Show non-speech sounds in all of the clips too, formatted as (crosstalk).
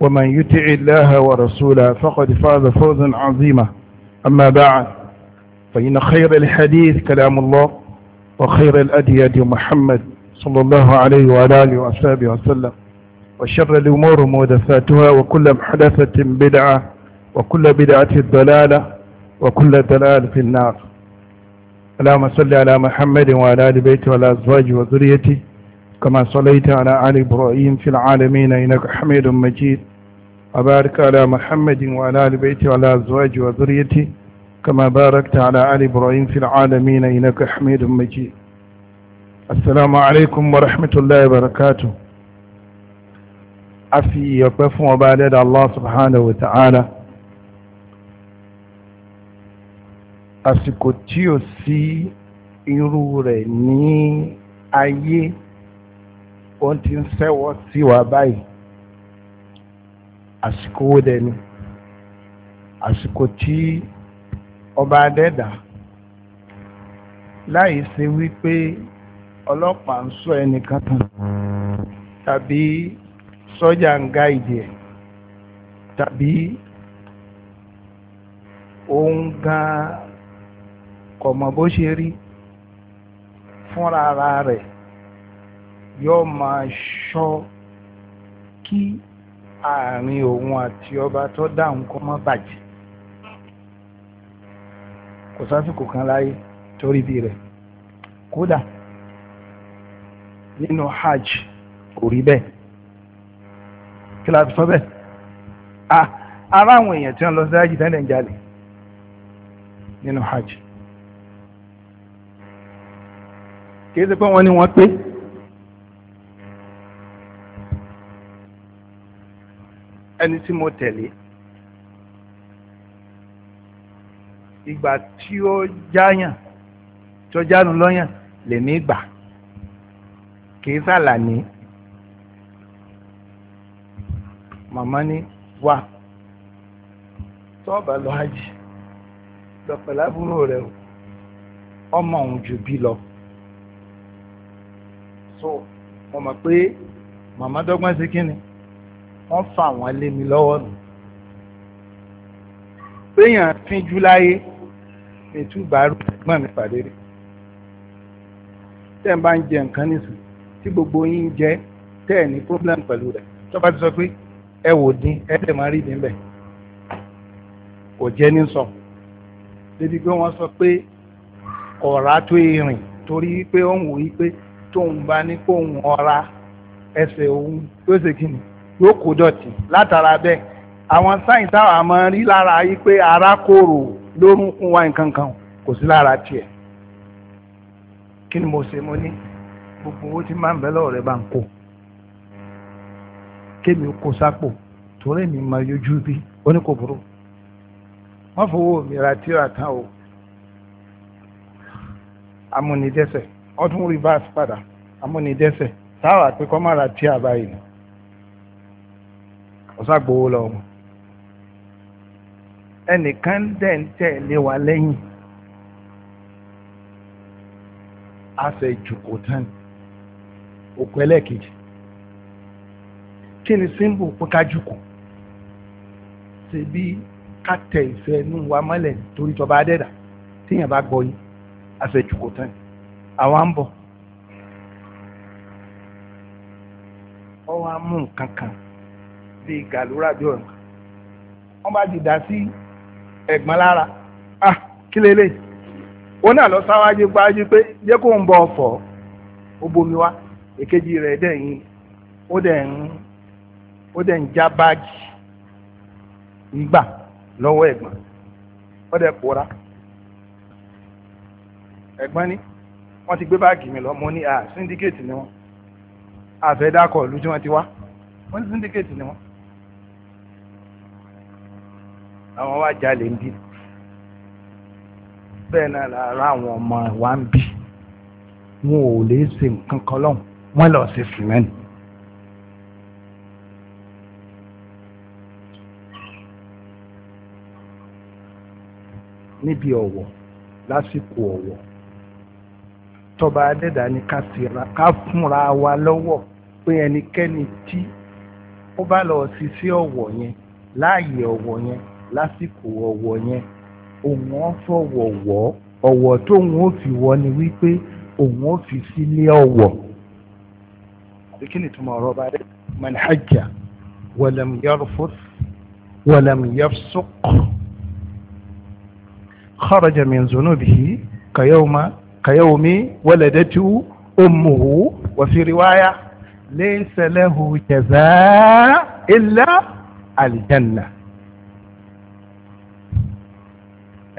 ومن يطع الله ورسوله فقد فاز فوزا عظيما أما بعد فإن خير الحديث كلام الله وخير الأدي محمد صلى الله عليه وعلى آله وأصحابه وسلم وشر الأمور محدثاتها وكل محدثة بدعة وكل بدعة ضلالة وكل ضلال في النار اللهم صل على محمد وعلى آل بيته وعلى أزواجه وذريته كما صليت على آل إبراهيم في العالمين إنك حميد مجيد أبارك على محمد وعلى آل بيته وعلى أزواجه وذريته كما باركت على آل إبراهيم في العالمين إنك حميد مجيد السلام عليكم ورحمة الله وبركاته أفي يقف وبالد الله سبحانه وتعالى àsìkò tí ò sí irú rẹ̀ ní ayé ó ti àsìkò wo dẹ̀ ni àsìkò tí ọba adẹ́dà láì ṣe wípé ọlọ́pàá ń sọ ẹnìkan tán tàbí sọ́jà ń gáìdì ẹ̀ tàbí òun gan kọ̀ mọ̀ bó ṣe rí fúnra rẹ̀ yóò máa ṣọ́ kí àárín òun àti ọba tó dáhùn kó má bàjẹ́ kò sásìkò kan láyé torí bí rẹ̀ kódà nínú hajj kò rí bẹ́ẹ̀ kí sọ bẹ́ẹ̀ ara àwọn èèyàn tí wọ́n lọ sí hajj tẹ́lẹ̀ ń jalè nínú hajj kì í ṣe pé wọ́n ní wọ́n ẹni tí mo tẹ̀lé ìgbà tí ó jáyàn tí ó jánu lọ́yàn lèmi gbà kì í sàlàní màmá ní wà tọ́ọ̀bà lọ hajj lọ pẹ̀lú àbúrò rẹ̀ ọmọ òun jù bí lọ so mo mọ̀ pé màmá dọ́gbọ́n sí kí ni wọ́n fà wọ́n lé mi lọ́wọ́ nù péyàn fínjú láyé ètú ìbárò gbọ́n mi pàdé rí tẹ́ ń bá ń jẹ nǹkan nìsín tí gbogbo yín ń jẹ tẹ́ ẹ̀ ní problem pẹ̀lú rẹ̀ tọ́ba ti sọ pé ẹ wò dín ẹ tẹ̀ máa rí dín bẹ̀ kò jẹ́ ní sọ débi pé wọ́n sọ pé ọ̀rá tó irin torí wípé ó ń wò wípé tóun bá ní kóun ọ̀ra ẹsẹ̀ òun yóò ṣe kí ni yóò kó dọ̀tí látara bẹ́ẹ̀ àwọn sáyìn táwọn àmọ́ rí lára yí pé ara kòrò wa kan kò sí lára tiẹ̀ kí ni mo ṣe mo ní gbogbo owó tí máa ń bẹ lọ́wọ́ bá ń kó kémi sápò torí mi máa bí oníkòbúrò o amúnidẹ́sẹ̀ ọdún rivers padà amúnidẹ́sẹ̀ táwọn àpékọ́ máa ra ọ̀sá gbowó lọ wọn ẹnìkan dẹ̀ ń tẹ̀lé wa lẹ́yìn àfẹ̀jùkò tán òkú ẹlẹ́ẹ̀kejì kí ni símbò pé ká jùkò ṣe bí ká tẹ ìfẹ́ inú wa mọ́lẹ̀ torí tọba adẹ́dà tíyàn bá gbọ́ yìí àfẹ̀jùkò tán àwa ń bọ̀ ọ wá mú nǹkan kan. kan ti gàlúrà jọ ọ̀nà wọ́n bá dìdá sí ẹ̀gbọ́n lára ah kí lélẹ̀ wọn náà lọ sáwájú pájú pé jẹ́ kó ń bọ ọ̀fọ̀ ó bomi wá èkejì rẹ̀ dẹ̀ yín ó dẹ̀ ń ó dẹ̀ ń já báàgì ìgbà lọ́wọ́ ẹ̀gbọ́n ó dẹ̀ pòórá ẹ̀gbọ́n ní wọ́n ti gbé báàgì mi lọ mo ní à síndíkètì ni wọ́n àfẹ́dákọ̀ lójú wọn ti wá wọ́n ní síndíkètì ni wọ́n àwọn wá jalè ń bí bẹ́ẹ̀ náà lára àwọn ọmọ wa ń bí wọn ò lè ṣe nǹkan kan lọ́hùn wọ́n lọ sí sìmẹ́ǹtì. níbi ọ̀wọ̀ lásìkò ọ̀wọ̀ tọba adẹ́dà ni ká síra ká fúnra wa lọ́wọ́ pé ẹnikẹ́ni tí ó bá lọ sí sí ọ̀wọ̀ yẹn láàyè ọ̀wọ̀ yẹn lásìkò ọ̀wọ̀ yẹn òun ó fọ̀wọ̀wọ́ ọ̀wọ̀ tóun ó fi wọ́ ni wípé òun ó fi sílé ọ̀wọ̀ àbí kí ni túmọ̀ ọ̀rọ̀ bá dé man hajja walam yarfuth walam yafsuq kharaja min zunubihi kayawma kayawmi waladatu ummuhu wa fi riwaya laysa lahu jazaa illa aljanna.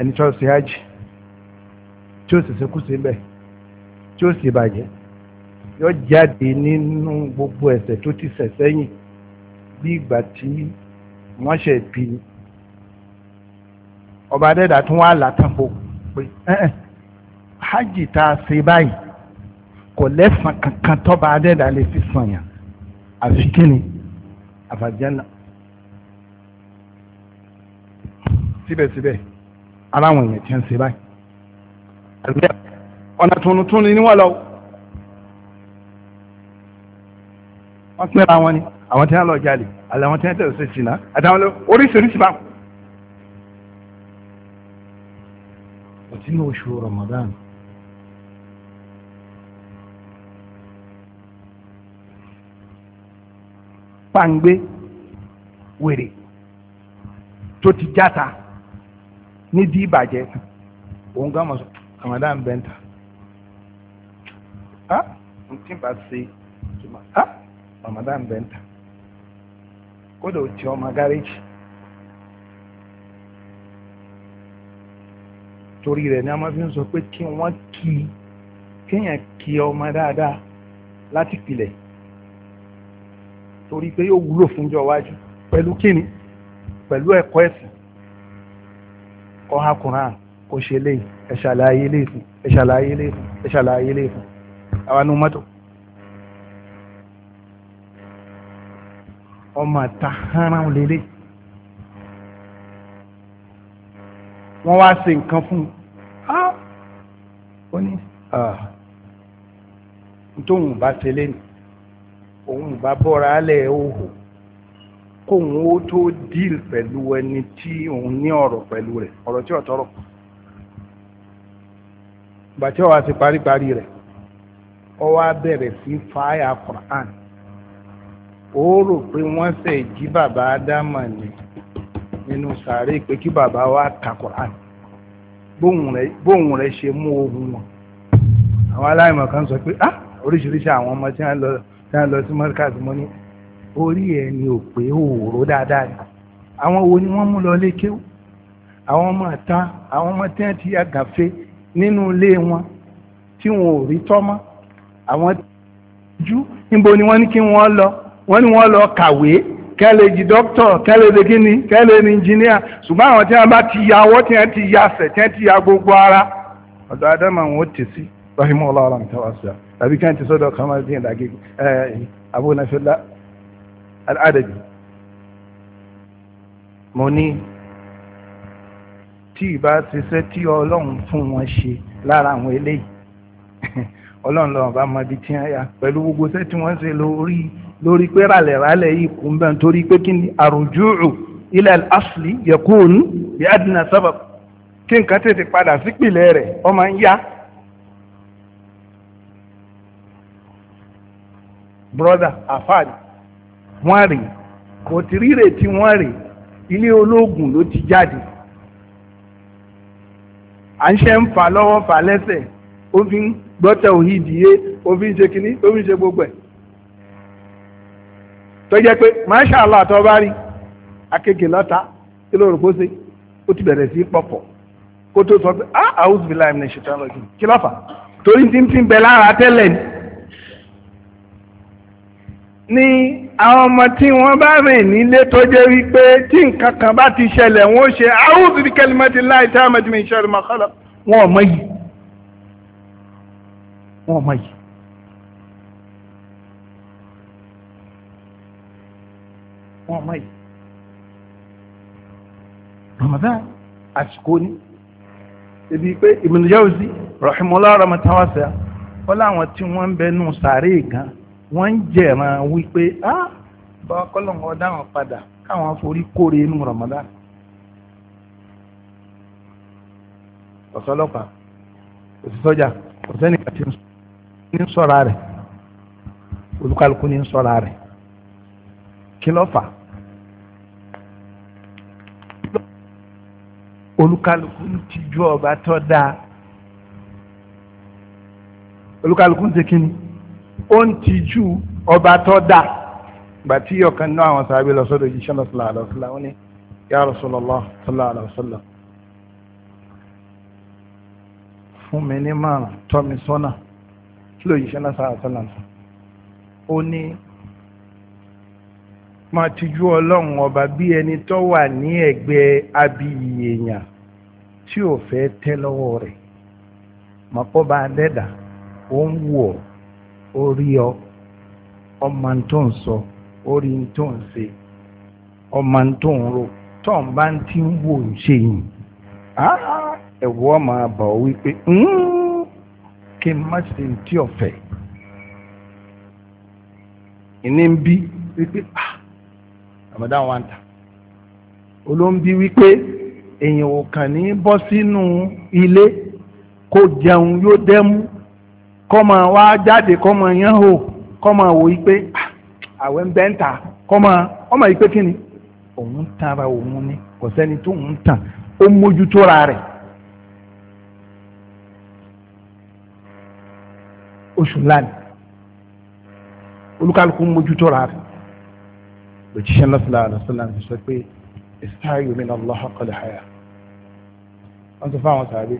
ẹni tí wọ́n ṣe hajj tí ó sì ṣe kúṣe bẹ́ẹ̀ tí ó sì bàjẹ́ yóò jáde nínú gbogbo ẹ̀ṣẹ̀ tó ti ṣẹ̀ sẹ́yìn bí ìgbà tí wọ́n ṣe bí ni ọba adẹ́dà tún wá látàpọ̀ pé hajj tá a ṣe báyìí kò lẹ́sàn kankan tọ́ba adẹ́dà lè fi sàn yàn àfi kí ni àfàjẹ́ náà síbẹ̀síbẹ̀ ara àwọn èèyàn ti ń ṣe báyìí ọ̀nà tuntun ni wọ́n lọ wọ́n pẹ́ra wọn ni àwọn tí wọ́n lọ jalè àlẹ́ àwọn tí wọ́n tẹ̀lé sí ṣìnà àtàwọn oríṣiríṣi báwọn. nínú oṣù Ramadan pàǹgbé wèrè tó ti játa ní bí ìbàjẹ́ òun gan mọ̀ sọ ramadan bẹ́ńtà á n tí bá ṣe túmọ̀ á ramadan bẹ́ńtà kódà ó ọmọ gáréjì torí rẹ̀ ni a máa fi ń sọ pé kí wọ́n kí kéèyàn kí ọmọ dáadáa láti pilẹ̀ torí pé yóò wúlò fúnjọ́ iwájú pẹ̀lú kíni pẹ̀lú ẹ̀kọ́ ẹ̀sìn kó há Quran kó ṣe lè ẹ ṣàlàyé lè fún ẹ ṣàlàyé lè fún ẹ ṣàlàyé lè fún àwa nu mọ́tò. ọmọ ta haram lélẹ̀ wọ́n wá ṣe nǹkan fún ó ní tóun bá ṣe ní òun bá bọ́ra lẹ̀ ó kóun ó tó díìl pẹ̀lú ẹni tí òun ní ọ̀rọ̀ pẹ̀lú rẹ̀ ọ̀rọ̀ tí ọ̀tọ́rọ̀ bàtí ọ̀wá ti paríparí rẹ̀ ọwá bẹ̀rẹ̀ sí fáyà Quran ó rò pé wọ́n ṣe jí bàbá Ádámà ni nínú sàárè pé kí bàbá wa ka Quran bóun rẹ̀ ṣe mú ohun wọn àwọn aláìmọ̀ kan sọ pé ah oríṣiríṣi àwọn ọmọ tí wọ́n lọ sí mọ́ríkà tí mo orí ẹ̀ ni ò pé òòró dáadáa ni àwọn wo ni wọ́n mú lọ lékéwù àwọn ọmọ àta àwọn ọmọ tí wọ́n ti àgàfẹ́ nínú ilé wọn tí wọn ò rí tọ́mọ́ àwọn ju níbo ni wọ́n ní kí wọ́n lọ wọ́n ní wọ́n lọ kàwé kẹ́lẹ́jì dókítọ̀ kẹ́lẹ́jì kíni kẹ́lẹ́jì ìnjíníà ṣùgbọ́n àwọn tí wọ́n bá ti ya ọwọ́ tí wọ́n ti ya ẹsẹ̀ tí wọ́n ti ya gbogbo ara ọ̀dọ̀ adama wọn ó tè rahimu ọlọ́run tẹ́wàá sí i tàbí kí wọ́n ti sọ́dọ̀ kàmáàdín ìdàgé ẹ̀ eh, abúnáfẹ́lá al'adabi mo ní tí ìbá ṣiṣẹ́ tí ọlọ́run fún wọn ṣe lára àwọn eléyìí (laughs) ọlọ́run lọ́wọ́ bá mọbi tí wọ́n yá pẹ̀lú gbogbo iṣẹ́ tí wọ́n ṣe lórí lórí pé ràlẹ̀ràlẹ̀ yìí kún bẹ́ẹ̀ torí pé kí ni àròjúrù ilẹ̀ asli yẹkùn bí adìnà sábà kí nǹkan tètè padà sípìlẹ̀ rẹ̀ ọmọ ń yá. brother afad wọ́n rè kò tí rírè tí wọ́n rè ilé ológun ló ti jáde à ń ṣe ń fà lọ́wọ́ fà lẹ́sẹ̀ ó fi ń gbọ́tẹ̀ òhìdíyé ó fi ń ṣe kínní ó fi ń ṣe gbogbo ẹ̀ tó jẹ́ pé masha allah tó bá rí akéèké lọ́ta kí ló rò kó ṣe ó ti bẹ̀rẹ̀ sí pọ̀pọ̀ kó tó sọ pé ah àwùjọ bíi láì ní ṣètò ọlọ́jì kí ló fà torí tí ń ti ń lára tẹ́lẹ̀ ni ni àwọn ọmọ tí wọ́n bá rìn nílé tó jẹ́ wípé tí nǹkan kan bá ti ṣẹlẹ̀ wọ́n ṣe a'udhu bi kalimatillahi tammati min sharri ma khalaq wọn ò mọ yìí wọn ò yìí. wọn ò yìí. Ramadan àsìkò ni ebi pé Ibn Jawzi rahimahullah rahmatawasa wọ́n láwọn tí wọ́n ń bẹnu sàárè gan-an wọ́n ń jẹ̀ràn wípé ah bá kọ́lọ́ǹgọ́ dáhùn padà káwọn forí kóre inú Ramadan ọ̀sọ́lọ́pàá òṣìṣọ́jà ọ̀sẹ́nìkan ti ń sọ̀ra rẹ̀ olúkálukú ní ń sọ̀ra rẹ̀ kí ló fà ti ju ọba tó dáa olúkálukú ń ṣe ó ń tijú ọba tó dà gbàtí ọ̀kan náà àwọn sàbẹ̀ lọ sọ́dọ̀ jíṣẹ́ lọ sọ́lá àlọ́ sọ́lá wọn ni ya Rasulullah sọ́lá àlọ́ sọ́lá fún mi ní márùn tọ́ mi sọ́nà kí ló jíṣẹ́ lọ sọ́lá sọ́lá ó ní máa tijú ọlọ́run ọba bí ẹni tó wà ní ẹ̀gbẹ́ abiyì tí ò fẹ́ tẹ́ lọ́wọ́ rẹ̀ mọ̀pọ́ bá dẹ́dà ó ń wù ọ́. orí ọ ọmọ tó ń sọ ntọ tó ń ṣe ọmọ tó ń ro tó ń bá ti ń wò ń ṣe yìí ẹ̀wọ́ ọmọ àbọ̀ wípé kí n má ṣe tí ọ̀fẹ́ ìní ń bí wípé àmọ́dá wọn ń tà olóńbí wípé èèyàn ò kàn ní bọ́ sínú kọ́mọ wá jáde kọ́mọ yẹn hò kọ́mọ wò yí pé ah, àwẹ̀ ń bẹ́ ń ta kọ́mọ ọmọ yí pé kí ni òun tàn ara òun ni kò sẹ́ni tó ń tàn ó mójútóra rẹ̀. oṣù lánàá olúkálukú mójútó ra rẹ̀ òjíṣẹ́ lọ́sọ̀lá àlọ́sọ̀lá ti sọ pé ìsáyọ̀ mi náà lọ́hàkọ́lẹ̀ háyà wọ́n sọ fáwọn sàbẹ̀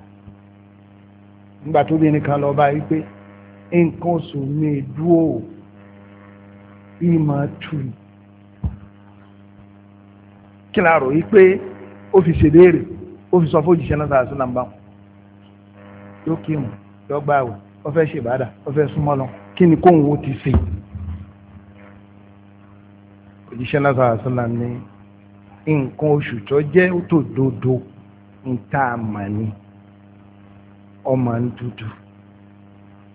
nígbà tó bìnrin kan lọ bá yí pé nǹkan oṣù mi dúró ìmọ̀ tù kí la rò yí pé ó fi ṣèbéèrè ó fi sọ fójìṣẹ́ náà sàrà sílá ń bá wọn yóò kí mu yóò gbà ó fẹ́ ṣèbádà ó fẹ́ súnmọ́ lọ kí ni kóhùn ó ti ṣe òjíṣẹ́ náà sàrà sílá ní nǹkan oṣù tó jẹ́ òtòdodo ń tá a mà ní ọmọ ń dúdú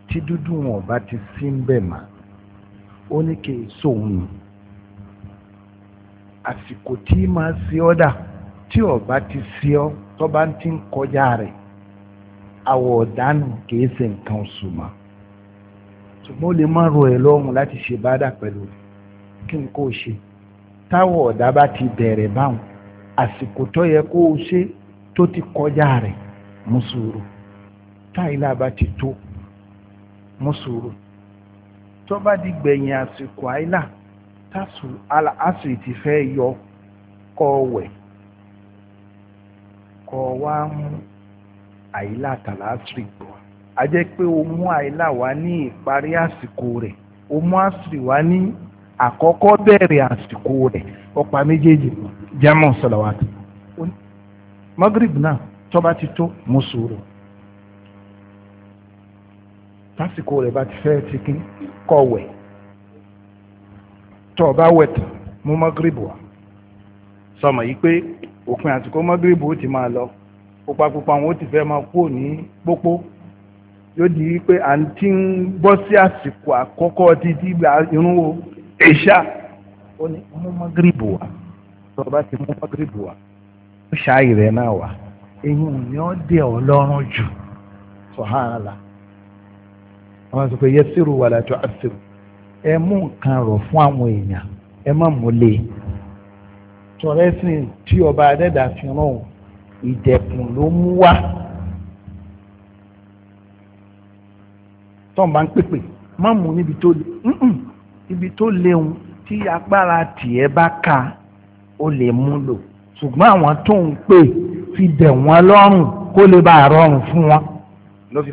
tí dúdú wọn bá ti sí ń bẹ̀ mà ó ní kí èso òun ni àsìkò tí máa ṣe ọ́ dà tí ọba ti ṣe ọ́ tó bá ti ń kọjá rẹ̀ àwọ̀ ọ̀dánù kìí ṣe nǹkan oṣù mọ́ ṣùgbọ́n ó lè má ro ẹ̀ lọ́rùn láti ṣe bádà pẹ̀lú kí n kò ṣe táwọ̀ ọ̀dá bá ti bẹ̀rẹ̀ báwọn àsìkò tó yẹ kó o ṣe tó ti kọjá rẹ̀ mú sùúrù táìlà bá ti tó mú sùúrù tó bá di gbẹ̀yìn àsìkò àìlà tásù àsìrì ti fẹ́ yọ kọ́ wẹ̀ kọ́ wá mú àìlà tàlásìrì gbọ́ a jẹ́ pé o mú àìlà wá ní ìparí àsìkò rẹ̀ o mú àsìrì wá ní àkọ́kọ́ bẹ̀rẹ̀ àsìkò rẹ̀ ọ̀pá méjèèjì jámọ̀ sọ̀làwàtì magrib náà tó bá ti tó mú tásìkò rẹ̀ bá ti fẹ́ ti kí kó wẹ̀ tó bá wẹ̀ tán mú mọ́gírìbù wá sọmọ yìí pé òpin àsìkò mọ́gírìbù ó ti máa lọ pupapupa wọn ó ti fẹ́ máa kúrò ní pópó yóò di pé à ń tí ń bọ́ sí àsìkò àkọ́kọ́ títí gba irun èṣà ó ní mú mọ́gírìbù wá tó bá ti mú mọ́gírìbù wá ó ṣáà ìrẹ́ náà wá eyín ò ní ọ́ dẹ̀ ọ́ lọ́rùn jù sọ̀hánà la àwọn sọ pé yẹsìrù wà látọ àṣìrù ẹ mú nǹkan rọ̀ fún àwọn èèyàn ẹ má mú lé tọrẹsìn tí ọba adẹ́dà fi ràn ìdẹ̀kùn ló mú wá tọ́n bá ń pèpè má mú níbi tó le ibi tó léwu tí agbára tìẹ bá ka ó lè mú lò ṣùgbọ́n àwọn tó ń pè fi dẹ̀ wọ́n lọ́rùn kó lè bá a rọrùn fún wọn ló fi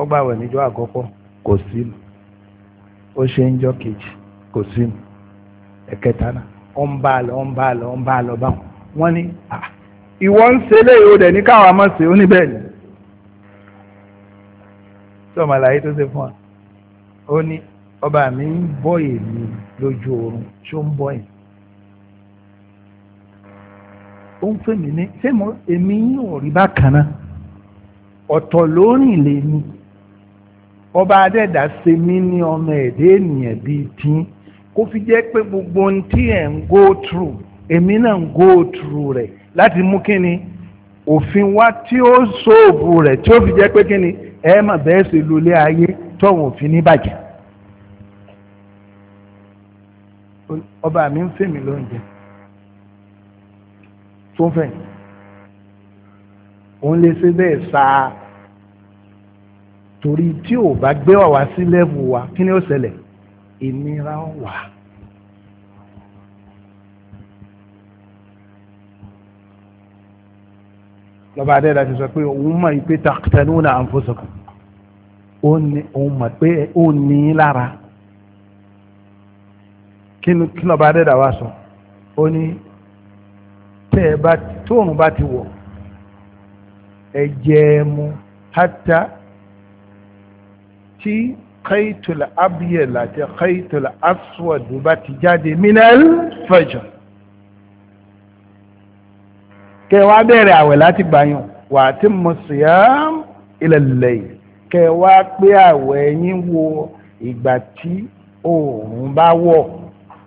ó gbàwẹ̀ níjọ́ àkọ́kọ́ kò sínú ó ṣe ń jọ́ kejì kò sínú ẹ̀kẹta náà ó ń bá a lọ ó ń bá a lọ ó ń bá a lọ báwọn wọ́n ní ìwọ ń ṣe léyìí ó dẹ̀ ní káwọn àmọ́ ṣe ó ní bẹ́ẹ̀ ni tí ọmọ tó ṣe fún wa ó ní ọba mi ń bọ́ èmi lójú oorun tí ó ń bọ́ yìí ó ń pè mí ní ṣé èmi yóò rí bákan náà ọ̀tọ̀ lórí lèmi ọba adẹ́dà ṣe mí ní ọmọ ẹ̀dẹ́ ènìyàn bíi tí kó fi jẹ́ pé gbogbo ohun tí ẹ̀ ń go through èmi náà ń go through rẹ̀ láti mú kí ni òfin wá tí ó ṣòòbù rẹ̀ tí ó fi jẹ́ pé kí ni ẹ mà bẹ́ẹ̀ ṣe lulẹ̀ ayé tọ̀hún òfin ní bàjẹ́. ọba mi ń fèmí lóúnjẹ tó ń fẹ̀ òun lè ṣe bẹ́ẹ̀ sáà torí tí ò bá gbé wà wá sí lẹ́vù wa kí ni ó ṣẹlẹ̀ ìnira wà. lọ́ba adẹ́dà ti sọ pé òun mọ̀ pé taqtaluna anfusakum òun mọ̀ pé ó ní lára kí lọ́ba adẹ́dà wá sọ ó ní tẹ́ ẹ bá tóun bá ti wọ̀ ẹ jẹ́ ẹ mú hátà tí kaitul abiyel àti kaitul aswadu bá ti jáde minel fajr kẹwàá bẹ̀rẹ̀ àwẹ̀ láti gbàyàn wà á ti mọ̀ síyàm ilal layl kẹwàá pé àwẹ̀ yín wo ìgbà tí oòrùn bá wọ̀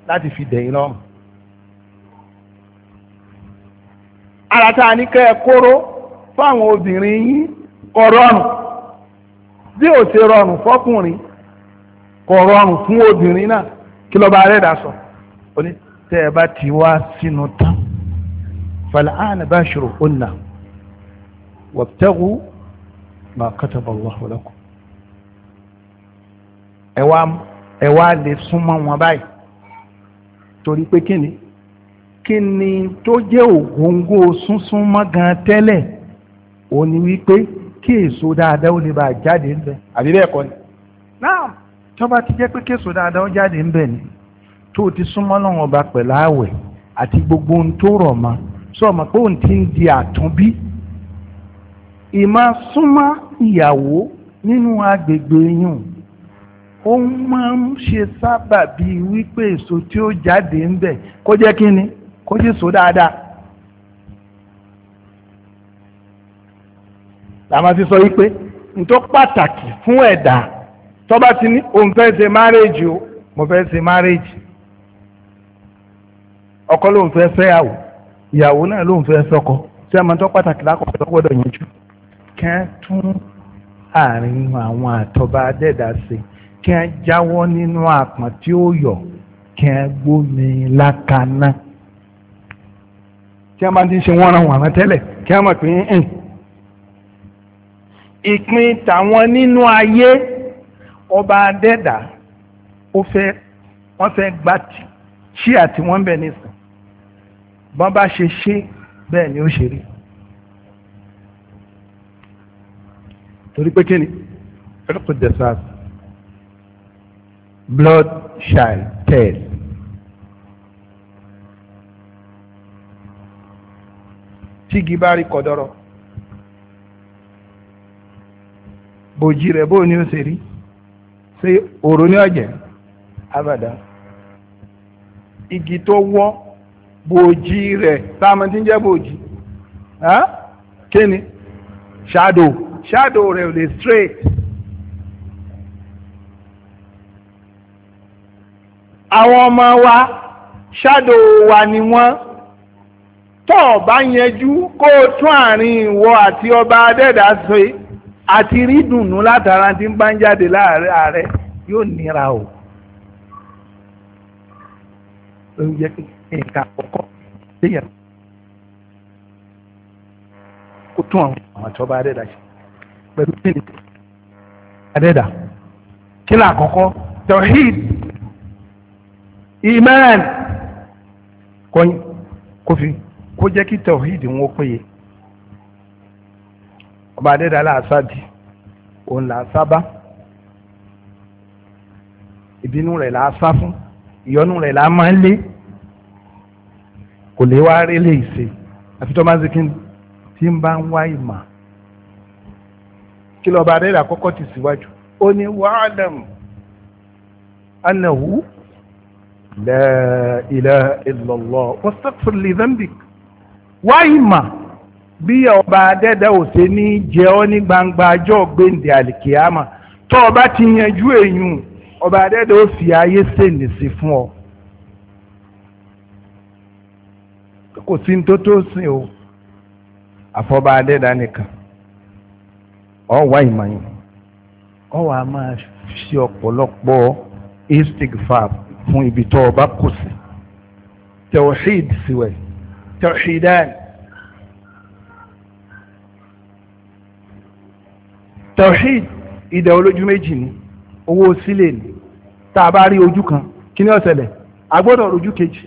láti fi dẹ̀yìn lọ́rùn. ara tá a ní kẹ́ ẹ kóró fáwọn obìnrin yín kọ́ rọrùn bí ò ṣe rọrùn fọkùnrin kò rọrùn fún obìnrin náà kí lọ́ba arẹ́dà sọ ó ní tẹ́ ẹ bá ti wá sínú tán fal'ana bashiruhunna wabtaghu ma kataba Allahu lakum ẹ wá ẹ wá lè súnmọ́ wọn báyìí torí pé kí ni kí ni tó jẹ́ ògóńgó súnsún gan tẹ́lẹ̀ òní wípé kí èso dáadáa ó lè bá jáde ńbẹ àbí bẹ́ẹ̀ kọ́ ni náà tọ́ba ti jẹ́ pé késo dáadáa ó jáde ńbẹ ni tó ti súnmọ́ lọ́wọ́ ọba pẹ̀lú àwẹ̀ àti gbogbo ohun tó rọ̀ mọ́ sọ̀mọ́ pé òun ti ń di àtúnbí ìmọ̀ súnmọ́ ìyàwó nínú agbègbè yìí ó máa ń ṣe sábà wípé èso tí ó jáde ńbẹ kó jẹ́ kí ni kó jẹ́ èso dáadáa làwọn ti sọ yìí pé n tó pàtàkì fún ẹ̀dá tó bá ti ní òun fẹ́ ṣe márèèjì o mo fẹ́ ṣe márèèjì ọkọ lòun fẹ́ fẹ́yàwó ìyàwó náà lòun fẹ́ sọkọ tí a máa tó pàtàkì lákòókò tó gbọ́dọ̀ yanjú kí wọ́n tún àárín àwọn àtọ́ba adẹ́dá ṣe kí wọ́n jáwọ́ nínú àpọ̀n tí ó yọ kí wọ́n gbómi lákaná tí a máa ti ṣe wọ́n ra wọ̀n tẹ́lẹ̀ kí wọ́n máa pè é ìpín tàwọn nínú ayé ọba adẹ́dà ó fẹ́ wọ́n fẹ́ gba tí àti wọ́n bẹ̀ nìsín bọ́n bá ṣe ṣe bẹ́ẹ̀ ni ó ṣe rí torí pé kíni ẹ̀rọ̀kọ̀ desert blood shall tell. tígi bá rí kọ̀dọ̀rọ̀. bòjì rẹ bóò ni ó ṣe rí ṣé òru ní ọ̀jẹ̀ abàdá igi tó wọ bòjì rẹ táwọn tí ń jẹ bòjì kí ni shadow shadow rẹ̀ ò lè straight. àwọn ọmọ wa ṣáàdò wa ni wọn tọ́ bá yẹjú kó tún àárín ìwọ àti ọba adẹ́dà ṣe àti rí dùnnú látara tí ń bá ń jáde láàárẹ̀ ààrẹ yóò nira o lórí jẹ́ pé nǹkan àkọ́kọ́ iman kò fi kó jẹ́ kí tawhid wọn péye ọba adédàlá àsáàdì òun là á sábà ìbínú rẹ̀ là á sá fún ìyọnu rẹ̀ là á máa ń lé kò lè wá rí lè ṣe àfi tó máa ń ṣe kí tí ń bá ń wá ìmọ̀ kí lọ́ba adédàlá kọ́kọ́ ti síwájú ó ní wàhálàmù annahu la ilaha illallah wastaghfir li dhanbik wá ìmọ̀ bí ọba adẹ́dẹ́ ò ṣe ní jẹ ọ́ ní gbangba ajọ́ gbèǹdé àlìkìyàmà tó ọba ti yanjú èyùn ọba adẹ́dẹ́ ó fi ayé sèǹdì sí fún ọ. kò sí ní tó tó sìn o àfọba adẹ́dá nìkan ọ wá ìmọ̀yìn ọ wà máa ṣe ọ̀pọ̀lọpọ̀ istigfar fún ibi tó ọba kù sí tawhid síwẹ̀ tawhidan. tawhid ìdẹ̀ olójú méjì ni owó sílẹ̀ ni tá a bá rí ojú kan kí ni ó ṣẹlẹ̀ a gbọ́dọ̀ rojú kejì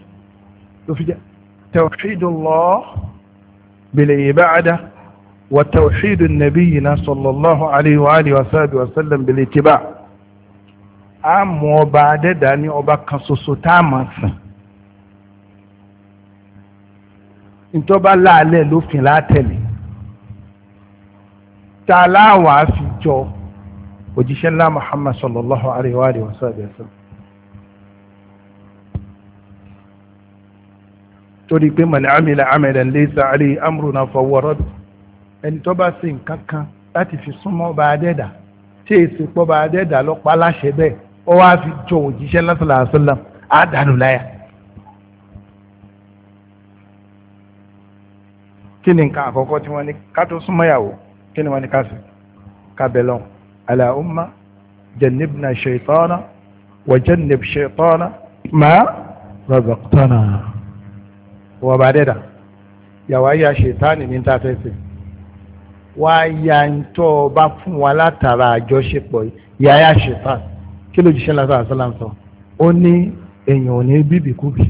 ló fi jẹ́ tawhidullah bil ibada wa tawhidun nabiyina sallallahu alayhi wa alihi wa sahbihi wa sallam bil a mú ọba adẹ́dà ní ọba kan ṣoṣo tá a máa sìn ntọ́ba láàlẹ̀ lófin látẹ̀lé ta láwàá fi jọ òjíṣẹ́ ńlá muhammad sallallahu alayhi wa alihi wa sallam. torí pé man amila amalan laysa alayhi amruna fahuwa radd ẹni tó bá ṣe nǹkan kan láti fi súnmọ́ bá a dẹ́dà tí èsì pọ́ bá a dẹ́dà lọ́pàá láṣẹ bẹ́ẹ̀ ó wá fi jọ òjíṣẹ́ ńlá sallam á dànù láyà. kí ni nǹkan àkọ́kọ́ tí wọ́n ní ká tó súnmọ́ yàwó kí ni wọ́n ní káṣí kábẹ́lọ́n aláhùnmá jẹ̀nìbìnà ṣètọ́nà wọ̀jẹ̀nìb ṣètọ́nà má rọ̀bọ̀tọ́nà wọ́n bá dẹ́dà yàwá yà ṣètánì ní tàfẹ́sì wá yà ń tọ́ ọ bá fún wa látara àjọṣepọ̀ yà yà ṣètánì kí ló jíṣẹ́ lásán àṣálà ń sọ ó ní èèyàn ò ní bíbìkúbì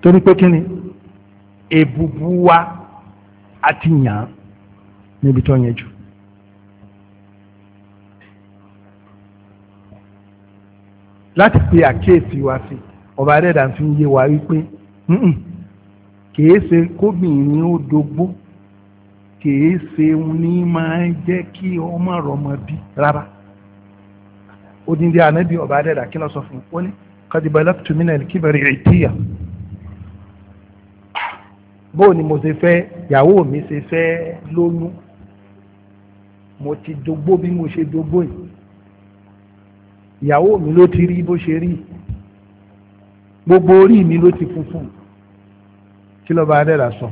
torí pé kí ni èbùbù wa àti yàn án níbi tó yẹn jù. láti pe àkíyèsí wa sí ọba adẹ́dà fi ń yé wa wípé kìí ṣe kóbìnrin ó dogbó kìí ṣe ní máa jẹ́ kí ọmọ rọmọ bí rárá odindi anabi ọba adẹ́dà kí ló sọ fún un ó ní kadibala tumina kíbẹ̀rẹ̀ ìtìyà bóò ni mo ṣe fẹ́ yàwó mi ṣe fẹ́ lóyún mo ti dogbó bí mo ṣe dogbó yìí ìyàwó mi ló ti rí bó ṣe rí gbogbo orí mi ló ti funfun kí ló bá sọ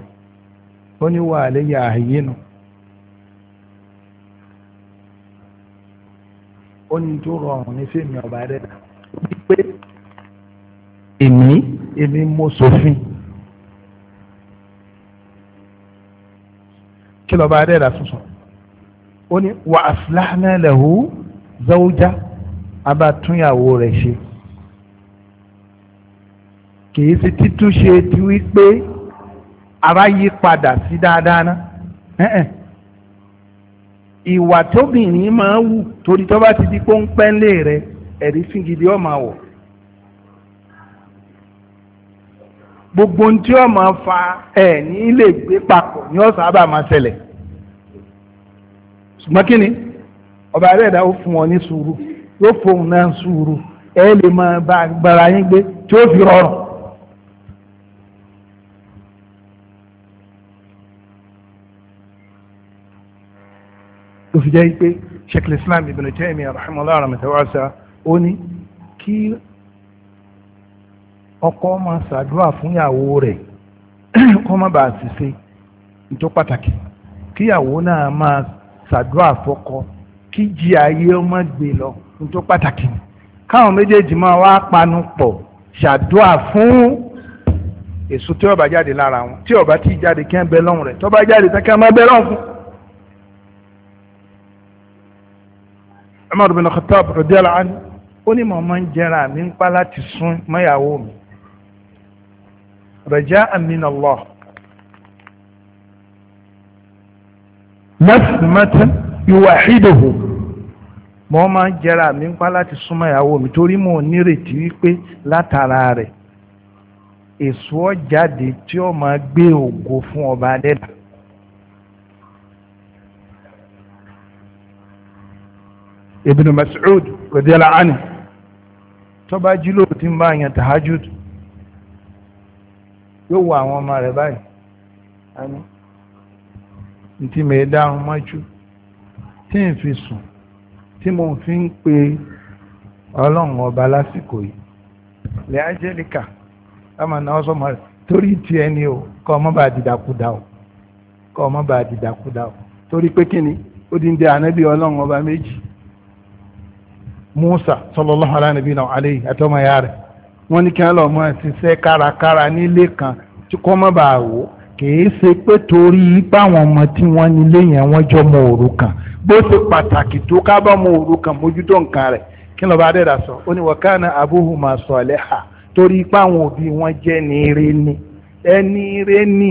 ó ní wà lẹ́yìn ààyè nù ó ní tó rọrùn ní fíìmù ọba dẹ́ra pé èmi èmi mo ṣòfin kí ló bá sọ sọ ó ní wà aslahna lahu zawja abátúnyàwó rẹ̀ ṣe kìí ṣe títúnṣe tí wípé ara yí padà sí dáadáa ná ìwà tóbìnrin máa wù torí tó bá ti di pọ́ńpẹ́ńlé rẹ̀ ẹ̀rí fìgìdì ọ̀ máa wọ̀ gbogbo ohun tí ọ̀ máa fa ẹ̀ ní ilé ìgbé papọ̀ ni ọ̀ sábà máa ṣẹlẹ̀. ṣùgbọ́n ni ọba ẹlẹ́dàá ó ni wọn ní sùúrù yóò fóun náà sùúrù ẹ lè máa bá agbára yín gbé tí ó fi rọrùn. tó fi sheikh islam ibn Taymiyyah rahimahullah rahmatawasa ó ní kí ọkọ máa ṣàdúrà fún ìyàwó rẹ̀ kó má bàa ṣiṣẹ́ pàtàkì kíyàwó náà máa ṣàdúrà fọ́kọ kí jí ayé ọmọ gbé lọ ní tó pàtàkì ni káwọn méjèèjì máa wá panu pọ̀ ṣàdúrà fún èso tí ó bá jáde lára wọn tí ó bá ti jáde kí ń bẹ lọ́hùn rẹ̀ tó bá jáde tán kí ń máa bẹ lọ́hùn fún. Umar bin Khattab radiyallahu anhu ó ní mọ̀ máa ń jẹra mi ń pa láti sún mọ́yàwó mi raja'an min Allah. mẹ́sìmẹ́tẹ́ ìwà ìdòwò mo máa ń jẹra mi pa láti súnmọ́ ìyàwó mi torí mo nírètí wípé látara rẹ̀ èso ọ̀jáde tí ó máa gbé ògo fún ọba adẹ́dà. Ibn Mas'ud radiyallahu anhu tó bá jí lóòótọ́ tí ń bá yàn tahajjud yóò wọ àwọn ọmọ rẹ̀ báyìí. ntí mi dáhùn mọ́jú tí n fi sùn tí mo fi ń pe ọlọ́run ọba lásìkò yìí lè ájẹ́líkà láwọn náà sọ ma torí tiẹ̀ ni o kọ́ ọmọ bá dìdàkudà o kọ́ bá dìdàkudà torí pé kíni ó di ń ọlọ́run ọba méjì Musa sọlọlọ ala náà ya ní kí kárakára nílé kan tí kọ́ bá wò kìí ṣe pé torí báwọn ọmọ tí wọ́n nílé yẹn wọ́n jọ mọ òrukàn bó ṣe pàtàkì tó ká bá mọ òrukàn mójútó nǹkan rẹ̀ kí ló bá dẹ́ra sọ ó ní wọ́kánà abúhùmá sọ̀lẹ́hà torí báwọn òbí wọn jẹ́ ní ire ni ẹni ire ni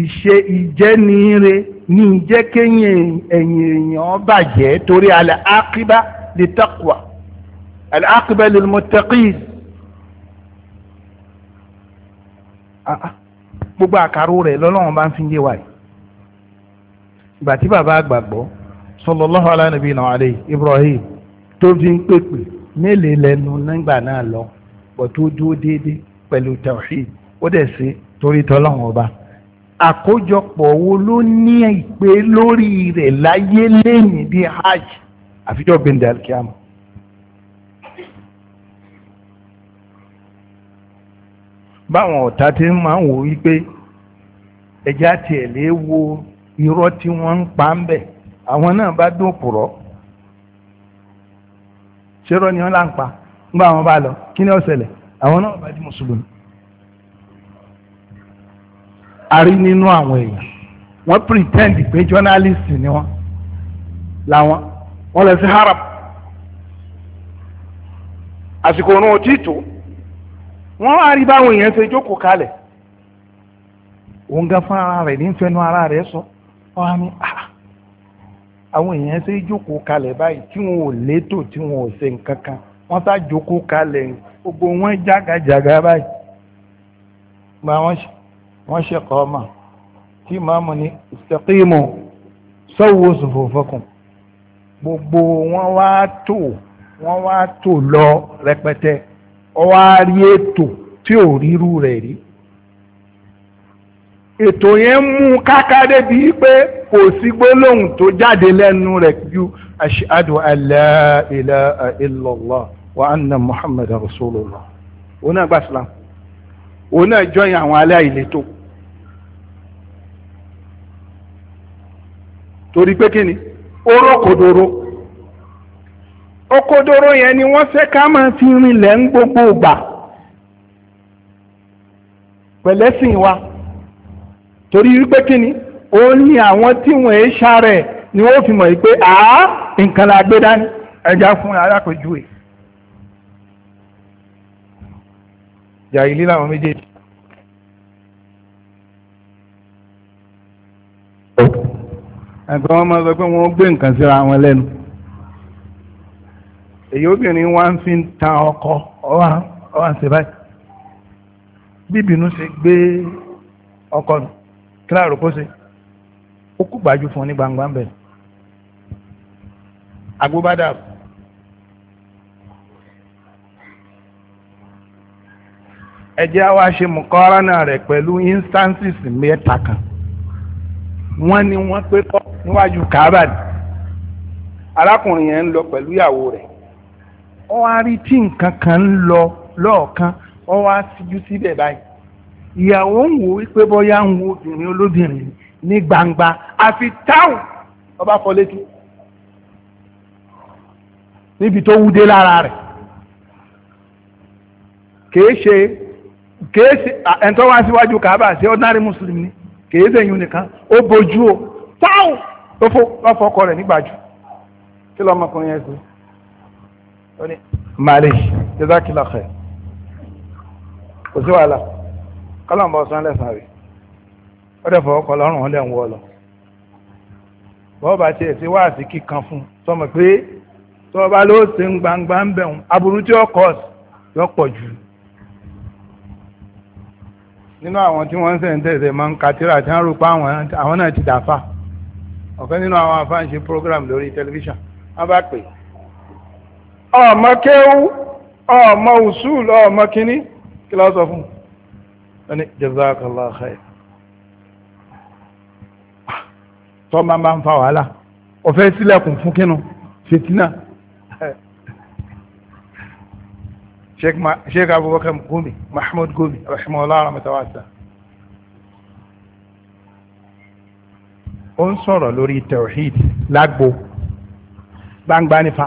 ìṣe ìjẹ́ni ire ní ìjẹ́ kéyìn ẹ̀yìn èèyàn bàjẹ́ torí alẹ́ àkíbá lè taqwa alẹ́ àkíbá lil muttaqin. Ah, ah gbogbo àkàrò rẹ̀ lọ́lọ́run bá ń fi yé wa yìí ìgbà tí bàbá àgbàgbọ́ sallallahu ala nabina alayhi Ibrahim tó fi ń pèpè mélèé lẹ́nu nígbà náà lọ bọ̀ tó dúró déédéé pẹ̀lú tawhid ó dẹ̀ sí torí tọ́lọ́run ọba àkójọpọ̀ wo ló ní ìpè lórí rẹ̀ láyé lẹ́yìn bíi hajj àfijọ́ gbẹ̀ndẹ̀ alkiyamu báwọn ọ̀tá ti máa ń wò wípé ẹja tiẹ̀ lè wo irọ́ tí wọ́n ń pa ń bẹ̀ àwọn náà bá dùn òpùrọ́ ṣerọ́ ni wọ́n là ń pa ńgbà wọn bá lọ kí ni ó ṣẹlẹ̀ àwọn náà bá di mùsùlùmí. a rí nínú àwọn èèyàn wọ́n pretend pé journalist ni wọ́n làwọn wọ́n lọ sí harap àsìkò òun ò tó. wọ́n wá rí báwọn èèyàn ṣe jókòó kalẹ̀ òun gan fún ara rẹ̀ ní fẹnu ara rẹ̀ sọ wọn á ní ah, ah. àwọn èèyàn ṣe jókòó kalẹ̀ báyìí tí wọn ò létò tí wọn ò ṣe nǹkan kan wọ́n sá jókòó kalẹ̀ gbogbo wọn jágajàga báyìí gba wọ́n ṣe kọ́ ọ́ mà tí màmú ni istaqimu sawwu sufufakum gbogbo wọn wá tò wọn wá tò lọ rẹpẹtẹ ọwọ́ àárí ètò tí ò ríru rẹ̀ rí ètò yẹn mú káká débi pé kò sí gbólóhùn tó jáde lẹ́nu rẹ̀ ju ashhadu an la wa anna muhammad rasulullah òun náà gba islam òun náà jọyìn àwọn aláìlétò torí pé kí ni ó Okodoro yẹn ni wọ́n fẹ́ ká máa fi rinlẹ̀ ń gbogbo ìgbà pẹ̀lẹ́sìn wa torí wípé kíni ó ní àwọn tí wọ́n ń ṣàrẹ̀ ni wọ́n fi mọ̀ wípé àá nǹkan la gbé dání ẹja fún alákòjúwe. jàìlí làwọn méjèèjì. ẹ̀gbọ́n wọn máa sọ pé wọ́n gbé nǹkan síra wọn lẹ́nu èyí obìnrin wá ń fi ń ta ọkọ ọwá ọwá ń ṣe báyìí bíbínú ṣe gbé ọkọ nù kó ṣe ó kú gbájú fún ní gbangba bẹ́ẹ̀ agbóbádà ẹjẹ́ wa ṣe mùkọ́ránà rẹ̀ pẹ̀lú instances mẹ́ta kan wọ́n ní wọ́n pé kọ́ níwájú kábàdì arákùnrin yẹn ń lọ pẹ̀lú ìyàwó rẹ̀ ọ wá rí tí nǹkan kan ń lọ lọ́ọ̀kan ọ wá síjú síbẹ̀ báyìí ìyàwó ń wò wípé bóyá ń wo obìnrin olóbìnrin ní gbangba àfi táwọn ọba fọ létí níbi tó wú dé lára rẹ̀ kìí ṣe kìí ṣe ẹ̀ńtọ́ wá síwájú kàábà sí ordinary muslim ni kìí ṣe yun nìkan ó bojú o táwọn ó fọkọ rẹ̀ nígbàjú kí lọ́mọkùnrin yẹn sọ ó ní màlẹ́yì jẹ́sàkìlá xẹ́ O sí wàhálà kọ́lọ̀ ń bọ̀ sán lẹ́sàn rẹ̀ ó dẹ̀ fọwọ́ kọ́ lọ́rùn ọ̀lẹ́ ń wọ́ lọ bọ́ọ̀ bá tiẹ̀ sí wáàsí kíkan fún sọmọ pé tọ́ ọba ló ṣe ń gbangba ń bẹ̀rùn aburú tí ó kọ́ yọ pọ̀ jù nínú àwọn tí wọ́n ń sẹ̀ ń tẹ̀sẹ̀ máa ń ka tíra tí wọ́n rò pé àwọn náà ti dàáfà ọ̀kan nínú àwọn afáǹṣe program lórí tẹlifíṣàn wọ́n bá pè é ọmọ kéwú ọmọ usul ọmọ kíní kí lọ́sọ fún ẹni jazakallah khair ah, tọ́mọ máa ń fa wàhálà ọ̀fẹ́ sílẹ̀kùn fún kínú fìtínà sheikh abubakar gumi mahmud gumi rahimahullah rahmatawasa ó ń sọ̀rọ̀ lórí tawhid lágbo gbangba nífa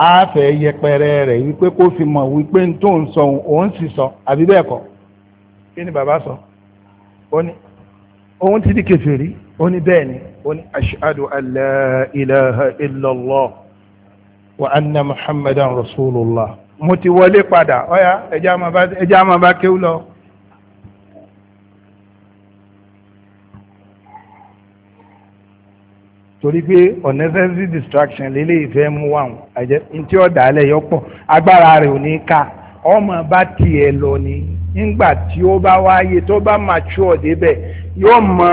a fẹ́ yẹpẹrẹ rẹ̀ wípé kó fi mọ̀ wípé n tó ń sọ òun sì sọ àbí bẹ́ẹ̀ kọ́ kí ni bàbá sọ ó ní òun ti di kèfèrí ó ní bẹ́ẹ̀ ni ó ní ashadu alla ilaha wa anna muhammadan rasulullah mo ti wọlé padà ọ̀ya ẹja máa bá kéwú lọ. torí pé unnecessary distraction lélẹ̀ ìfẹ́ mú wà wọn àjẹ ntí ọ̀dà alẹ́ yọ pọ̀ agbára rẹ̀ ò ní ká ọmọ bá tiẹ̀ lọ ni tí ó bá wáyé tó bá mature débẹ̀ yóò mọ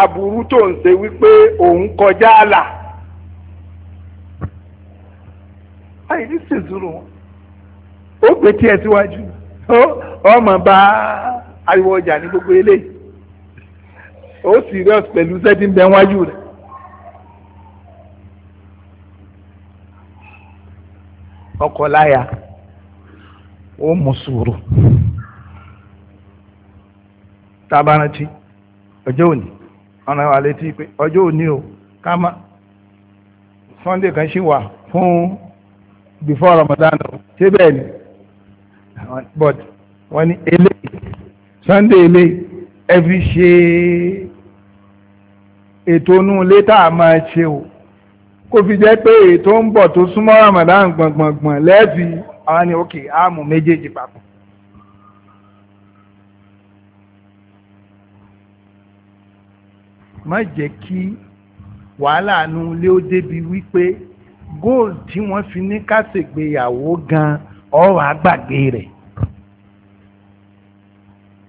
aburú tó ń ṣe wípé òun kọjá àlà àyíní ṣèṣúrò wọn ó gbé tiẹ̀ síwájú ọmọ bá ariwo ọjà ní gbogbo eléyìí. ó serious pẹ̀lú sẹ́tí ń bẹ wájú rẹ̀. ọkọ láya ó mú wa o ká fún before Ramadan o ṣé bẹ́ẹ̀ ni but wọ́n ní eléyìí ètò inú ilé tá a máa ṣe o kó fi jẹ́ pé ètò ń bọ̀ tó súnmọ́ Ramadan gbọ̀ngbọ̀ngbọ̀n lẹ́ẹ̀fì àwọn ni òkè àmú méjèèjì papọ̀. má jẹ́ kí wàhálà inú ilé ó débi wípé góòlù tí wọ́n fi ní kásìgbéyàwó gan ọ̀rọ̀ àgbàgbé rẹ̀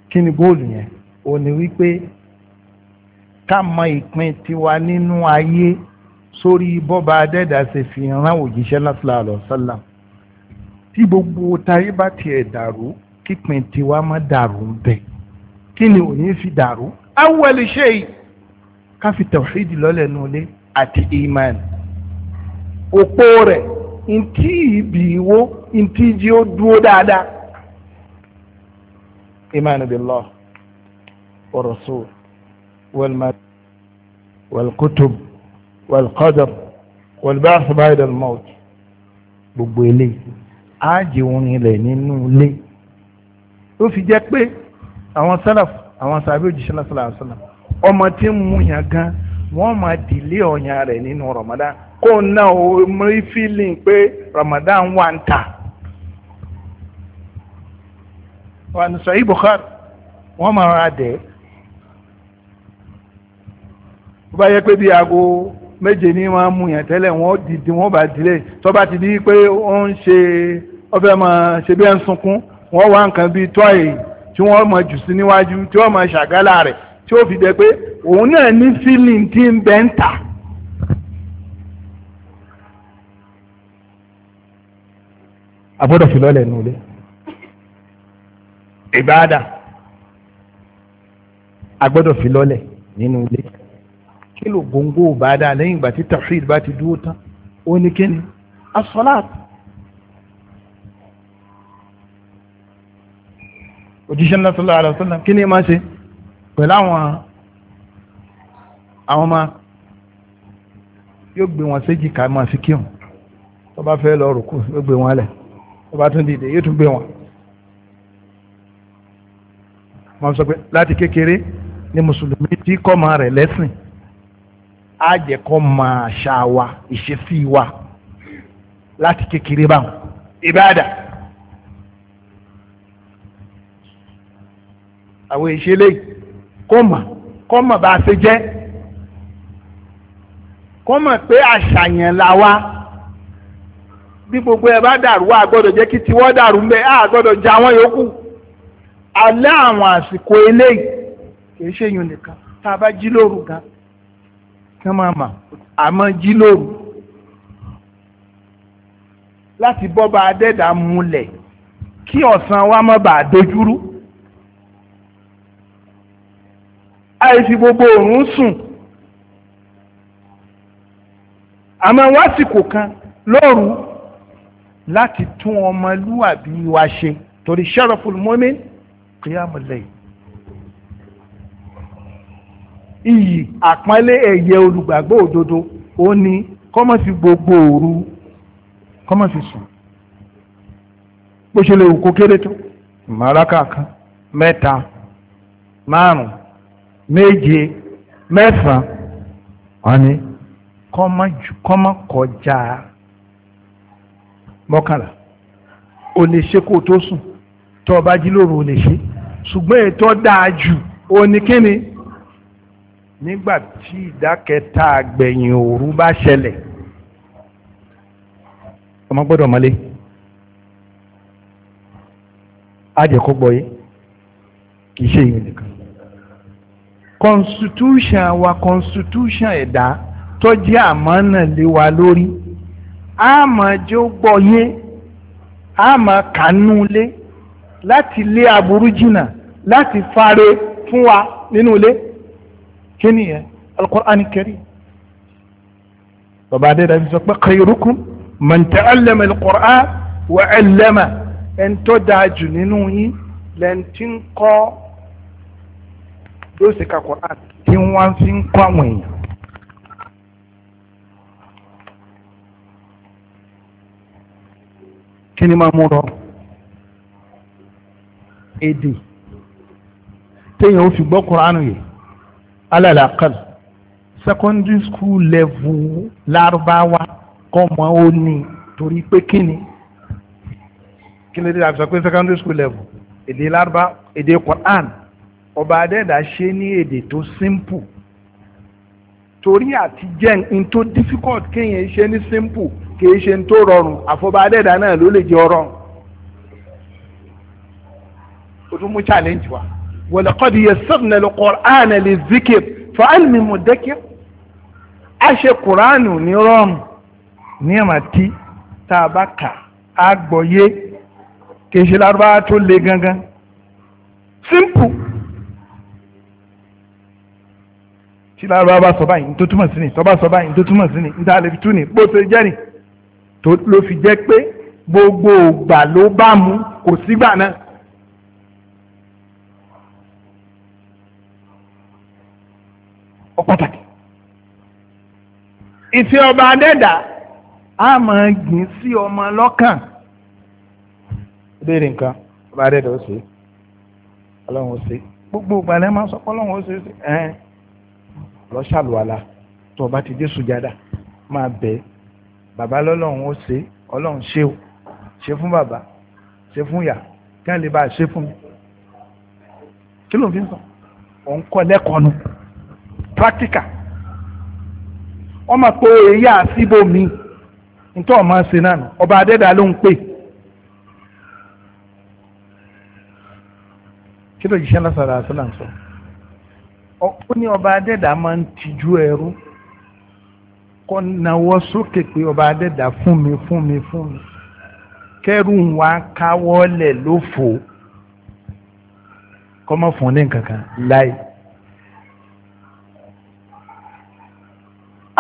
kí ni góòlù yẹn ò wípé ká mọ ìpín tiwa nínú ayé sórí bọ́ba adẹ́dà ṣe fi rán òjíṣẹ́ sallallahu alaihi wasallam tí gbogbo táyé bá tiẹ̀ dàrú kípin tiwa má dàrú ń bẹ̀ kí ni òní fi dàrú awwal shay ká fi tawhid lọ́lẹ̀ nulẹ̀ àti iman òpó rẹ̀ ntí ìbí wo ntí jí ó dúró dáadáa iman billah wa rasul. والمال والكتب والقدر والبعث بعد الموت gbogbo ilé áàjì orin rẹ̀ nínú ilé ó fi jẹ́ pé àwọn sálàf àwọn sàbí òjìṣẹ́ lásìlá àṣàlà ọmọ tí ń mú yàn gan wọ́n máa dìlé ọ̀yàn rẹ̀ nínú Ramadan kó náà ó rí fílìn pé Ramadan wà ń tà. wà ní sọ ibùkárì wọ́n máa ra dẹ̀ bá yẹ pé bí aago méje ní wọ́n mú yàn tẹ́lẹ̀ wọ́n dìde wọ́n bá dìlẹ̀ tó bá ti di pé ó ń ṣe ọfẹ́ máa ṣe bí ẹ̀ ń sunkún wọ́n wá nǹkan bíi tọ́ì tí wọ́n máa jù sí níwájú tí wọ́n máa ṣàgálà rẹ̀ tí ó fi jẹ́ pé òun náà ní fílìn tí ń bẹ́ ń tà. agbọ́dọ̀ fi lọ́lẹ̀ ìbáàdà agbọ́dọ̀ fi nínú ilé kí ló gbòǹgbò bá dáa lẹ́yìn ìgbà tí tafid bá ti dúró tán ó ní kí ni asọ́láàt òjíṣẹ́ náà sallallahu alaihi wasallam kí ni máa ṣe pẹ̀lú àwọn àwọn ọmọ yóò gbé wọn séjì ká máa fi kírun tó bá fẹ́ lọ rùkú yóò gbé wọn lẹ̀ tó bá tún dìde yóò tún gbé wọn. wọ́n sọ pé láti kékeré ni mùsùlùmí tí kọ́ máa rẹ̀ lẹ́sìn á jẹ́ kó máa ṣá wa ìṣesí wa láti kékeré báwọn ìbáàdà. àwọn ìṣẹ̀lẹ̀ kó mà kó mà bá a ṣe jẹ́ kó pé àṣàyàn la wa bí gbogbo ẹ bá dàrú wa gbọ́dọ̀ jẹ́ kí tiwọ́ dàrú mbẹ a gbọ́dọ̀ ja àwọn yòókù alẹ́ àwọn àsìkò eléyìí kì í ṣe yun nìkan tá a bá jí lóru gan kí wọ́n máa mà àmọ́ jí lóru láti bọ́ba adẹ́dà múlẹ̀ kí ọ̀sán wa má bàa dojúrú àìsí gbogbo òrùn sùn àmọ́ wásìkò kan lóru láti tún ọmọlúwàbí wa ṣe torí sharaful mu'min qiyamul layl iyì àpọ́nlé ẹ̀yẹ olùgbàgbọ́ òdodo ó ní kọ́mọ̀sí gbogbo òru kọ́mọ̀sí sùn bó ṣe lè wù kó kéré tó màrákà kan mẹ́ta márùn méje mẹ́sàn-án wọ́n ní kọ́mọ̀ kọjá mọ́kànlá o lè ṣe kó tó sùn tó bá jí lóru o lè ṣe ṣùgbọ́n ètò dáa jù o ní kíni nígbà tí ìdákẹta àgbẹ̀yìn òru bá ṣẹlẹ̀ ọmọ gbọ́dọ̀ mọ́lé ajẹ́kọ́gbọ́ yé kì í ṣe ìyẹn nìkan constitution wa constitution ẹ̀dá tó jẹ́ àmọ́nà lé wa lórí àmọ́jó gbọ́ yé àmọ́ kánú lé láti lé aburú jìnnà láti fare fún wa nínú ilé kí ni yẹn alukur'an kẹrì baba adé dàbí sọ pé khayrukum man ta'allama alukur'an wa 'allama ẹn tó dáa jù nínú yín lẹ́ntì ń kọ́ lóṣè ka kur'an tí wọ́n fi ń kọ́ àwọn èèyàn. kí ni máa mú rọ èdè téèyàn fi gbọ́ kur'an yìí alalakal secondary school level lárúbáwá kọ́mọ ó ní torí pé kíni kíni dé àfisọ pé secondary school level èdè lárúbá èdè Quran ọba adẹ́dà ṣe ní èdè tó simple torí àti jẹ́ n tó difficult kéèyàn ṣe ní simple kéèyàn ṣe n tó rọrùn àfọba adẹ́dà náà ló lè jẹ́ ọrọ̀ o tún mú challenge wa. ولقد يسرنا القرآن للذكر فهل من مدكر àṣẹ kùránù ní rọrùn ní àmàtí tá a bá kà á gbọ́yé kì í ṣe lárúbáwá tó le gangan simple tí lárúbáwá bá sọ báyìí tó túmọ̀ sí ni tó bá sọ báyìí tó túmọ̀ sí ni níta lè fi tú ni bó ṣe jẹ́ ni tó ló fi jẹ́ pé gbogbo ògbà ló bá mu kò sígbà náà. ó pàtàkì ìfẹ́ ọba adẹ́dà á máa gbìn sí ọmọ lọ́kàn béèrè nǹkan ọba adẹ́dà ó ṣe ọlọ́run ó ṣe gbogbo ìgbàlẹ́ máa sọ pé ọlọ́run ó ṣe ẹ lọ ṣàlùwàlà tó o bá ti dé sùjádà máa bẹ̀ bàbá lọ́lọ́run ó ṣe ọlọ́run ṣe o ṣe fún bàbá ṣe fún ìyá kí wọ́n lè bá a ṣe fún mi kí ló ń fi sọ òun kọ́ lẹ́kọ̀ọ́ nu. practical ọmọ pé èyà síbòmí nítorí ọmọ ṣe náà ọba adẹ́dà ló ń pè kí ló jíṣẹ́ lọ́sọ̀rọ̀ àtúnà ó ní ọba adẹ́dà máa ń tijú ẹrú kọ́ nawọ́ sókè pé ọba adẹ́dà fún mi fún mi fún mi kẹ́rù ń wá káwọ́lẹ̀ lófo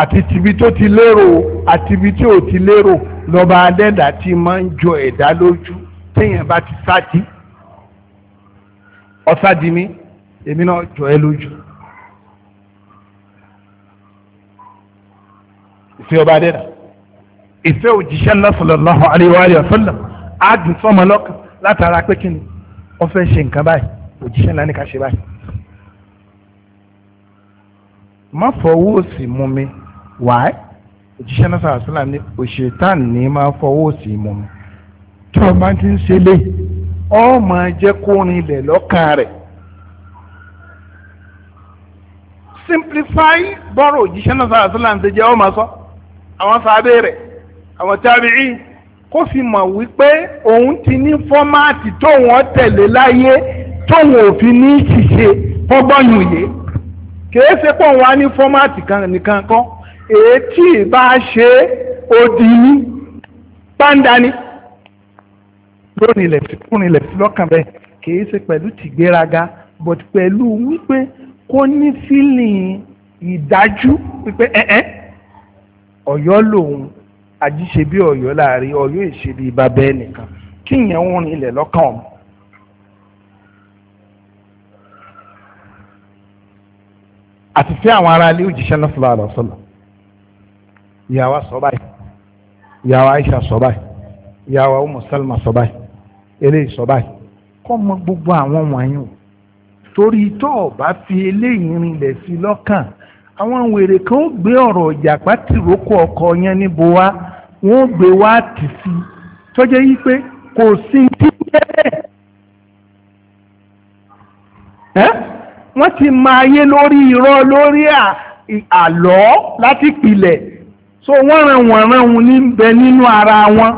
àti tibi tó ti lérò àti ibi tí ò ti lérò lọ́ba adẹ́dà ti máa ń jọ ẹ̀dá lójú téèyàn bá ti sáàdì ọ̀sáàdì mi èmi náà jọ ẹ lójú. ìfẹ́ ọba adẹ́dà ìfẹ́ òjíṣẹ́ ńlá sallallahu alaihi àádùn sọ́mọ lọ́kàn látara pé kí ni wọ́n fẹ́ ṣe nǹkan báyìí òjíṣẹ́ ńlá ní ká ṣe báyìí. má fọwọ́ sí mú mi why òjíṣẹ́ náà sàrà sílẹ̀ ní òṣètàn ní máa fọwọ́ sí mu tí wọ́n bá ti ń ṣe lé ọ́ máa jẹ́ kó rinlẹ̀ lọ́kàn rẹ̀ simplify bọ́rọ̀ òjíṣẹ́ náà sàrà sílẹ̀ ń tẹ́jẹ́ ọ́ máa sọ àwọn sàbẹ̀ rẹ̀ àwọn tábìrì kó fi mọ̀ wípé òun ti ní fọ́máàtì tóun ọ̀ tẹ̀lé láyé tóun ò fi ní ṣìṣe fọ́gbọ́nyùn yé kèé ṣe pé òun á ní fọ́máàtì kan nìkan kọ́ èétí bá ṣe odi ní pàǹdà ni lónìlẹ̀ sí kúnilẹ̀ sí lọ́kàn bẹ́ẹ̀ kìí ṣe pẹ̀lú tìgbéraga but pẹ̀lú wípé kó ní fílìn ìdájú wípé ẹ̀ẹ́ ọ̀yọ́ lòun àjíṣe bí ọ̀yọ́ láàrin ọ̀yọ́ ìṣe bí bàbá ẹnìkan kíyàn ń rinlẹ̀ lọ́kàn ọ̀mù. àti fẹ́ àwọn aráalé òjíṣẹ́ náà sọ̀rọ̀ àlọ́ sọ̀rọ̀ ìyàwó sọ báyìí ìyàwó Aisha sọ báyìí ìyàwó Umu Salma sọ báyìí eléyìí sọ báyìí kọ́ mọ gbogbo àwọn wọ̀nyí o torí tó o bá fi eléyìí rinlẹ̀ sí lọ́kàn àwọn wèrè kan ó gbé ọ̀rọ̀ ìjàpá tìrókò ọkọ yẹn níbo wá wọ́n gbé wá tì sí tọ́jẹ́ yí pé kò sí tí jẹ́ bẹ́ẹ̀ wọ́n ti máa yé lórí irọ́ lórí àlọ́ láti pilẹ̀ so wọ́n ran wọ́n ran wọn ní bẹ nínú ara wọn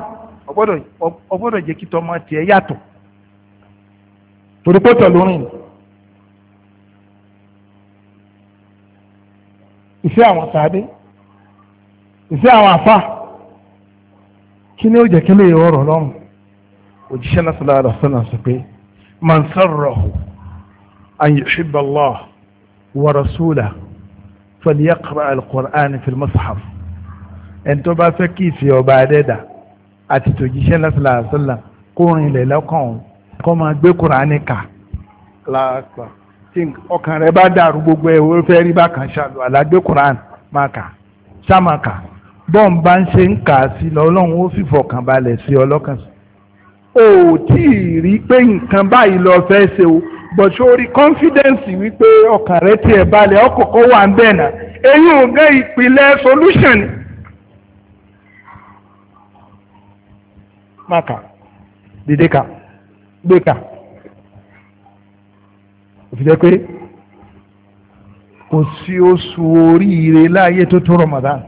ọgbọ́dọ̀ jẹ́ kí tọmọ tiẹ̀ yàtọ̀ torí pọ́tọ̀ ló rìn ìfẹ́ àwọn sáadé ìfẹ́ àwọn àfa kí ni ó jẹ́ kí lè ọ̀rọ̀ lọ́rùn òjíṣẹ́ náà sọ̀rọ̀ àdàsọ náà sọ pé man sarrahu an yuhibba Allah wa rasulahu falyaqra al-Qur'ana fil mushaf. ẹni tó bá fẹ́ kí ìfẹ́ ọba adẹ́dà àti tòjíṣẹ́ lásìlá àṣìlá kó rinlẹ̀ lọ́kàn òun kó máa gbé kà tí ọkàn rẹ bá dàrú gbogbo ẹ̀ wọ́n fẹ́ rí bákan ṣàlù àlágbé kùránì máa kà sáma kà bọ́ọ̀n bá ń ṣe ń kà á sí lọ ọlọ́run ó fọkàn balẹ̀ sí sí. o ò tí ì rí pé nǹkan báyìí lọ fẹ́ ṣe o but wípé máa kà dìde kà gbé kà òfin jẹ́ pé kò sí oṣù oríire láàyè tó tó Ramadan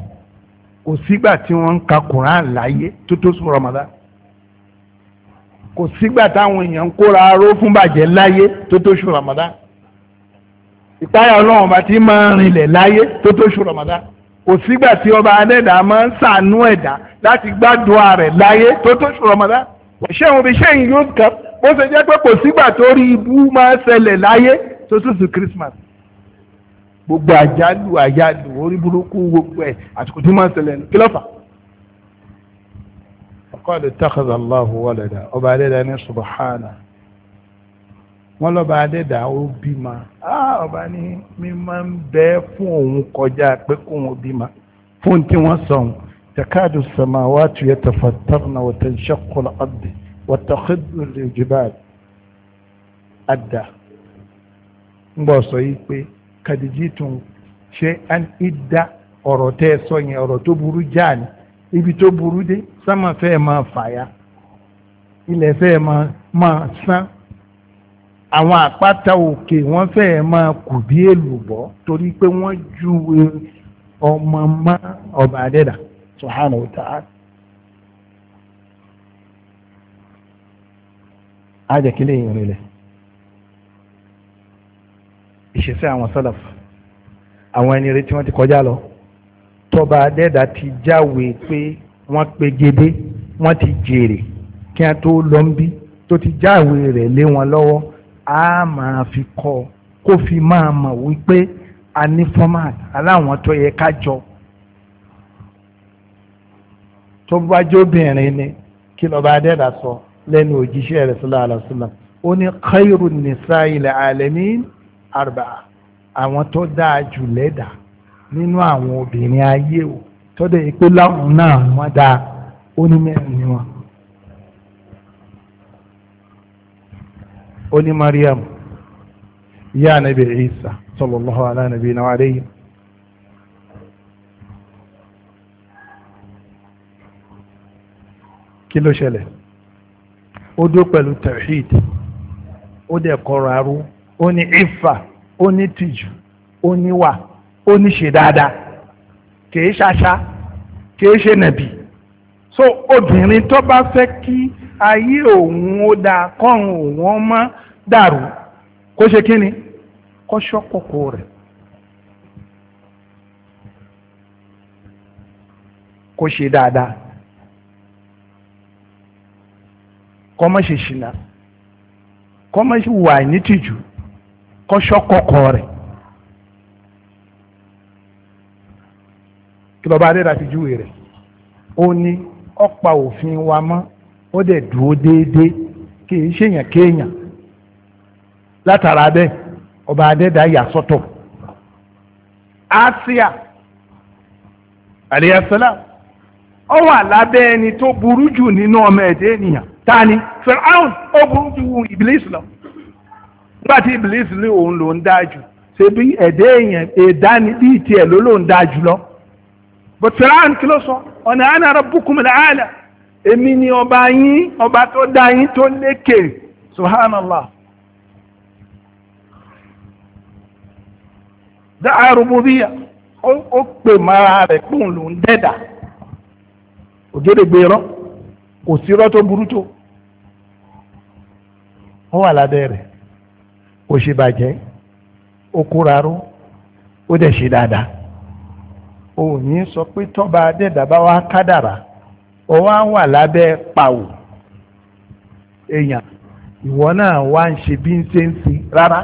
kò sígbà tí wọ́n ń ka Quran láàyè tó tó sùn Ramadan kò sígbà táwọn èèyàn ń kóra aró fún bàjẹ́ láyé tó tó ṣù Ramadan ìpáyà ọlọ́run bá ti máa rinlẹ̀ láyé tó tó ṣù Ramadan kò sígbà tí ọba adẹ́dà máa ń sàánú ẹ̀dá láti gbàdúrà rẹ̀ láyé tó tó ṣù Ramadan ṣéun bí ṣéun yóò kà bó ṣe jẹ́ pé kò sígbà tó rí ibú máa ń ṣẹlẹ̀ láyé tó tó ṣù Christmas gbogbo àjálù àjálù orí burúkú gbogbo ẹ̀ àsìkò tí máa ń ṣẹlẹ̀ kí ló fà. ọkọ àdètàkàdà Allahu walada ọba adẹ́dà ní subhana wọ́n lọ́ba adẹ́dà ó bímọ ọba ní mímọ́ ń bẹ fún òun kọjá pé kóun bímọ fún tí wọ́n sọ̀hún takadu samawati yatafattarna wa tanshaqqu al-ardu wa takhiddu al-jibal adda ngbọ́ sọ yìí pé kàdíjì tún ṣe an idda ọ̀rọ̀ tẹ́ ẹ sọ yẹn ọ̀rọ̀ tó burú jáà ni ibi tó burú dé sámà fẹ́ máa fàya ilẹ̀ fẹ́ máa máa sán àwọn àpáta òkè wọ́n fẹ́ẹ́ máa kù bí èlùbọ́ torí pé wọ́n ju ọmọ mọ́ ọba adẹ́dà subhanahu wa ta'ala. ajẹ́kílẹ̀ yìí rẹ̀ ìṣẹ̀ṣẹ̀ àwọn sálàf àwọn ẹni retí wọ́n ti kọjá lọ tọba adẹ́dà ti jáwé pé wọ́n pegedé wọ́n ti jèrè kí wọ́n tó lọ ń bí tó ti jáwé rẹ̀ lé wọn lọ́wọ́ a máa fi kọ́ kó fi máa mọ̀ wípé a ní format aláwọn tó yẹ ká jọ tó bá jóbìnrin ni kí ló bá dẹ́dà sọ lẹ́nu òjíṣẹ́ rẹ̀ sallallahu alaihi wasallam ó ní khairu nisa'il alamin arba'a àwọn tó dáa jù lẹ́dà nínú àwọn obìnrin ayé o tó dẹ̀ pé láwọn náà wọ́n dáa ó ní mẹ́rin ni wọ́n. o ni Mariam ya anabi Isa sallallahu ala nabiyina wa alayhi. kí ló ṣẹlẹ̀ ó dó pẹ̀lú tawhid ó dẹ̀ kọrọ arú ó ní ifa ó ní tìjú ó wa, ó ní ṣe dáadáa kìí ṣaṣa kìí ṣe nàbì so obìnrin tó bá fẹ́ kí ayé òun ó dáa kọ́run òun ó mọ́ dàrú kó ṣe kí ni kó ṣọ́kòkò rẹ̀ kó ṣe dáadáa kó má ṣe ṣìnà kó má ṣe wà nítìjú kó ṣọ́kòkò rẹ̀. kí lọ́ba adé júwe rẹ̀ ó ní ọ̀pá òfin wa mọ́ ó dẹ̀ dúró déédéé kì í ṣèyàn kéèyàn látara bẹ́ẹ̀ ọba adẹ́dà yà Asia àlẹ́yàsọ́lá ó wà lábẹ́ ẹni tó burú jù nínú ọmọ ẹ̀dẹ́ ènìyàn tani Firaun ó burú jù lọ nígbà tí ní òun ló ń ṣe bí ẹ̀dẹ́ èèyàn bíi tiẹ̀ ló ló ń lọ èmi ni ọba yín ọba tó dá yín tó lékè subhanallah dáa ó pè mara rẹ̀ pòun ló ń dẹ́dà ògédègbè rán kò sí tó burú tó ó wà lábẹ́ rẹ̀ kò ṣe bàjẹ́ ó kóra ó dẹ̀ ṣe dáadáa òun sọ pé tọ́ba dẹ́dà bá wá ó wá wà lábẹ́ pàwò èèyàn ìwọ náà wá ń ṣe bí ń ṣe ń ṣe rárá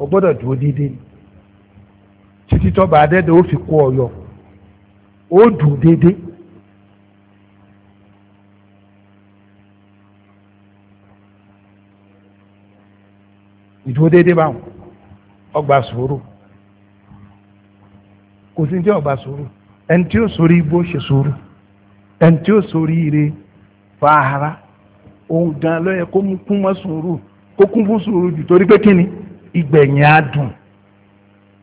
o gbọ́dọ̀ dúró déédéé ni títí tọ́ba adẹ́dẹ́ ó fi kó ó dùn déédéé. ìdúró déédéé báwọn ọgbà kò sí ní ọgbà s'òrò ẹni ẹni tí ó soríire fàáhara ohun gan ló yẹ kó mú kún mọ́ sùúrù kó kún fún sùúrù jù torí pé kíni ìgbẹ̀yìn á dùn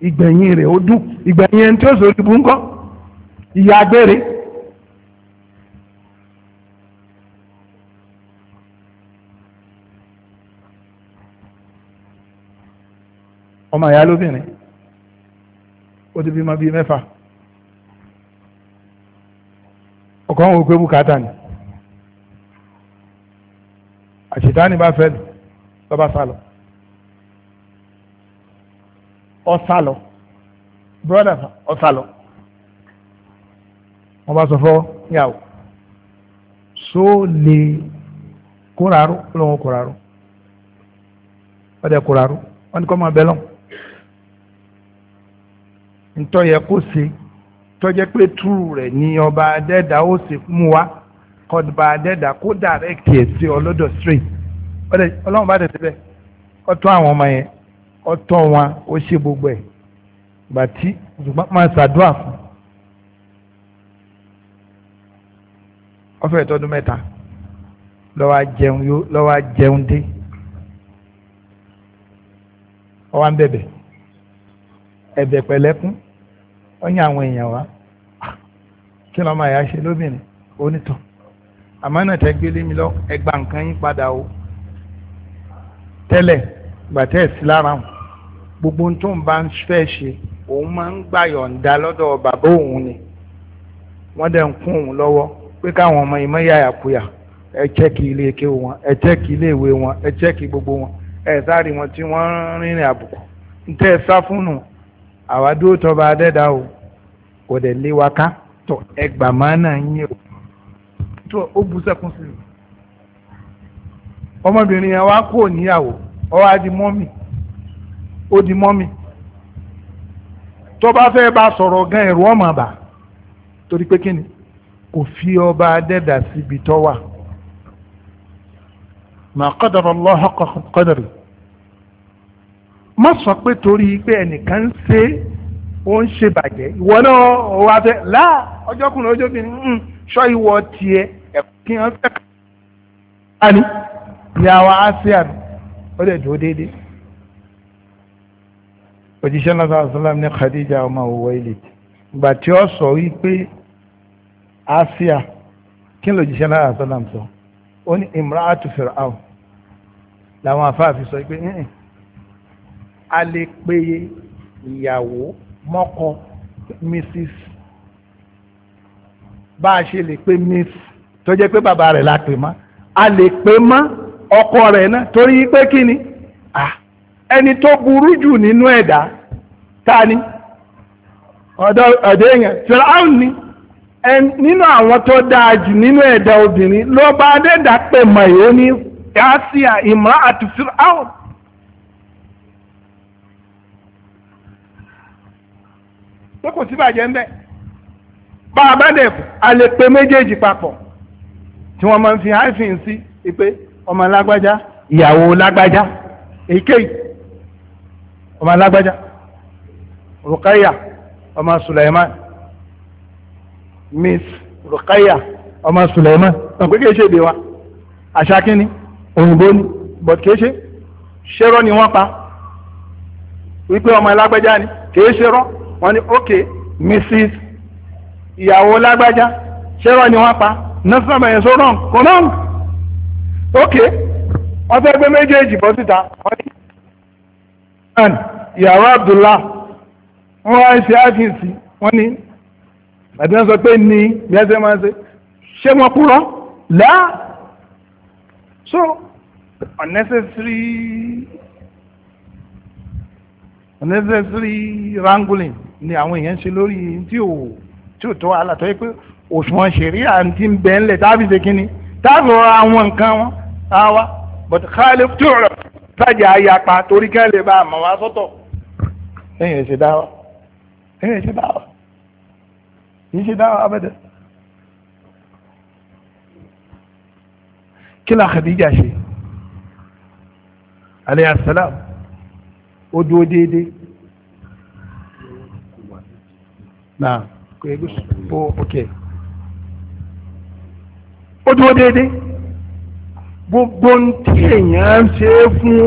ìgbẹ̀yìn rẹ̀ ó dùn ìgbẹ̀yìn ẹni ó sorí ibú ńkọ́ agbére. ọmọ ìyá lóbìnrin ó ti bímọ bíi mẹ́fà. ọkàn wọn gbé bùkátà ni àṣetánì bá fẹ́ lù lọ́ba sálọ ọ sálọ brọ́dà ọ sálọ wọ́n bá sọ fọ́ yàwó so le kóraró lọ́wọ́ kóraró ọdẹ kóraró wọ́n ní kọ́ máa bẹ́ lọ́wọ́ ntọ́ yẹ kó se tọ́jẹ́ pé túrú rẹ̀ ni ọba adẹ́dà ó sì mú wa kọba adẹ́dà kó direct ẹ̀ sí ọlọ́dọ̀ straight ọlọ́run bá tẹ̀sí bẹ́ẹ̀ ọtọ́ àwọn ọmọ yẹn ọtọ́ wọn ó ṣe gbogbo ẹ̀ bàtí ṣùgbọ́n máa ṣàdúrà fún ọfẹ́ ìtọ́dún mẹ́ta lọ́wọ́ jẹun yó lọ́wọ́ jẹun dé ọwọ́ ń bẹ̀bẹ̀ ẹ̀bẹ̀ pẹ̀lẹ́kún ọ̀yìn àwọn èèyàn wa kí lọ́ máa yá ṣe lóbìnrin onítọ̀ àmọ́nà tẹ́ gbélé mi lọ ẹgbà nǹkan yín padà o tẹ́lẹ̀ gbàtẹ́ sí lára wọn gbogbo tó ń bá ń fẹ́ ṣe òun máa ń gbàyọ̀ǹda lọ́dọ̀ bàbá òun ni wọ́n dẹ̀ ń kún òun lọ́wọ́ pé káwọn ọmọ ìmọ̀ yàyà kuyà ẹ chẹ́kì ilé ike wọn ẹ chẹ́kì ilé ìwé wọn ẹ chẹ́kì gbogbo wọn ẹ sáré wọn tí wọ́n rìnrìn àbùkù ń tẹ́ ẹ sá fún nù àwádúró tọba adẹ́dá o kò dẹ̀ lé wa ká. tọ ẹgbà máa náà ń yẹ tó ó bu sẹ́kún sí i ọmọbìnrin yẹn wá kó níyàwó ó wá di mọ́mì ó di mọ́mì tó bá bá sọ̀rọ̀ gan ẹ̀rù ọmọ àbá torí pé kíni kò fi ọba adẹ́dà síbi tó wà mà qadara Allah haqqa qadri má sọ pé torí pé ẹnìkan ń ó ń ṣe bàjẹ́ ìwọ náà ó wá fẹ́ láà ọjọ́kùnrin ọjọ́bìnrin hmm, ṣọ́ ìwọ tiẹ̀ ẹ̀kọ́ kí wọ́n fẹ́ ká ní ìyàwó asia ó lè dúró déédéé òjíṣẹ́ náà sọ́ọ́ sọ́lá ní Khadija ọmọ òwò ilé ìgbà tí ó sọ wípé asia kí ló jíṣẹ́ náà sọ́lá sọ ó ní imra'atu fir'aun làwọn afáàfin sọ pé hmm, a lè péye ìyàwó mọ́kọ mrs bá a ṣe lè pe miss tó jẹ́ pé bàbá rẹ̀ la pè mọ́ a lè pe mọ́ ọkọ rẹ̀ náà torí pé kí ni ẹni tó burú jù nínú ẹ̀dá ta ni ọ̀dọ̀ ọ̀dọ̀ èèyàn fìràún ni nínú àwọn tó dáa jù nínú ẹ̀dá obìnrin ló bá dẹ́dà pè mọ̀ yìí ó ní yàá ìmọ̀ àti fìràún. pé kò sí bàjẹ́ ńbẹ bá a bá dẹ̀ a lè pe méjèèjì papọ̀ tí wọ́n máa ń fi hyphen sí pé ọmọ lágbájá ìyàwó lágbájá èyíkéyìí ọmọ lágbájá Rukaya ọmọ Suleiman Miss Rukaya ọmọ Suleiman ọ̀pẹ́ kìí ṣe èdè wa àṣà òyìnbó ni but kìí ṣe ṣẹ́rọ́ ni wọ́n pa wípé ọmọ lágbájá ni kìí ṣẹ́rọ́ wọ́n ní ok mrs ìyàwó lágbájá ṣẹ́rọ ni wọ́n pa nọ́sàmà yẹn so wrong kò wrong ok wọ́n fẹ́ gbé méjèèjì bọ́ síta wọ́n ní and ìyàwó abdullah wọ́n wá ń ṣe àfihàn wọ́n ní àti wọ́n sọ pé ní bí wọ́n ṣe máa ṣe ṣé wọ́n kúrọ́ láà so unnecessary unnecessary wrangling ni àwọn èèyàn ṣe lórí tí ò tí ò tó wàhálà tó yẹ pé òṣùwọ̀n ṣẹ̀rí à ń ti bẹ̀ ńlẹ̀ tábì ṣe kínní tábì rọra àwọn nǹkan wọn àwa but káàlẹ́ tí ò rọ̀ tájà ayapa torí kẹ́ lè bá àmọ́ wa sọ́tọ̀ ẹ̀yìn ẹ̀ṣẹ̀ dáwà ẹ̀yìn ẹ̀ṣẹ̀ dáwà kì í ṣe dáwà abẹ́dẹ̀. kí la Khadija ṣe aleyhi salaam ó dúró déédéé náà kò yẹ kó ó ok ó dúró déédéé gbogbo ń tí èèyàn ń ṣe é fún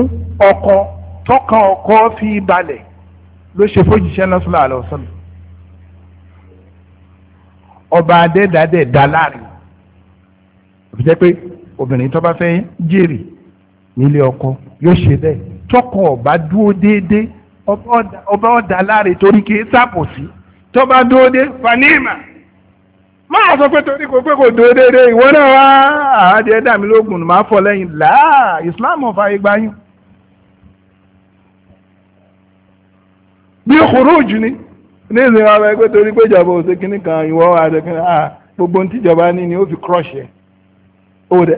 ọkọ tọkàn ọkọ fi balẹ̀ ló ṣe fójíṣẹ́ náà sọ́lá àlọ́ sọ́lá ọba adẹ́dàdẹ́ dá láàrin òfin jẹ́ pé obìnrin tó bá fẹ́ jèrè nílé ọkọ yóò ṣe bẹ́ẹ̀ tọkọ ọba dúró déédéé ọba ọ̀dà láre torí kì í sàpòsí tọba dúró dé fanima máa sọ pé torí kò pé kò dúró déédéé ìwọ náà wá àádé ẹ̀dá mi lógun máa fọ lẹ́yìn láà Islam ọ̀fà igba yín. bí khuruju ni ní ìsìn wa bẹ pé torí pé ìjọba ò ṣe kínní kan ìwọ àdẹkìnrin à gbogbo ohun tíjọba ní ni ó fi crush ẹ ó dẹ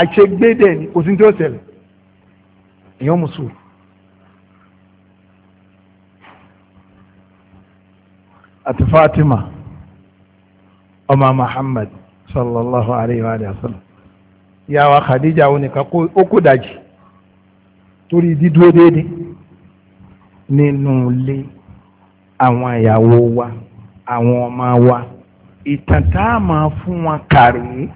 àṣegbédè ni kò sí ní tí ó ṣẹlẹ̀. èèyàn musu. Ati Fatima ọmọ Muhammad sallallahu alayhi wa sallam yàwá Khadija oníkan ó kó daji. torí dídúró déédéé nínú ilé àwọn ìyàwó wa awon ọmọ wa ìtàn tá a máa fún wọn kàrí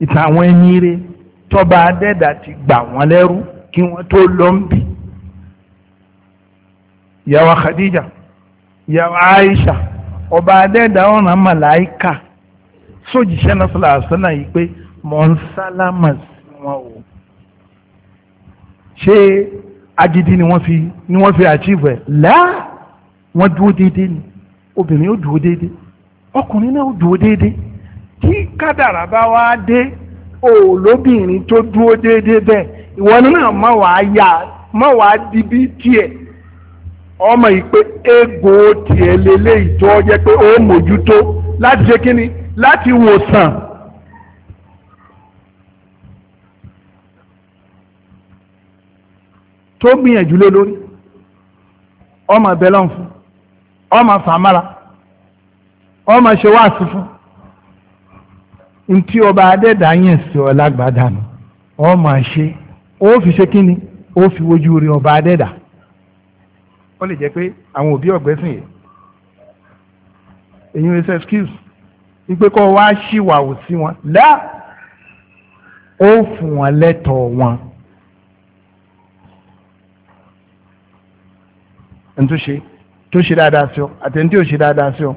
ìtàn tọba adẹ́dà ti gbà wọ́n lẹ́rú kí wọ́n tó lọ ń bì ìyàwó Khadija ìyàwó Aisha ọba adẹ́dà ọ̀nà màláìka sójìṣẹ́ náà sọ̀rọ̀ àṣánà yìí pé mọ̀ ń sálámà sí wọn o ṣé agídí ni wọ́n fi ni wọ́n fi achieve ẹ̀ láà wọ́n dúró déédéé ni obìnrin ó dúró déédéé ọkùnrin náà ó dúró déédéé tí kádàrá bá wá dé. o tó dúró déédéé bẹ́ẹ̀ ìwọ náà má wàá yá má wàá di bí tiẹ̀ ọmọ yìí pé egbò tiẹ̀ lélẹ́yìí tó yẹ pé ó mójútó láti ṣe kínni láti wòsàn. tó gbìyànjú lé lórí ọmọ bẹlọ́n fún ọmọ ntí ọba adẹ́dá yẹn sí ọ lágbàdá nù ọ máa ṣe ó fi ṣe kínni ó fi wojú rí ọba adẹ́dá ó lè jẹ́ pé àwọn òbí ọ̀gbẹ́sìn yìí èyí ń ṣe excuse wípé kọ́ wá ṣìwàwù sí wọn lá ó fún wọn lẹ́tọ̀ọ́ wọn. ntúṣe tó ṣe dáadáa sí ọ àtẹ̀ntí ò ṣe dáadáa sí ọ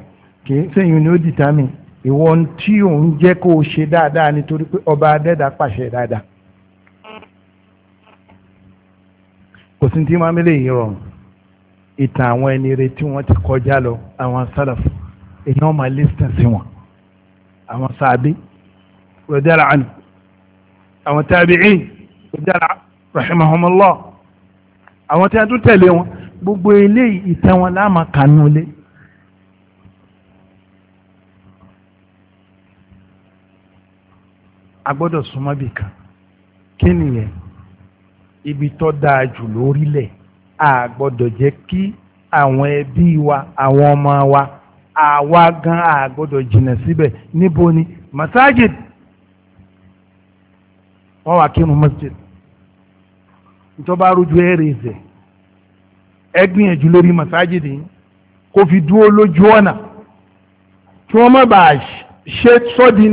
kì í sẹ́yìn ni ó dìtámì ìwọ tí òun jẹ́ kó o ṣe dáadáa nítorí pé ọba adẹ́dà pàṣẹ dáadáa kò sí tí máa yìí rọrùn ìtàn àwọn ẹni rẹ tí wọ́n ti kọjá lọ àwọn sálàf sí wọn àwọn sàbí àná àwọn àwọn tí a tún tẹ̀lé wọn gbogbo eléyìí ìtàn wọn láàmà kanú lé. a súnmọ́ kan kí nìyẹn ibi tó dáa jù lórílẹ̀ a gbọ́dọ̀ jẹ́ kí àwọn ẹbí wa àwọn ọmọ wa àwa gan a gbọ́dọ̀ síbẹ̀ ni masajid wọ́n wà masjid nítorí bá rújú ẹ̀rẹ̀ ẹ̀sẹ̀ ẹ gbìyànjú lórí masajid yìí fi dúró lójú ọ̀nà kí wọ́n má bàa ṣe sọ́dí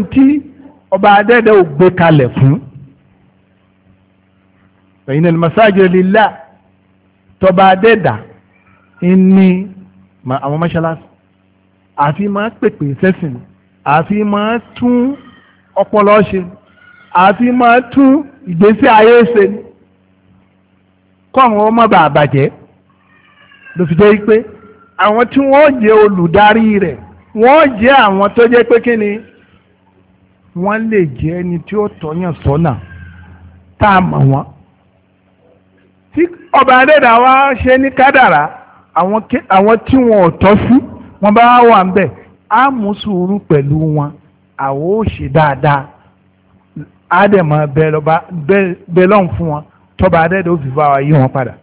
ọba adẹ́dẹ́ ò gbé kalẹ̀ fún ẹ̀yin al-masajid lillah tọba adẹ́dà ní àwọn mọ́ṣáláṣí àfi máa pèpè sẹ́sìn àfi máa tún ọpọlọ ṣe àfi máa tún ìgbésí ayé ṣe kọ́ àwọn ọmọ bàbà ló fi jẹ́ pé àwọn tí wọ́n jẹ́ olùdarí rẹ̀ wọ́n jẹ́ àwọn tó jẹ́ pé kí ni wọ́n lè jẹ́ ẹni tí ó tọ́yàn sọ́nà tá a mọ̀ wọ́n tí ọba adẹ́dà wa ṣe ní kádàrá àwọn tí wọn ò tọ́ sí wọn bá wà ń bẹ̀ á mú sùúrù pẹ̀lú wọn àwọn ò ṣe dáadáa á dẹ̀ mọ bẹ́ẹ̀ fún wọn tọba adẹ́dà ó fi bá wa yí wọn padà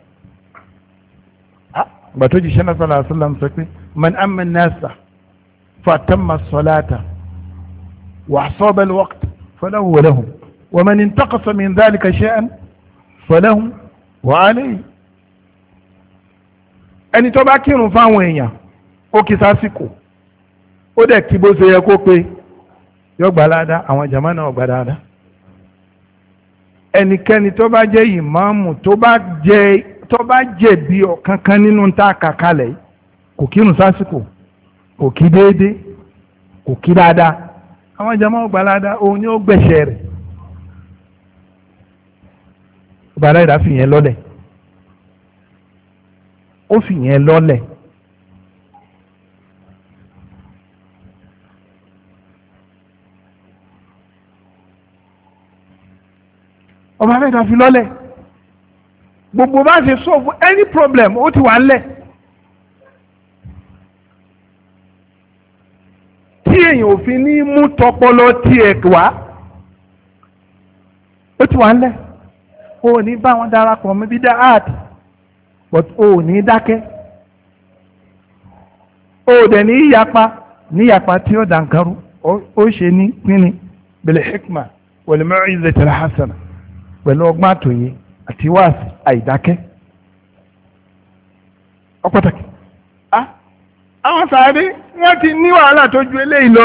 gbàtó jíṣẹ́ náà sọ̀rọ̀ àṣọ làǹfẹ́ pé man amẹ́ nẹ́ẹ̀sà fatamma salata وأصاب الوقت فله ولهم ومن انتقص من ذلك شيئا فله وعليه ẹni tó bá kírun fáwọn èèyàn ó kí sásìkò ó dẹ̀ kí bó ṣe yẹ kó pé yóò gbà ládàá àwọn jàmá náà gbà dáadáa ẹnikẹ́ni tó bá jẹ́ ìmáàmù tó bá jẹ́ tó bá jẹ̀bi nínú tá kàkálẹ̀ kò kírun sásìkò kò kí déédéé kò kí dáadáa àwọn jama gbalada òun ni ó gbẹ̀ṣẹ̀ rẹ̀ bàrà ìdá fi yẹn lọ́lẹ̀ ó fi yẹn lọ́lẹ̀ ọba mẹ́ta fi lọ́lẹ̀ gbogbo bá ṣe solve any problem ó ti wà ń lẹ̀. tí èèyàn ò fi ní mú tọpọlọ tiẹ̀ wá ó ti wà ń lẹ̀ o ò ní bá wọn darapọ̀ mọ́ bí dá art but o ò ní dákẹ́ o ò dẹ̀ ní yapa ní yapa tí ó dànkarú ó ṣe ní pínni bil hikma wal mau'izati al hasana pẹ̀lú ọgbọ́n àtòyè àti wáàsí àìdákẹ́ ọ pàtàkì. àwọn sàárè wọ́n ti ní wàhálà tó ju eléyìí lọ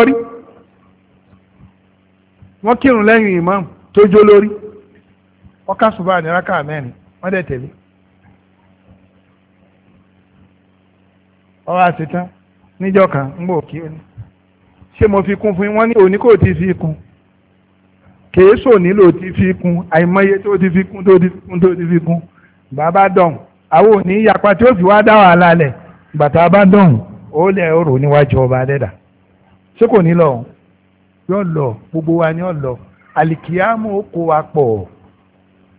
wọ́n kírun lẹ́yìn imam tó jó lórí wọ́n ká ṣùgbọ́n àdìrákà mẹ́rin wọ́n dẹ̀ tẹ̀lé ọwọ́ àṣetán níjọ́ kan ń bò kí ó ní ṣé mo fi kún fún wọn ní òní kò ti fi kún kèé sò nílò ti fi kún àìmọye tó ti fi kún tó ti fi kún tó ti fi kún bàbá dọ̀hún àwọn òní ìyapa tí ó fi wá dá wàhálà lẹ̀ bàtà bá dọ̀hún ó lẹ̀ ó rò níwájú ọba adẹ́dà ṣé kò ní lọ yóò lọ gbogbo wa ni yóò lọ alikiyamu ó kó wa pọ̀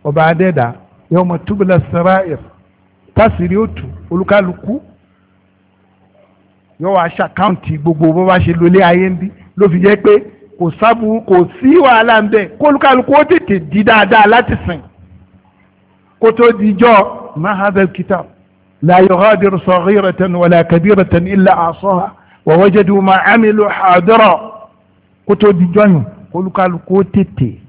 ọba adẹ́dà yóò mọ túbúlà sarair tásìrí òtù olúkálukú yóò wá ṣàkáǹtì gbogbo bó bá ṣe lólé ayé ń bí ló fi jẹ́ pé kò sábùú kò sí wàhálà ń bẹ̀ kólúkálukú ó tètè di dáadáa láti sìn kó tó di jọ́ mahadum kitab. لا يغادر صغيرة ولا كبيرة إلا أعصاها ووجدوا ما عملوا حاضرا قتوا دجوانه قلوا قالوا قتتي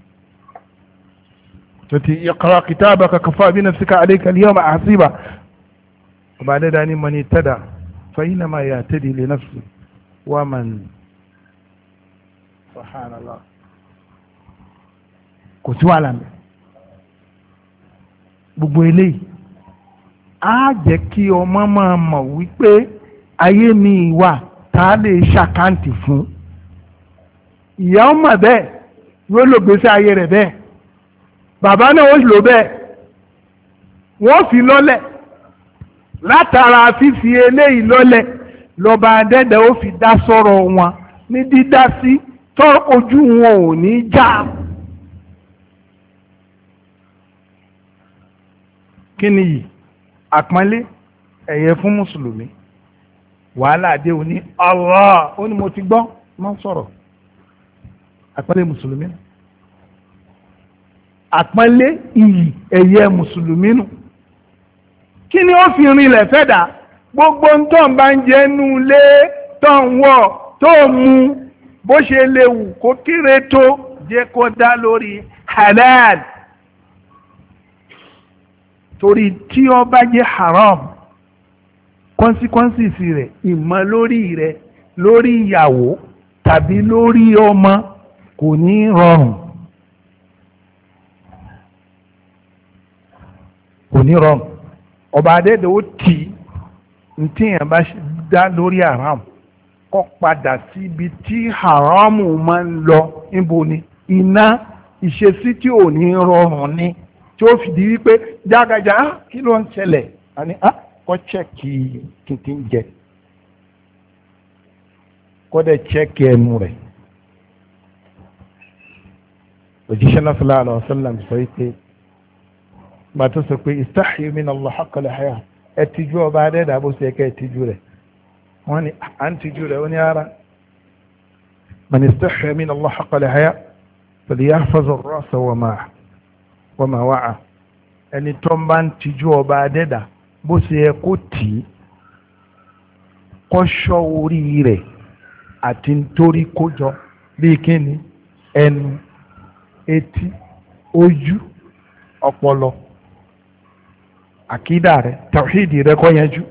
قتتي يقرأ كتابك كفى بنفسك عليك اليوم أحسيبا وبعد ذلك من اتدى فإنما يعتدي لنفسه ومن سبحان الله قتوا على á jẹ́ kí ọmọ máa mọ̀ wípé ayé ni ìwà tá a lè ṣàkáǹtì fún ìyá ọmọ bẹ́ẹ̀ yóò lò gbèsè ayé rẹ̀ bẹ́ẹ̀ bàbá náà ó lò bẹ́ẹ̀ wọ́n fi lọ́lẹ̀ látara fífi eléyìí lọ́lẹ̀ lọ́ba adẹ́dẹ́ ó fi dá sọ̀rọ̀ wọn ní dídá sí tó ojú wọn ò ní já. kí ni yìí àpọ́nlé ẹ̀yẹ fún mùsùlùmí wàhálà àdé òní Allah ó ní mo ti gbọ́ máa ń sọ̀rọ̀ àpọ́nlé mùsùlùmí nù àpọ́nlé iyì ẹ̀yẹ mùsùlùmí nù kí ni ó fi rinlẹ̀ fẹ́dà gbogbo ń tọ́ ń bá ń jẹ́ nú lé tọ́ ń wọ̀ tó mu bó ṣe lè wù kó kéré tó jẹ́ kó dá lórí halal torí tí ọ bá jẹ́ haram consequences rẹ̀ ìmọ̀ lórí rẹ̀ lórí ìyàwó tàbí lórí ọmọ kò ní rọrùn kò ọba adẹ́dẹ̀ ó tì í bá dá lórí haram kọ padà síbi tí haram máa lọ níbo ni iná ìṣesí tí ó fìdí wípé jágajà á ah, kí ló ń ṣẹlẹ̀ àní á ah, kọ́ chẹ́ẹ̀kì tuntun jẹ kọ́ dẹ̀ chẹ́ẹ̀kì ẹnu rẹ̀ òjíṣẹ́ náà sallallahu alaihi wasallam sọ wípé bàtú sọ pé istahyi min Allah haqqa al-haya ẹ tijú ọba adẹ́dàá bó ṣe kẹ́ ẹ tijú rẹ̀ wọ́n ní à ń tijú rẹ̀ ó ní ara man istahyi min Allah haqqa al-haya falyahfaz ar-ra'sa wa ma'ahu wọ́n máa wá à ẹni tó ń bá ń tijú ọba adẹ́dà bó ṣe yẹ kó tì í kọ́ṣọ́ orí rẹ̀ àti nítorí kójọ bíi kíni ẹnu etí ojú ọpọlọ àkídà rẹ tàwíìdì rẹ kọ́ yanjú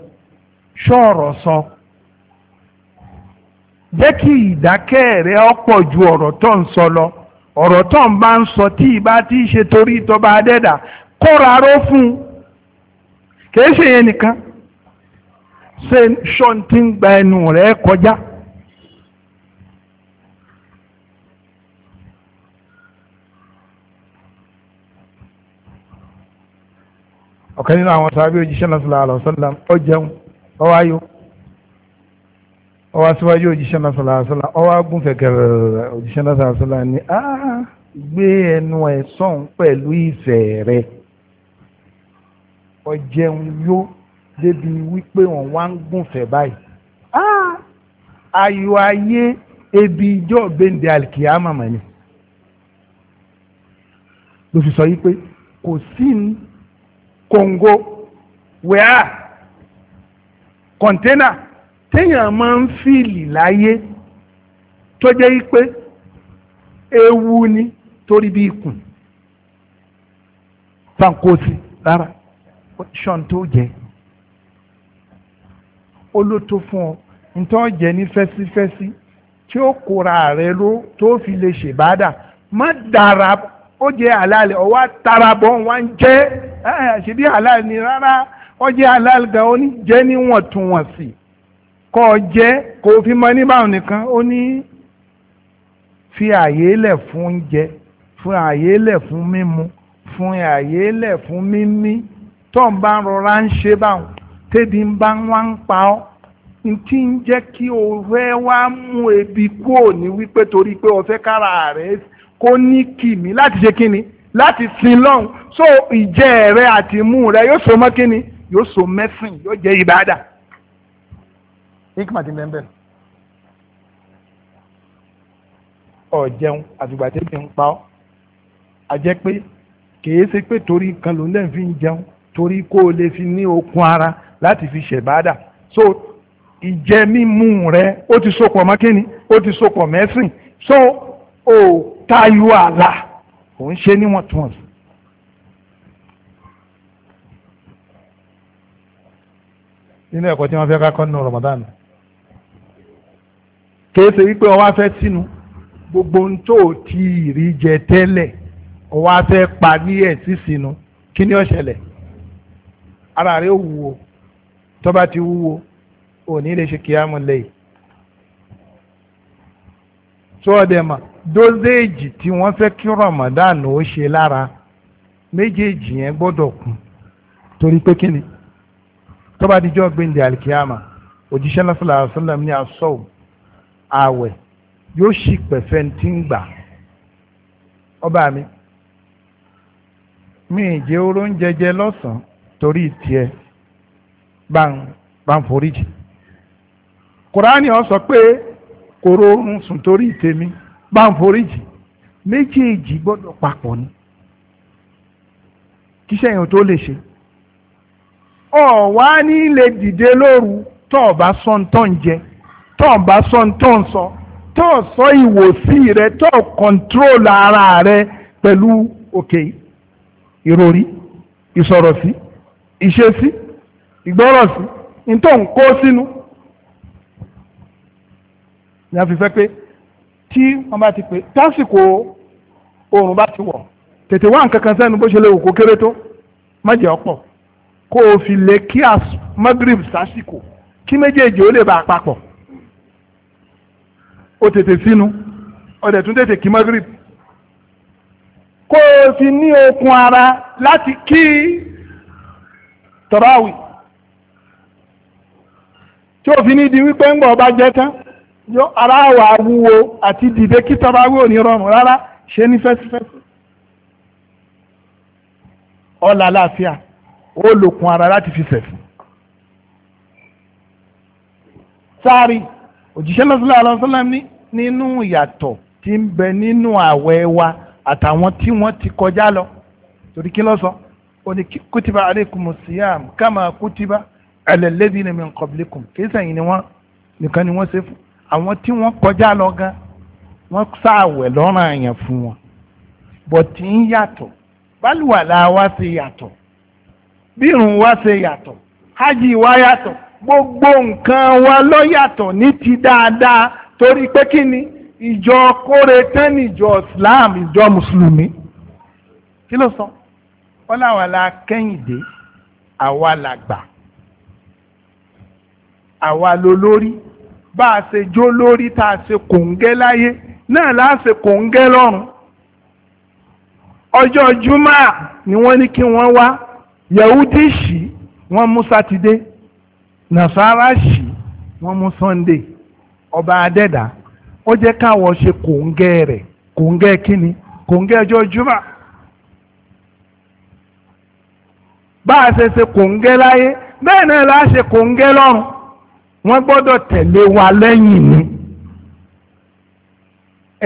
ṣọ́ọ̀rọ̀ sọ jẹ́ kí ìdákẹ́ rẹ ọ̀pọ̀ ju ọ̀rọ̀ tó ń sọ lọ ọ̀rọ̀ tó ń bá ń sọ tí ìbá tí í ṣe torí tọba adẹ́dà kóra ró fún un kìí ṣe yẹn nìkan ṣe ṣọ́n ti ń gba ẹnu rẹ̀ kọjá. ọ̀kan nínú àwọn sábẹ́ òjíṣẹ́ náà sallallahu alaihi wasallam ó jẹun ó wáyó ọwọ́ síwájú òjíṣẹ́ náà sọ̀rọ̀ àṣọlá ọwọ́ agúnfẹ̀ kẹrẹ̀rẹ̀ òjíṣẹ́ náà sọ̀rọ̀ àṣọlá ni a gbé ẹnu ẹ̀ sọ̀n pẹ̀lú ìfẹ́ rẹ̀ ọjẹun yó débi wípé wọ́n wá ń gúnfẹ̀ báyìí ayọ̀ ayé ebi ijó gbèǹde alikiyama mọ̀ ni ló fi sọ yìí pé kò sí kòǹgò wẹ́à kọ̀ńténà. téèyàn máa ń fìlì láyé tó jẹ́ pé ewu ni torí bí ikùn sankosi rárá ṣan tó jẹ olóto fún ọ ntọ́ jẹ ní fẹ́sífẹ́sí tí ó kóra rẹ ló tó fi lè ṣèbádà má dára ó jẹ àlàálẹ̀ ọwọ́ tarabọ̀ wá ń jẹ́ ṣe bí àlàálẹ̀ ni rárá ó jẹ àlàálẹ̀ gan ó ní jẹ́ níwọ̀ntúnwọ̀nsì. kọ́ ọ jẹ́ kò fi mọ ní báwọn nìkan ó ní fi àyè lẹ̀ fún oúnjẹ fún àyè lẹ̀ fún mímu fún àyè lẹ̀ fún mímí tó ń bá rọra ń ṣe báwọn tẹ́bi ń bá wá ń pa ọ́ n tí ń jẹ́ kí o fẹ́ wá mú ebi kúrò ní wípé torí pé o fẹ́ kára rẹ̀ kó ní kìmí láti ṣe kíni láti sin lọ́hùn so ìjẹ́ rẹ àti imú rẹ yóò so mọ́ kíni yóò so mẹ́sìn yóò jẹ́ ìbádà hikma ti bẹ́ẹ̀ bẹ́ẹ̀ ọ̀jẹun àtìgbà tí mi ń pa ọ́ a jẹ́ pé kìí ṣe pé torí kan ló ń fi ń jẹun torí kó o lè fi ní okun ara láti fi ṣẹ̀bádà so ìjẹ mímu rẹ ó ti sopọ̀ mọ́ kíni ó ti sopọ̀ mẹ́sìn so ò tayọ àlà ò ń ṣe níwọ̀ntúnwọ̀nsì. nínú ẹ̀kọ́ tí wọ́n fẹ́ kọ́ nínú Ramadan kìí ṣe wípé ọwọ́ afẹ́ sínú gbogbo ń tó ti rí jẹ tẹ́lẹ̀ ọwọ́ afẹ́ pa ní ẹ̀sìn sínú kí ni ó ṣẹlẹ̀ ara rẹ̀ wúwo tó bá ti wúwo òní lè ṣe kíámù lẹ́yìn tó ọdẹ mà dózéèjì tí wọ́n fẹ́ kí Ramadan ó ṣe lára méjèèjì yẹn gbọ́dọ̀ kún torí pé kí ni tó bá dijọ́ gbẹ̀ndẹ̀ alikiyama òjíṣẹ́ lọ́sọ̀lá àṣọlá ní asọ́ọ̀ ààwẹ̀ yóò sì pẹ̀fẹ́ tí ń gbà ọba mi mi ìjẹ́ oró ń jẹjẹ lọ́sàn-án torí tiẹ̀ bá ń bá ń foríjì kùránì ó sọ pé kòrò oorun sùn torí tèmi bá ń foríjì méjèèjì gbọ́dọ̀ papọ̀ ni kíṣẹ́ yẹn tó lè ṣe ó wá ní lè dìde lóru tó o bá sọ́ńtọ́ ń jẹ tó o bá sọ ní tó ń sọ tó o sọ ìwòsí rẹ tó o kọ̀ǹtrol ara rẹ pẹ̀lú òkè ìròrí ìsọ̀rọ̀sí ìṣesí ìgbọ́rọ̀sí ní ń kó sínú ni a fi fẹ́ pé tí wọ́n bá ti pè tásìkò oòrùn bá ti wọ̀ tètè wá nǹkan kan sẹ́nu bó ṣe lè wò kó kéré tó má jẹ́ ọ̀pọ̀ kó o fi lè kí magrib sásìkò kí méjèèjì ó lè bá a papọ̀ ó tètè sínú ọ̀dẹ̀ tún tètè kí magrib kó o fi ní okun ara láti kí tọ́ráwì tí ó fi ní di wípé ń gbọ́ ọba jẹ́ tán yọ ara wà wúwo àti dìde kí tọ́ráwì ò ní rọrùn rárá ṣe ní fẹ́sífẹ́sí ọ̀la láàfíà ó lòkun ara láti fi sẹ̀sìn sáárì òjíṣẹ́ lọ́sọ́lá alọ́sọ́lá nínú ìyàtọ̀ tí ń bẹ nínú àwẹ̀ wa àtàwọn tí wọ́n ti kọjá lọ torí kí lọ́sọ ó ní kútìbà alaykumus siyam kama kútìbà ala alladhina min qablikum kì í sẹ́yìn ni wọ́n nìkan ni wọ́n ṣe fún àwọn tí wọ́n kọjá lọ gan wọ́n sáàwẹ̀ lọ́rùn àyàn fún wọn bọ̀tí ń yàtọ̀ bálùwàlà wa ṣe yàtọ̀ bírun wa ṣe yàtọ̀ hájì wa yàtọ̀ gbogbo nǹkan wa ló yàtọ̀ ní ti dáadáa torí pé kí ni ìjọ kóre tán ìjọ Islam ìjọ mùsùlùmí kí ló sọ wọn làwọn la kẹ́yìndé àwa làgbà àwa lolórí bá a ṣe jó lórí tá a ṣe kòǹgẹ́ láyé náà la ṣe kòǹgẹ́ lọ́run ọjọ́ jumá ni wọ́n ní kí wọ́n wá yahudi ṣì wọ́n mú sátidé nàṣàrà ṣì wọ́n mú Sunday ọba adẹ́dà ó jẹ́ káwọn ṣe kòńgẹ́ rẹ̀ kòńgẹ́ kínni kòńgẹ́ ọjọ́ jùmọ̀ bá a ṣe ṣe kòńgẹ́ láyé bẹ́ẹ̀ náà la ṣe kòńgẹ́ lọ́run wọ́n gbọ́dọ̀ tẹ̀lé wa lẹ́yìn ni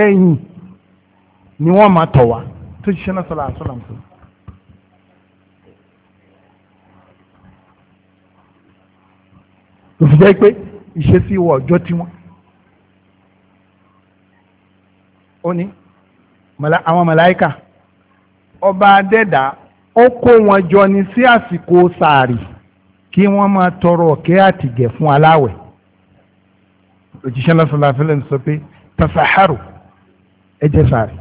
ẹ̀yìn ni wọ́n máa tọ̀ wá tó ṣiṣẹ́ náà sọ̀rọ̀ àṣọ làǹfààní. ló fi jẹ́ pé ìṣesí wọ ọjọ́ tí wọ́n. ó ní àwọn màláíkà ọba adẹ́dà ó kó wọn jọ ní sí àsìkò sàárì kí wọ́n máa tọrọ ọ̀kẹ́ àtìgẹ̀ fún aláwẹ̀ òjíṣẹ́ lọ́sọ̀lá fẹ́lẹ́ sọ pé tasaharu ẹ sàárì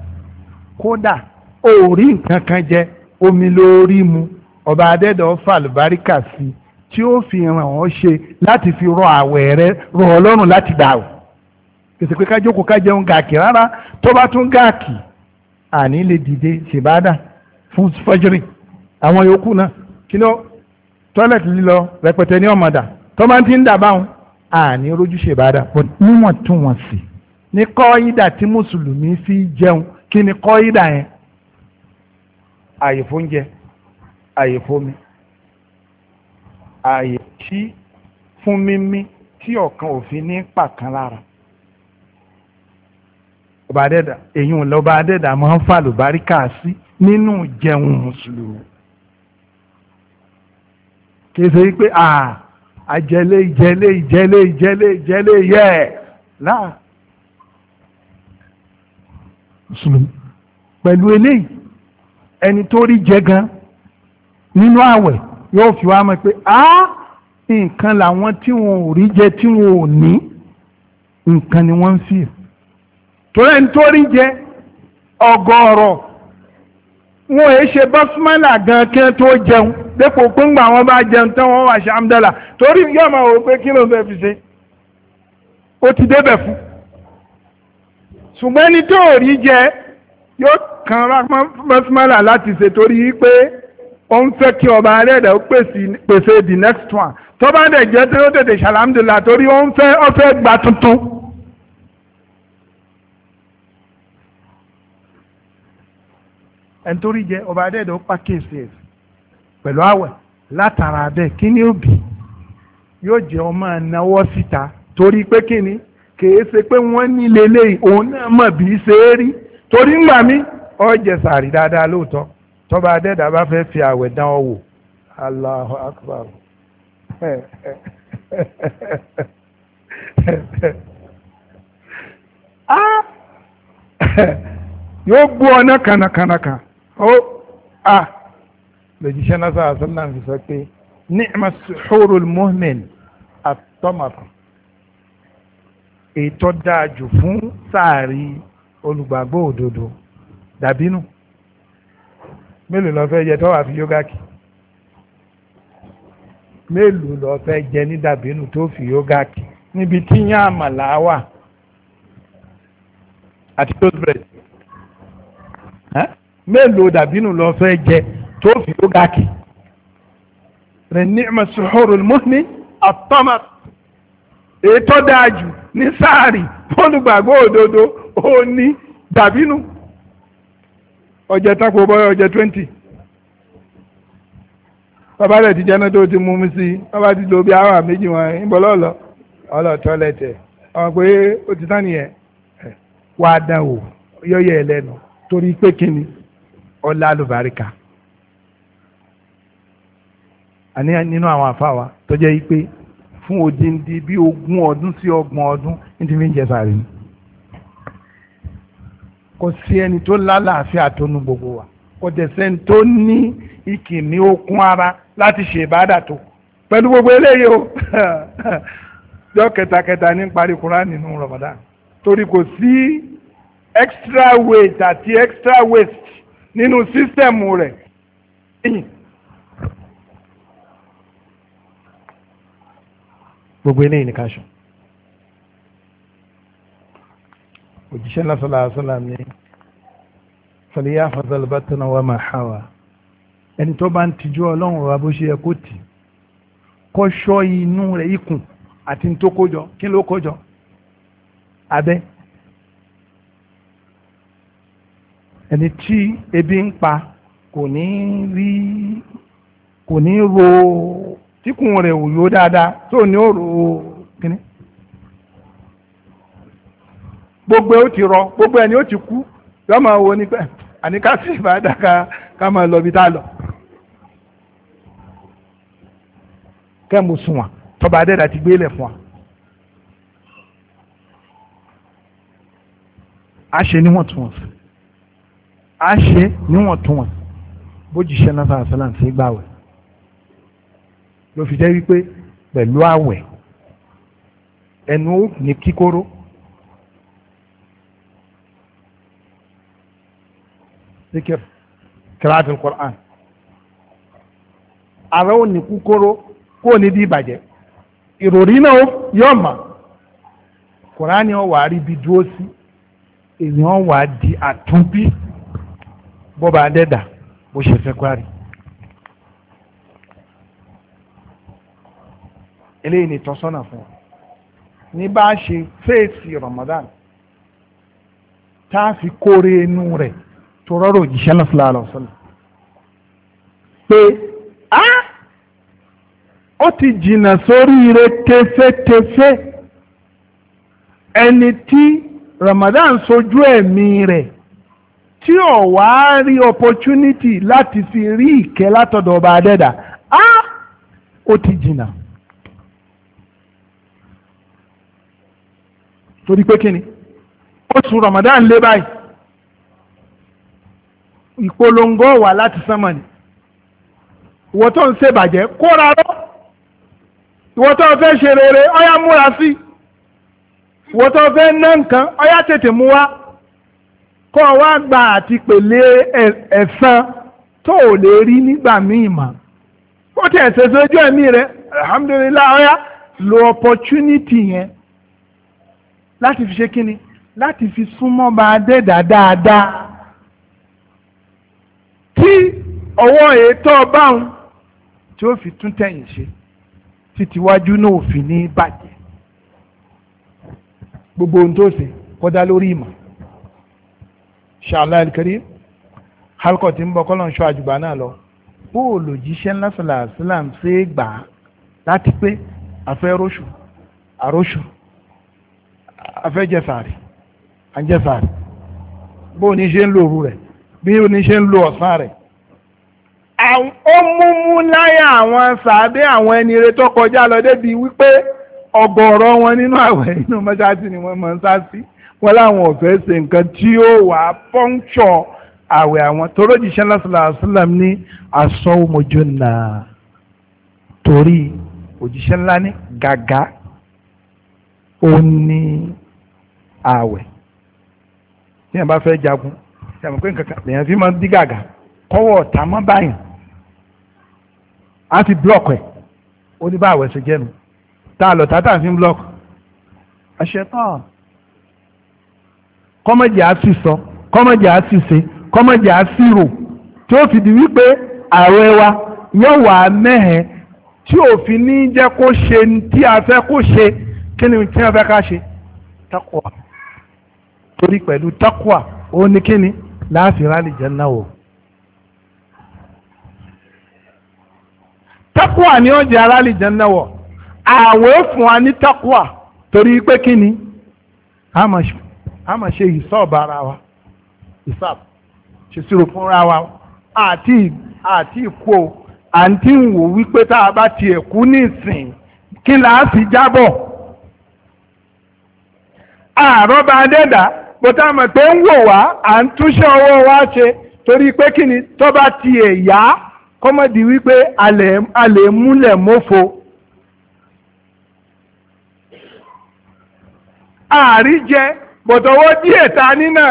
kódà ó nǹkan kan jẹ omi lórí mu ọba adẹ́dà ó fàlùbáríkà sí i tí ó fi ràn ọ́ ṣe láti fi rọ àwẹ̀ rẹ rọ ọlọ́run láti gbà ọ́ pèsè pé kájókòó ká jẹun gààkì rárá tó bá tún gààkì àní lè dìde ṣèbádà fún fọ́jírì àwọn yòókù náà kí ló tọ́lẹ̀tì lílọ rẹpẹtẹ ní ọ̀mọ̀dà tó máa ti ń dà báwọn àní rojú ṣèbádà níwọ̀ntúnwọ̀nsì ní kọ́ídà tí mùsùlùmí fi jẹun kí ni kọ́ídà yẹn àyè fóúnjẹ àyè fómi ààyè tí fún mímí tí ọ̀kan òfin ní pàkan lára ọba adẹ́dà èyí ò lọ́ba adẹ́dà máa ń fàlùbáríkà sí nínú jẹun mùsùlùmí kì í ṣe pé àjẹlé ìjẹlé ìjẹlé ìjẹlé ìjẹlé yẹ láà mùsùlùmí pẹ̀lú eléyìí ẹni tó rí jẹ gan nínú ààwẹ̀ yóò fi wá mọ̀ pé a ah, nǹkan làwọn tí wọn ò rí jẹ tí wọn ò ní nǹkan ni wọ́n ń fi torí ẹni tó rí jẹ ọgọ́rọ̀ wọn èé ṣe bọ́sùmọ́là gan kí wọ́n tó jẹun dépò pínpà wọn bá jẹun tán wọn wà ṣàmdọ́là torí yóò máa wò pé kí ló fẹ́ fi ṣe ó ti débẹ̀ fún ṣùgbọ́n ẹni tó rí jẹ yóò kan bọ́sùmọ́là láti ṣe torí pé ó ń fẹ́ kí ọba arẹ́rẹ́ ó pèsè the next one tó bá dẹ̀ jẹ́ tí ó tètè ṣàlámdùlà torí ó ń fẹ́ ó fẹ́ gba tuntun. ẹni tó rí jẹ ọba arẹ́rẹ́ ó pàkíyèsí ẹ̀ pẹ̀lú àwẹ̀ látara bẹ́ẹ̀ kí ni ó bì yóò jẹ́ ọmọ náwó síta torí pé kí ni kìí ṣe pé wọ́n ní lélẹ́yìn òun náà mọ̀ bí ṣe é rí torí ńgbà mí ó jẹ sàrí dáadáa lóòótọ́ tọ́ba adẹ́dà bá fẹ́ fi àwẹ̀ dán ọ wò Allahu Akbar (laughs) ah! (laughs) yóò gbó ọ̀nà kànàkànàkàn ó a ah! lòjíṣẹ́ náà sáà sọ́nà fi sọ pé ni'ma suhurul mu'min àtọ́màkùn ètò dáa jù fún sáàrí olùgbàgbọ́ òdodo dàbínú mélòó lọ fẹ́ jẹ tó wà fi yógà kì mélòó lọ fẹ́ jẹ ní dàbínú tó fi yógà kì níbi tí yán àmàlà wà àti toast bread mélòó dàbínú lọ fẹ́ jẹ tó fi yógà kì rẹ̀ ní ìmọ̀ mọ́ni àtọ́mà èyí dáa jù ní sáàrì fọ́nùgbàgbọ́ òdodo ó ní dàbínú. ọjẹ tako bọ́yọ̀ ọjẹ twenty bàbá rẹ̀ ti jẹ́nà tó ti mú mi sí bàbá ti lo bí hour méjì wọn ń bọ́ lọ́ọ̀lọ́ ọlọ́ tọ́lẹ̀tì ọmọ pé ti tán nìyẹn wà á dán wò yọ̀yẹ̀ torí pé kíni ọlá àní nínú àwọn àfáwà tó pé fún odindi bí ogún ọdún sí ọgbọ̀n ọdún ní ti fi ń jẹ kò sí ẹni tó lálàáfíà tó nu gbogbo wa kò dẹ̀sẹ̀ tó ní ìkìní okun ara láti ṣe ìbádà tó pẹ̀lú gbogbo eléyìí o jọ (laughs) kẹtakẹta ní parí Kùránì nínú Ramadan torí kò sí extra weight àti extra waste nínú sísẹ̀mù rẹ̀ gbogbo eléyìí ni ká ṣe. òjíṣẹ́ náà sọ́lá àṣọ́lá ní fàlíyà fàzàlùbá tẹ̀nà wà máa hà wá ẹni tó bá ń tijú ọlọ́run wa bó ṣe yẹ kó tì kó ṣọ́ inú rẹ̀ ikùn àti tó kójọ kí ló kójọ abẹ́ ẹni tí ebi ń pa kò ní rí kò ní ro tíkùn rẹ̀ ò yó dáadáa tó ní ó ro gbogbo ẹ ó ti rọ gbogbo ẹni ó ti kú yọ máa wo ni pé àní ká sì bá dáka ká máa lọ ibi tá a lọ. kẹ́mu sùn wà tọba adẹ́dà ti gbélé fún wa. a ṣe níwọ̀ntúnwọ̀nsì a ṣe níwọ̀ntúnwọ̀nsì bójúṣe náà sáà sálà ń ṣe ló fi jẹ́ wípé pẹ̀lú àwẹ̀ ẹnu ní kíkóró. zikir kiratul Qur'an ara ò ní kúkóró kó ní bí ìbàjẹ́ ìròrí náà yóò mà Qur'an yóò wà á rí ibi dúró sí èèyàn wà á di àtúnbí eléyìí ni tọ́sọ́nà fún wa ní bá a ṣe fèsì Ramadan tá a fi kórè inú rẹ̀ tó rọrùn òjíṣẹ́ náà sílára ọ̀sán pé á ó ti jìnnà sórí ire tẹfẹtẹfẹ ẹni tí Ramadan sojú ẹ̀mí rẹ̀ tí ò wá rí opportunity láti fi rí ìkẹ́ látọ̀dọ̀ ọba adẹ́dà á ó ti jìnnà. torí pé kí ni oṣù Ramadan lé báyìí ìpolongo wà láti sánmọ̀ ni ìwọ tó ń ṣèbàjẹ́ kóra rọ ìwọ tó ń fẹ́ ṣe rere ọyá múra sí ìwọ tó ń fẹ́ ná nǹkan ọyá tètè mú wá kọ́ wá gba àti pèlè ẹ̀san tó ò lè rí nígbà míì mà ó tẹ̀ ṣe sójú ẹ̀mí rẹ alhamdulillah ọyá lo opportunity yẹn láti fi ṣe kíni láti fi súnmọ́ bá dẹ́dà dáadáa tí ọwọ́ ètò ọbaun tí ó fi tún tẹ̀yìn ṣe títí wájú náà fi ní bàjẹ́ gbogbo ohun tó ṣe kọ́dá lórí ìmọ̀ ṣàlàyé kiri halkọ̀ tí ń bọ̀ kọ́lọ̀ ń ṣọ́ àjùbá náà lọ bóòlù jíṣẹ́ ńlá sàlàsílàm ṣe é gbà á láti pé àfẹ́ róṣù àróṣù àfẹ́ jẹsàárì àjẹsàárì bóòní ṣe ń lòru rẹ̀ bí oníṣẹ́ ń lo ọ̀sán rẹ̀ ó múmú láyà àwọn sàádé àwọn ẹni ire tó kọjá lọ débi wípé ọ̀gọ̀ọ̀rọ̀ wọn nínú àwẹ̀ inú mọ́ṣáláṣí ni wọ́n máa ń sá sí wọn láwọn ọ̀fẹ́ ṣe nǹkan tí ó wà á pọ́ńṣọ̀ àwẹ̀ àwọn tóró jíṣẹ́ lásìlàsílàm ní asọ́wọ́mọjọ́ náà torí òjíṣẹ́ ńlá ní gàgá ó ní àwẹ̀ tí wọ́n bá fẹ́ jagun sàmù pé nǹkan kan lèyàn fi máa ń dí gàgà kọ́wọ́ ọ̀tá mọ́ báyìí á ti blọ́ọ̀kì ẹ̀ ó ní bá àwẹ̀ ṣe jẹ́ nu tá a lọ tá a tà fi ń àṣetán kọ́mọ̀jì á sì sọ kọ́mọ̀jì á sì ṣe kọ́mọ̀jì á sì rò tí ó fi di wípé ààrẹ wa yóò wà mẹ́hẹ̀ẹ́ tí òfin ní jẹ́ kó ṣe tí a fẹ́ kó ṣe kí ni tí a fẹ́ ká ṣe takwa torí pẹ̀lú takwa ó ní kí ni láàfin rálì jẹ́nà takwa ni o jẹ́ rálì jẹ́nà wò àwẹ̀ takuwa torí kini ni a máa ṣe ìsọ̀ọ̀bà ara wa wa àti àti wípé tá a kú nísìn kí là á fi bọ́tá àmọ̀ tó ń wò wá à ń túnṣe ọwọ́ wa ṣe torí pé kí ni tó bá tiẹ̀ yá kọ́mọ̀dì wípé a lè múlẹ̀ mófo. ààrí jẹ bọ̀tọ̀wọ́ díẹ̀ ta nínà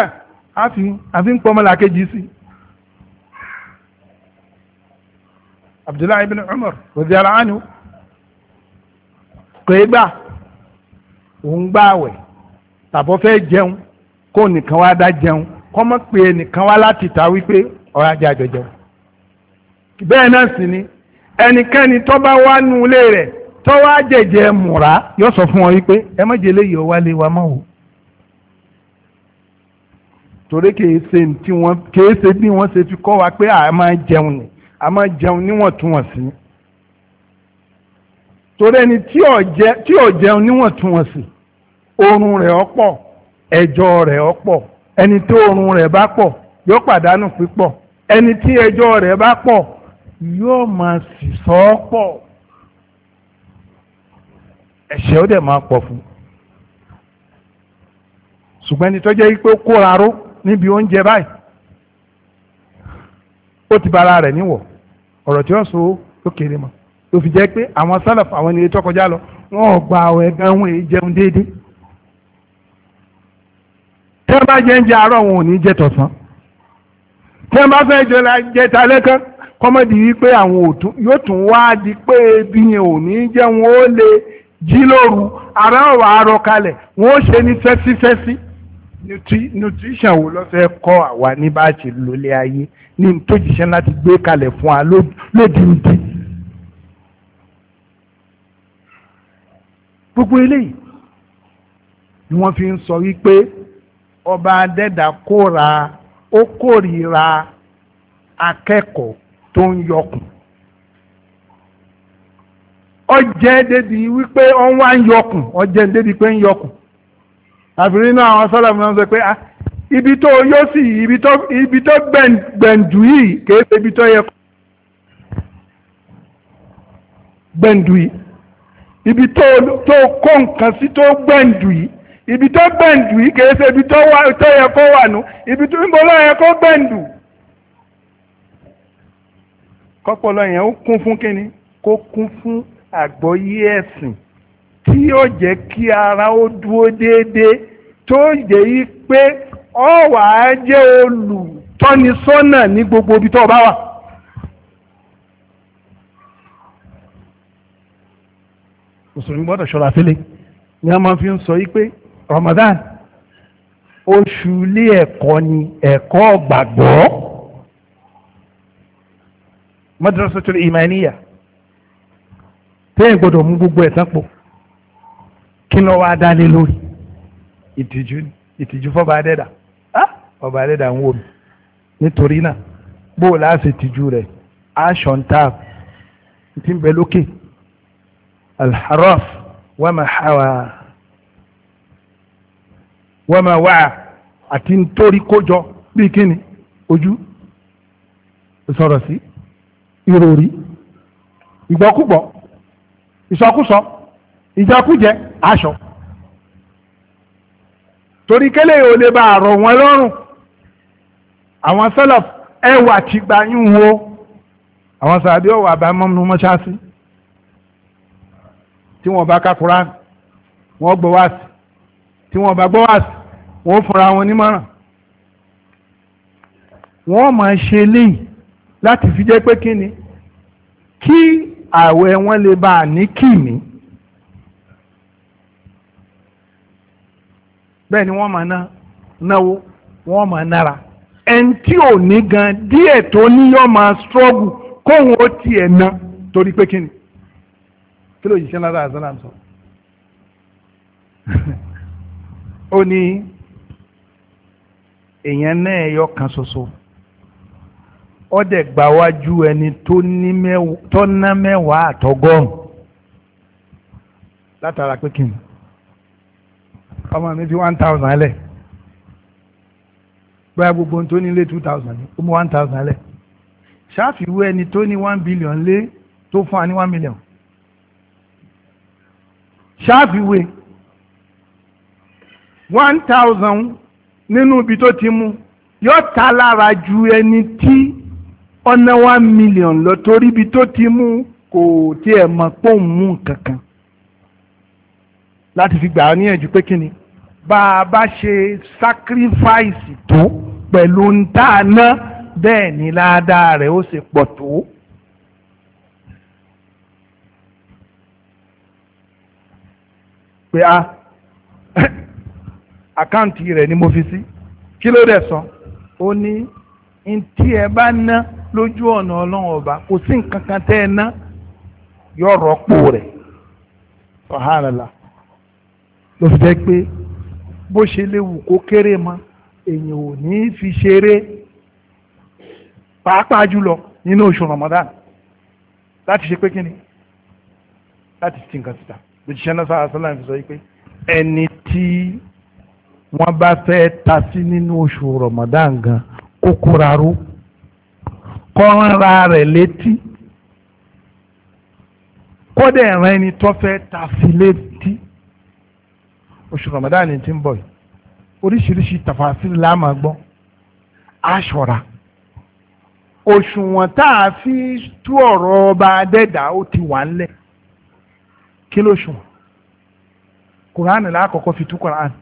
àfi ń pọmọlà kejì sí. Abdullahi ibn Umar radiyallahu anhu kò é gbà òun gbààwẹ̀ tàbọ̀ fẹ́ jẹun kó nìkan wá dá jẹun kọ́ mọ́ pé ẹnìkan wá láti ta wípé ọ̀rá jẹ́ àjọ bẹ́ẹ̀ náà sì ni ẹnikẹ́ni tó bá wá nu ilé rẹ̀ tó wá jẹ̀jẹ̀ mùrá yóò sọ fún ọ wípé ẹ má jẹ́lé yìí ọ wá lé wa mọ́ o. torí kìí ṣe tí wọ́n kìí bí wọ́n ṣe fi kọ́ wa pé a máa jẹun ni a máa jẹun níwọ̀ntúnwọ̀nsì. torí ẹni tí ò jẹun níwọ̀ntúnwọ̀nsì oorun rẹ̀ ọ̀pọ̀ ẹjọ́ rẹ̀ ọ̀pọ̀ ẹni tí oorun rẹ̀ bá pọ̀ yóò pàdánù pípọ̀ ẹni tí ẹjọ́ rẹ̀ bá pọ̀ yóò máa sì sọ ọ́ pọ̀ ẹ̀ṣẹ̀ ó dẹ̀ máa pọ̀ fún ṣùgbọ́n ẹni tó jẹ́ pé ó kóra ró níbi oúnjẹ báyìí ó ti bara rẹ̀ níwọ̀ ọ̀rọ̀ tí wọ́n so ó kéré mọ́ tó fi jẹ́ pé àwọn sálàfù àwọn ènìyàn tó kọjá lọ wọ́n gba àwẹ̀ gan wọn jẹun déédéé tí wọ́n bá jẹ ń jẹ àárọ̀ wọn ò ní jẹ tọ̀sán tí wọ́n bá fẹ́ jẹ talẹ́ kan kọ́mọ́dì wípé àwọn yóò tún wá di pé ebi yẹn ò ní jẹ́ wọn ó lè jí lóru ara ọ̀rọ̀ arọ kalẹ̀ wọn ó ṣe ní fẹ́sífẹ́sí nutrition wo ló fẹ́ kọ́ àwa ní bá a ṣe lólé ayé ní tó jíṣẹ́ láti gbé kalẹ̀ fún wa lódìndín. gbogbo eléyìí ni wọ́n fi ń sọ wípé. ọba adẹ́dà kóra ó kórìíra akẹ́kọ̀ọ́ tó ń yọkùn ọjẹ́ débi wípé wọ́n wá ń yọkùn ọjẹ́ débi pé ń yọkùn àfìrí náà àwọn sọ́dọ̀ mi náà sọ pé ah, ibi tó ibi tó gbẹ̀ǹdù yìí ibi tó yẹ ibi tó bẹ̀ǹdù yìí kìí ṣe ibi tó yẹ kó wà nù ibi tó ń bọ̀ lọ́wọ́ yẹ kó bẹ̀ǹdù. kọ́pọ̀lọ́ yẹn ó kún fún kínní kó kún fún àgbọ́yé ẹ̀sìn tí yóò jẹ́ kí ara ó dúró déédéé tó jẹ́ yí pé ọ wà á jẹ́ olùtọ́nisọ́nà ní gbogbo ibi tó bá wà. mùsùlùmí gbọ́dọ̀ ṣọ́ra sílé ni a máa fi ń sọ yí pé Ramadan oṣù ilé ẹ̀kọ́ ni ẹ̀kọ́ gbàgbọ́ madrasatul imaniya tẹ́yìn gbọ́dọ̀ mú gbogbo ẹ̀sán pọ̀ kí ló wá dálé lórí ìtìjú ìtìjú fọba adẹ́dà ọba adẹ́dà ń wò mí nítorí náà bó láàṣẹ ìtìjú rẹ̀ aṣọ ń tà tí ń bẹ lókè alharaf wàmà hawa wọ́n máa wá àti nítorí kójọ bíi kíni ojú sọ̀rọ̀ sí ìròrí ìgbọ́kúgbọ́ ìsọkúsọ ìjẹkújẹ aṣọ torí kélé ò lè bá àrọ̀ wọn lọ́rùn àwọn sẹ́lọ̀f ẹwà ti gbàyún wo àwọn sàbí ọ̀wà àbámọ́nú mọ́ṣáṣí tí wọ́n bá ká Kùránì wọ́n gbọ́ wáàsí tí wọ́n bá gbọ́ wáàsí wọ́n fúnra wọn nímọ̀ràn wọ́n máa ṣe eléyìí láti fi jẹ́ pé kí ni kí ààwẹ̀ wọn lè bá a ní kìmí bẹ́ẹ̀ ni wọ́n máa ná náwó wọ́n máa nára ẹni tí ò ní gan díẹ̀ tó ní yọ́ máa kóhun ó tiẹ̀ ná torí pé kí ni kí ló yìí ṣe lára àzánà sọ (laughs) ó ní èèyàn náà ẹyọ kan ṣoṣo ọdẹ gbàwájú ẹni tó ná mẹ́wàá àtọgọ́rùn látara pé kí ni ọmọ mi fi one thousand lẹ̀ bóyá gbogbo ohun tó ní lé two thousand ó mú one thousand lẹ̀ ṣáàfìwé ẹni tó ní one billion lé tó fún wa ní one million ṣáàfìwé one thousand nínú ibi tó ti mú yóò ta lára ju ẹni tí ọ̀nà one million lọ torí ibi tó ti mú kò tiẹ̀ mọ̀ pọ̀ ń mú kankan láti fi gbà á níyànjú pé kí ni bá a bá ṣe sacrifice tó pẹ̀lú ń tá a ná bẹ́ẹ̀ ni ládàá rẹ̀ ó sì pọ̀ tó. pé a. Ah, àkáǹtì rẹ̀ ni mo fi sí kí ló dẹ̀ sọ ó ní ntí ẹ bá ná lójú ọ̀nà ọlọ́run ọba kò sí nǹkan kan tẹ́ ẹ ná yọ rọ́pò rẹ̀ ọ̀hánàlá ló fi jẹ́ pé bó ṣe léwu kó kéré mọ́ èèyàn ò ní fi ṣeré pàápàá jùlọ nínú oṣù Ramadan láti ṣe pé kí ni láti ti nǹkan síta lójúṣẹ́ náà sáà sọ́lá fi sọ yìí pé ẹni tí wọ́n bá fẹ́ ta sí nínú oṣù Ramadan gan kó kóra ró kọ́ńra rẹ̀ létí kódà ẹ̀ràn ẹni tó fẹ́ ta sí létí oṣù Ramadan ni ti ń bọ̀ yìí oríṣiríṣi tàfàṣìlì la máa gbọ́ aṣọra òṣùwọ̀n tá a fi tú ọ̀rọ̀ ọba adẹ́dà ó ti wà ńlẹ̀ kí ló kùránì lákọ̀ọ́kọ́ fi tú kùránì.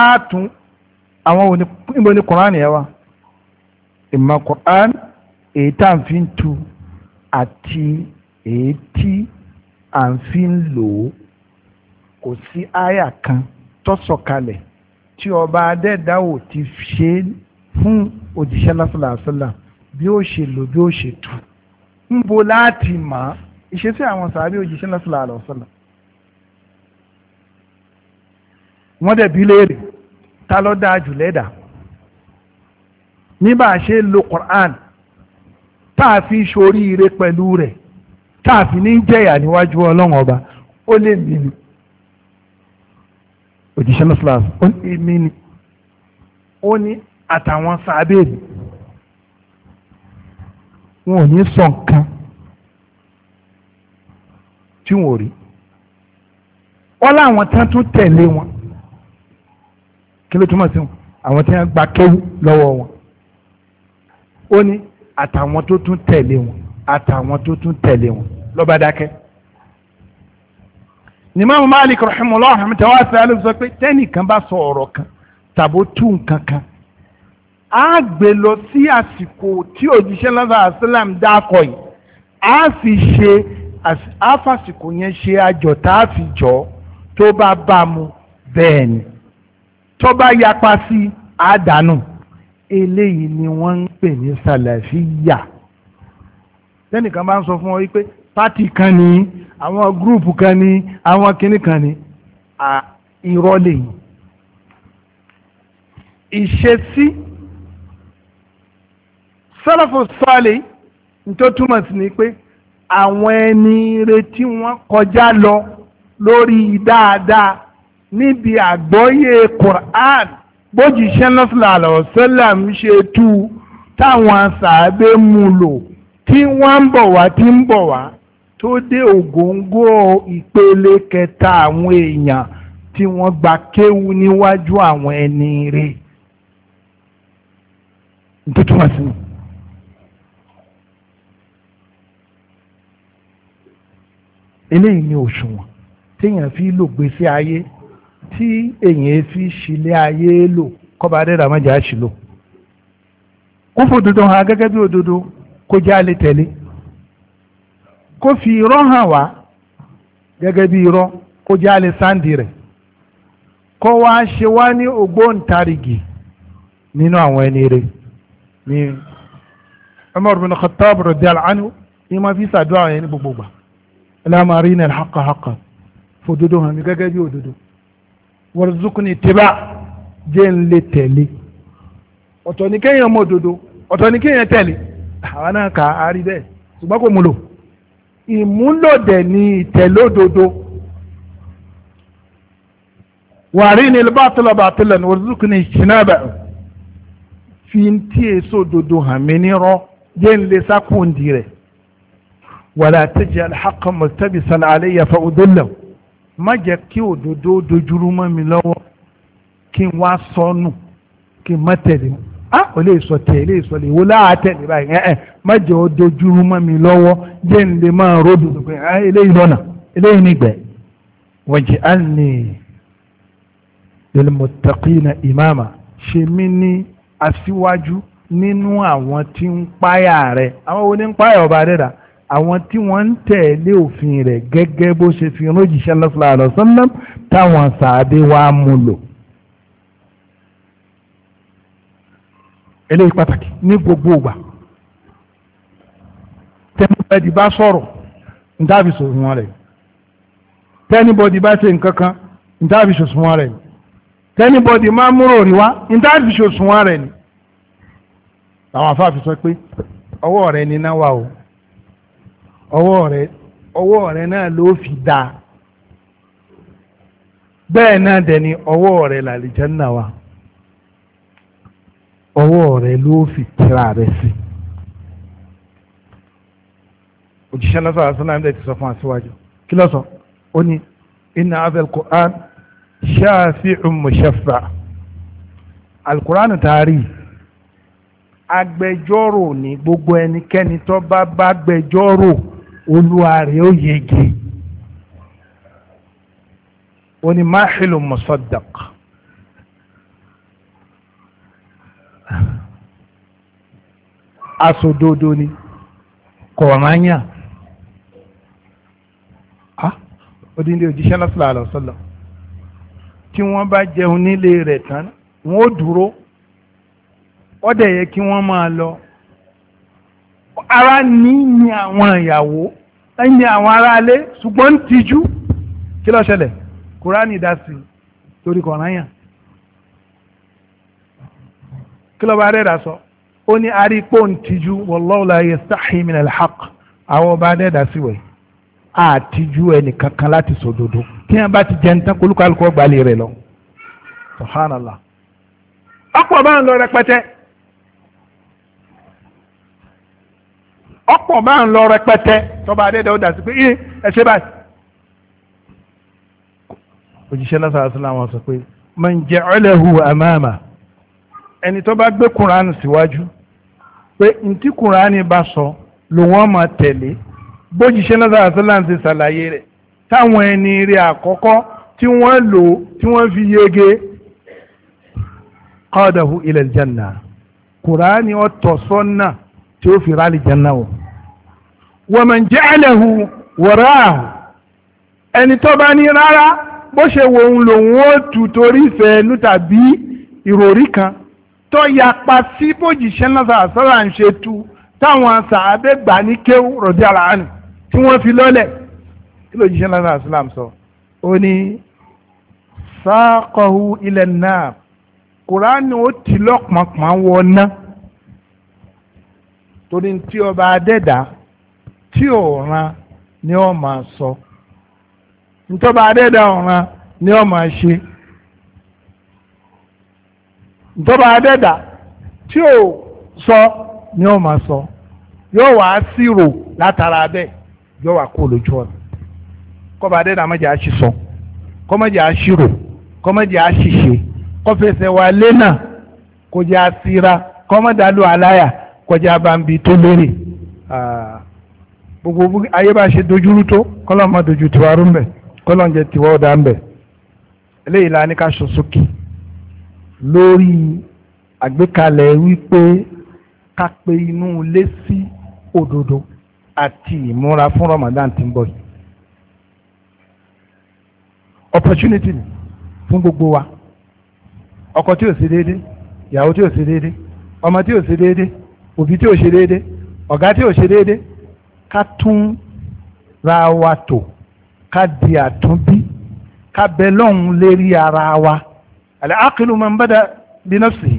á tún àwọn òní níbo ni Quran yẹn ìmọ̀ Quran èyí tá à ń fi ń tu àti èyí tí à ń fi ń lò ó kò sí àyà kan tó sọ̀kalẹ̀ tí ọba adẹ́dáwò ti ṣe fún òjíṣẹ́ lásìlàsílà bí ó ṣe lò bí ó ṣe tu ń bo láti mọ̀ ìṣesí àwọn sàbí òjíṣẹ́ lásìlàsílà wọ́n dẹ̀ bí léèrè ta ló dáa jù lẹ́dà ní ṣe lo Qur'an tá a fi ṣoríire pẹ̀lú rẹ̀ tá fi ní jẹ̀yà níwájú ọlọ́run ọba ó lè mí ni òjíṣẹ́ mọ́sálásí ó lè mí ni ó ní àtàwọn sábẹ́ẹ̀lì wọn ò ní sọ nǹkan tí wọn ò rí wọn láwọn tán tún tẹ̀lé wọn kí ló túmọ̀ sí wọn àwọn tí wọ́n gba kéwú lọ́wọ́ wọn ó ní àtàwọn tó tún tẹ̀lé wọn àtàwọn tó tún tẹ̀lé wọn lọ́ba dákẹ́. Imam Malik rahimahullah rahmatulahi wa sallam sọ pé tẹ́nìkan bá sọ ọ̀rọ̀ kan tàbó tú nǹkan kan á gbé lọ sí àsìkò tí òjíṣẹ́ lọ́sà àṣìlám dákọ̀ yìí á sì ṣe á fàsìkò yẹn ṣe àjọ tá a fi jọ tó bá bá mu bẹ́ẹ̀ ni tó bá yapa sí àdánù eléyìí ni wọ́n ń pè ní sàlàfíyà tẹ́nìkan bá ń sọ fún ọ wípé pátì kan ní àwọn gúrùpù kan ní àwọn kinní kan ní irọ́ lèyìn ìṣesí sọ́lọ́fù sọ́ọ̀lì tó túmọ̀ sí ni pé àwọn ẹni retí wọn kọjá lọ lórí dáadáa níbi àgbọ́yé Quran bójìṣẹ́ sallallahu alaihi wasallam ń ṣe tú táwọn sàábé mú lò tí wọ́n ń bọ̀ wá tí ń bọ̀ wá tó dé ògóńgó ìpele kẹta àwọn èèyàn tí wọ́n gba kéwu níwájú àwọn ẹni rẹ̀ eléyìí ni òṣùwọ̀n téèyàn fi lò gbèsè ayé tí èyàn fi ṣílẹ̀ ayé lò kọba adẹ́rẹ́ àmọ́jà ṣìlò kó fò dodo hàn gẹ́gẹ́ bí òdodo kó já lè tẹ̀lé kó fi irọ́ hàn wá gẹ́gẹ́ bí irọ́ kó já lè sáǹdì rẹ̀ kó wá ṣe wá ní ògbóǹtarìgì nínú àwọn ẹni rẹ̀ ní Umar bin Khattab radiyallahu anhu ní ma fi ṣàdúrà yẹn gbogbo gbà lamari ní alhaqa haqa fò dodo hàn gẹ́gẹ́ bí òdodo warzuqni tiba jẹ́ ń lè tẹ̀lé ọ̀tọ̀ ní kéèyàn mọ òdodo ọ̀tọ̀ ní kéèyàn tẹ̀lé àwọn náà kà á rí bẹ́ẹ̀ ṣùgbọ́n kò múlò ìmúlòdẹ̀ ni ìtẹ̀lódodo wàrí ni batila batilan warzuqni ìṣìnàbẹ̀ fi ń tí èso òdodo hàn mí nírọ́ jẹ́ ń lè sákòndì rẹ̀ wàlá tajal haqqa mustabisan alayya fa udillahu má jẹ́ kí òdodo dojúrú mọ́ mi lọ́wọ́ kí n wá sọnù kí n má tẹ̀lé mu ah ò lè sọ tẹ̀ lè sọ lè wo láà tẹ̀lé báyìí ẹ̀ ẹ̀ má jẹ́ ó dojúrú mọ́ mi lọ́wọ́ jẹ́ n lè máa ròdù pé ẹ̀ eléyìí lọ́nà eléyìí nígbẹ́ wọ̀jẹ̀ á ní ilmùtàkìnà ìmáàmà ṣe mí ní aṣíwájú nínú àwọn tí ń páyà rẹ̀ àwọn onípáyà ọba rẹ̀ rà àwọn tí wọ́n ń tẹ̀lé òfin rẹ̀ gẹ́gẹ́ bó ṣe fi ránjíṣẹ́ sallallahu alaihi táwọn sàádé wa mú lò. eléyìí pàtàkì ní gbogbo ìgbà tẹnibọdì bá sọ̀rọ̀ ntàbí sòsùnwọ̀n rẹ̀ tẹnibọdì bá ṣe nǹkan kan ntàbí sòsùnwọ̀n rẹ̀ tẹnibọdì máa múrò rí wá ntàbí sòsùnwọ̀n rẹ̀ ni. àwọn afáàfin sọ pé ọwọ́ rẹ̀ ni náà wà ọwọ́ rẹ ọwọ́ rẹ náà ló fi dá bẹ́ẹ̀ náà dẹni ọwọ́ rẹ làlìjẹ́nà wa ọwọ́ rẹ ló fi tira rẹ sí òjíṣẹ́ lọ́sọ̀ àṣọlá ń bẹ̀ ti sọ fún aṣíwájú kí lọ́sọ̀ ó ní inna abel quran shafi'un mushaffa alukuraanu taari agbẹjọ́rò ni gbogbo ẹnikẹ́ni tó bá bá gbẹjọ́rò olúwa rẹ̀ ó yege oní máhìlù mùsọ̀dàk aṣòdodo ni kọ̀ọ̀rányà odindi òjíṣẹ́ lọ́sọ̀lá àlọ́sọ̀lá tí wọ́n bá jẹun nílé rẹ̀ tán wọ́n ó dúró ó dẹ̀ yẹ kí wọ́n máa lọ ara ní ní àwọn ìyàwó ní àwọn aráalé ṣùgbọ́n ń tijú kí ló ṣẹlẹ̀ kúránì dá sí torí kọ̀ọ̀ráyàn kí ló bá rẹ́ra sọ ó ní arípò ń tijú wallahu la yastahi min al-haq àwọn ọba rẹ́ra sí wẹ̀ àtijú ẹnì kankan láti sòdodo tí wọn bá ti jẹun tán kólúkálukọ gbalẹ̀ rẹ̀ lọ subhanallah ọ̀pọ̀ bá ń lọ rẹpẹtẹ. ọ̀pọ̀ máa ń lọ rẹpẹtẹ tọba adédọ̀ dà sí pé ẹ ẹ ṣe báyìí. òjíṣẹ́ náà sàrà sílẹ̀ àwọn sọ pé man ja'alahu amama ẹni tó bá gbé kùránì síwájú pé ntí kùránì bá sọ ló wọ́n máa tẹ̀lé bójíṣẹ́ náà sàrà sílẹ̀ àti sàlàyé rẹ̀ táwọn ẹni rẹ̀ àkọ́kọ́ tí wọ́n lò tí wọ́n fi yege qadahu ila aljanna kùránì ọ̀tọ̀ sọ́nà tí ó fi rálì janna wọ̀ wọ̀mọ̀n jẹ́ ẹlẹ́hu wọ̀rá àhù ẹni tó bá ní rárá bó ṣe wo òun lòun ó tù torí ìfẹ́ ẹnu tàbí ìròrí kan tó yapa sí bójìṣẹ́ náà sàrà ń ṣe tu táwọn sàábẹ́ gbà ní kéwù rọ̀dí ara nù tí wọ́n fi lọ́lẹ̀ kí lójìṣẹ́ náà sàrà sọ ó ní sáàkọ̀hu ilẹ̀ náà kùránì ó ti lọ́pọ̀npọ̀n wọ ná torí tí ọba adẹ́dàá tí ọ̀ràn ni ọ máa sọ ntọ́ba adẹ́dà ọ̀ràn ni ọ máa ṣe ntọ́ba adẹ́dà tí ò sọ ni ọ máa sọ yóò wá sírò látara bẹ́ẹ̀ yóò wá kó lójú ọ̀nà kọ́ba adẹ́dà má jẹ́ àṣìṣọ kọ́má á àṣìrò kọ́má jẹ́ àṣìṣe kọ́fẹsẹ̀ wa lé gbogbo ayé bá ṣe dojúrú tó kọ́lọ́ máa dojú tiwa rú mbẹ̀ kọ́lọ́ jẹ tiwa ọ̀dà mbẹ̀ eléyìí ká sọ sókè lórí àgbékalẹ̀ wípé ká pe inú ilé sí àti ìmúra fún Ramadan ti ń bọ̀ yìí fún gbogbo wa ọkọ tí ò ṣe déédé ìyàwó tí ò ṣe déédé ọmọ tí ò ṣe déédé òbí tí ò ṣe déédé ká tún ra wa tò ká di àtúnbí ká bẹ lọ́hùn lérí ara wa àlẹ́ àkìlù máa ń bá dà bí náà sí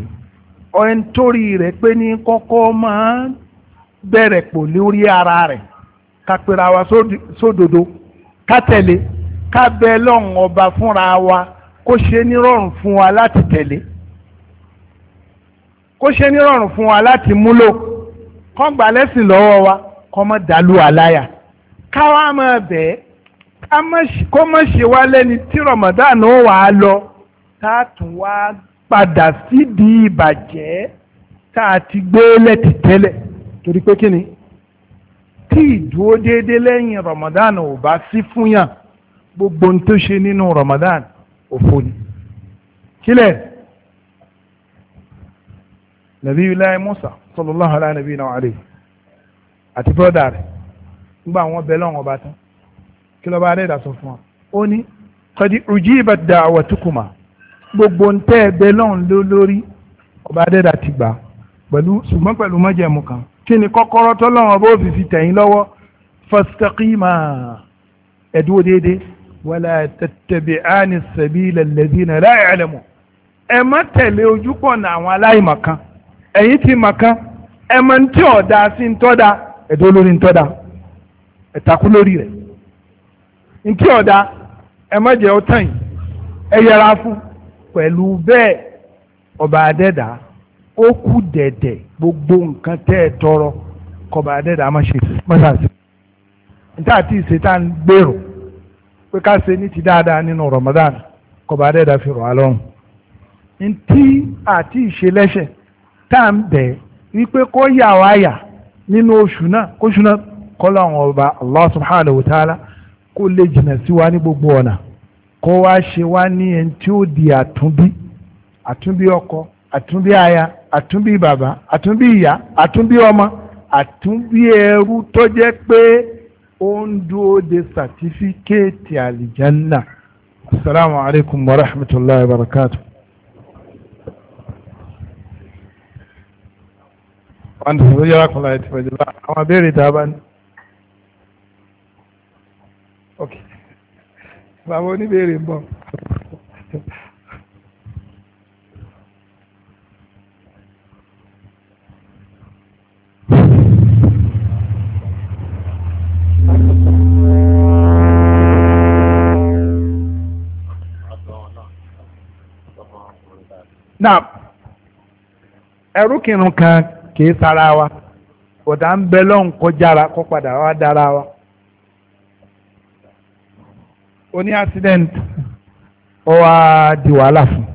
ọ̀rẹ́ nítorí rẹ̀ pé ní kọ́kọ́ máa bẹ̀rẹ̀ pò lórí ara rẹ̀ ká pera wa sódodo ká tẹ̀lé ká bẹ lọ́hùn ọba fúnra wa kó ṣe nírọ̀rùn fún wa láti tẹ̀lé kó ṣe nírọ̀rùn fún wa láti múlò kọ́ngbà lẹ́sìn lọ́wọ́ wa kọ́mọ́ dàlú àláyà káwá máa bẹ̀ ẹ́ kó má ṣe wá lẹ́ni tí Ramadan ó wàá lọ tá a tún wá padà sídìí ìbàjẹ́ tá a ti gbé lẹ́tì tẹ́lẹ̀ torí pé kí ni tí ìdúró déédéé lẹ́yìn Ramadan ò bá sí fún yàn gbogbo ohun tó ṣe nínú Ramadan òfò ni kílẹ̀ nàbí ilá musa sallallahu alaihi wa sallam àti bọ́dà rẹ̀ nígbà wọn bẹ lọ́wọ́n ọba tán kí lọ́ba adẹ́dà sọ fún wa ó ní kọ́dí ujibat da'watukuma gbogbo ń tẹ́ ẹ bẹ lọ́wọ́n lórí ọba adẹ́dà ti gbà pẹ̀lú ṣùgbọ́n pẹ̀lú mọ́jẹ̀mú kan kí ni kọ́kọ́rọ́ tó lọ́wọ́n bó fi fi tẹ̀yìn lọ́wọ́ fastaqima ẹ̀dúró déédéé wala tattabi'ani sabila alladhina la ya'lamu ẹ má mọ̀ ní ẹ̀dọ́ lórí ń tọ́da lórí rẹ̀ nkí ọ̀dà ẹ má fún pẹ̀lú bẹ́ẹ̀ ọba adẹ́dà ó kú dẹ̀dẹ̀ gbogbo nǹkan tẹ́ ẹ tọrọ kọba adẹ́dà ṣe àti gbèrò pé ká ṣe ní ti dáadáa nínú Ramadan kọba adẹ́dà fi rọ̀ á ntí àti ìṣe tá à ń wípé kó yà wá yà. nínú oṣù náà oṣù náà kọ́lá àwọn ọba allah subhanahu wa ta'ala kó lè jìnnà sí wa ní gbogbo ọ̀nà kó wá ṣe wá ní ẹni tí ó di àtúnbí àtúnbí ọkọ àtúnbí aya àtúnbí bàbá àtúnbí ìyá àtúnbí ọmọ àtúnbí ẹrú tó jẹ́ pé ó ń dúró de sàtífíkẹ́ẹ̀tì àlìjánná asalaamualeykum wa rahmatulahi wa barakatuh. wọ́n ti sọ yára kọlá ẹ̀tì pẹ̀lú àwọn abéèrè tá a bá ní. ok bàbá oníbèrè ń bọ̀. Now, ẹrú kìnnìkan kì í sara wa bọ̀dá ń bẹ lọ́hùn kó jára kó padà wá dára wa. o ní accident ó wá di wàhálà fún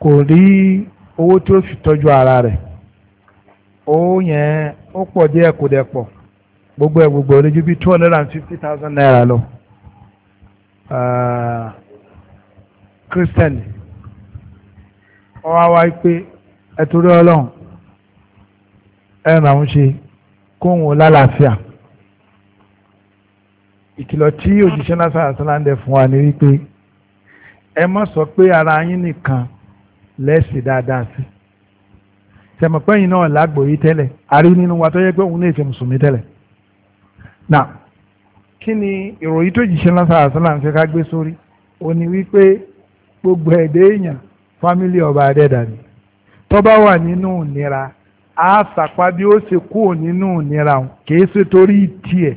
kò rí owó tí ó fi tọ́jú ara rẹ̀ owó yẹn ó pọ̀ díẹ̀ kò dẹ̀ pọ̀ gbogbo ẹ̀ gbogbo oníjú bí two hundred and fifty thousand naira lọ ah, christian ọwọ́ wa pé ẹtúrí ọlọ́run ẹran àwọn ṣe kóhun lálàáfíà ìkìlọ̀ tí òjíṣẹ́ lásán àṣàlándẹ̀ fún wa ni wípé ẹ má sọ pé ara yín nìkan lẹ́sìn dáadáa sí tẹmọ̀pẹ́yìn náà lágbòye tẹ́lẹ̀ àrí nínú wa tó yẹ pé òun lè ṣe mùsùlùmí tẹ́lẹ̀ náà kí ni ìròyìn tó jíṣẹ́ lásán àṣàlándẹ̀ fẹ́ ká gbé sórí ó ní wípé gbogbo ẹ̀dẹ́ èèyàn fámílì ọba adẹ́dàá ni tó bá wà nínú ìnira a sàpá bí ó ṣe kúrò nínú ìnira òun kì í ṣe torí tiẹ̀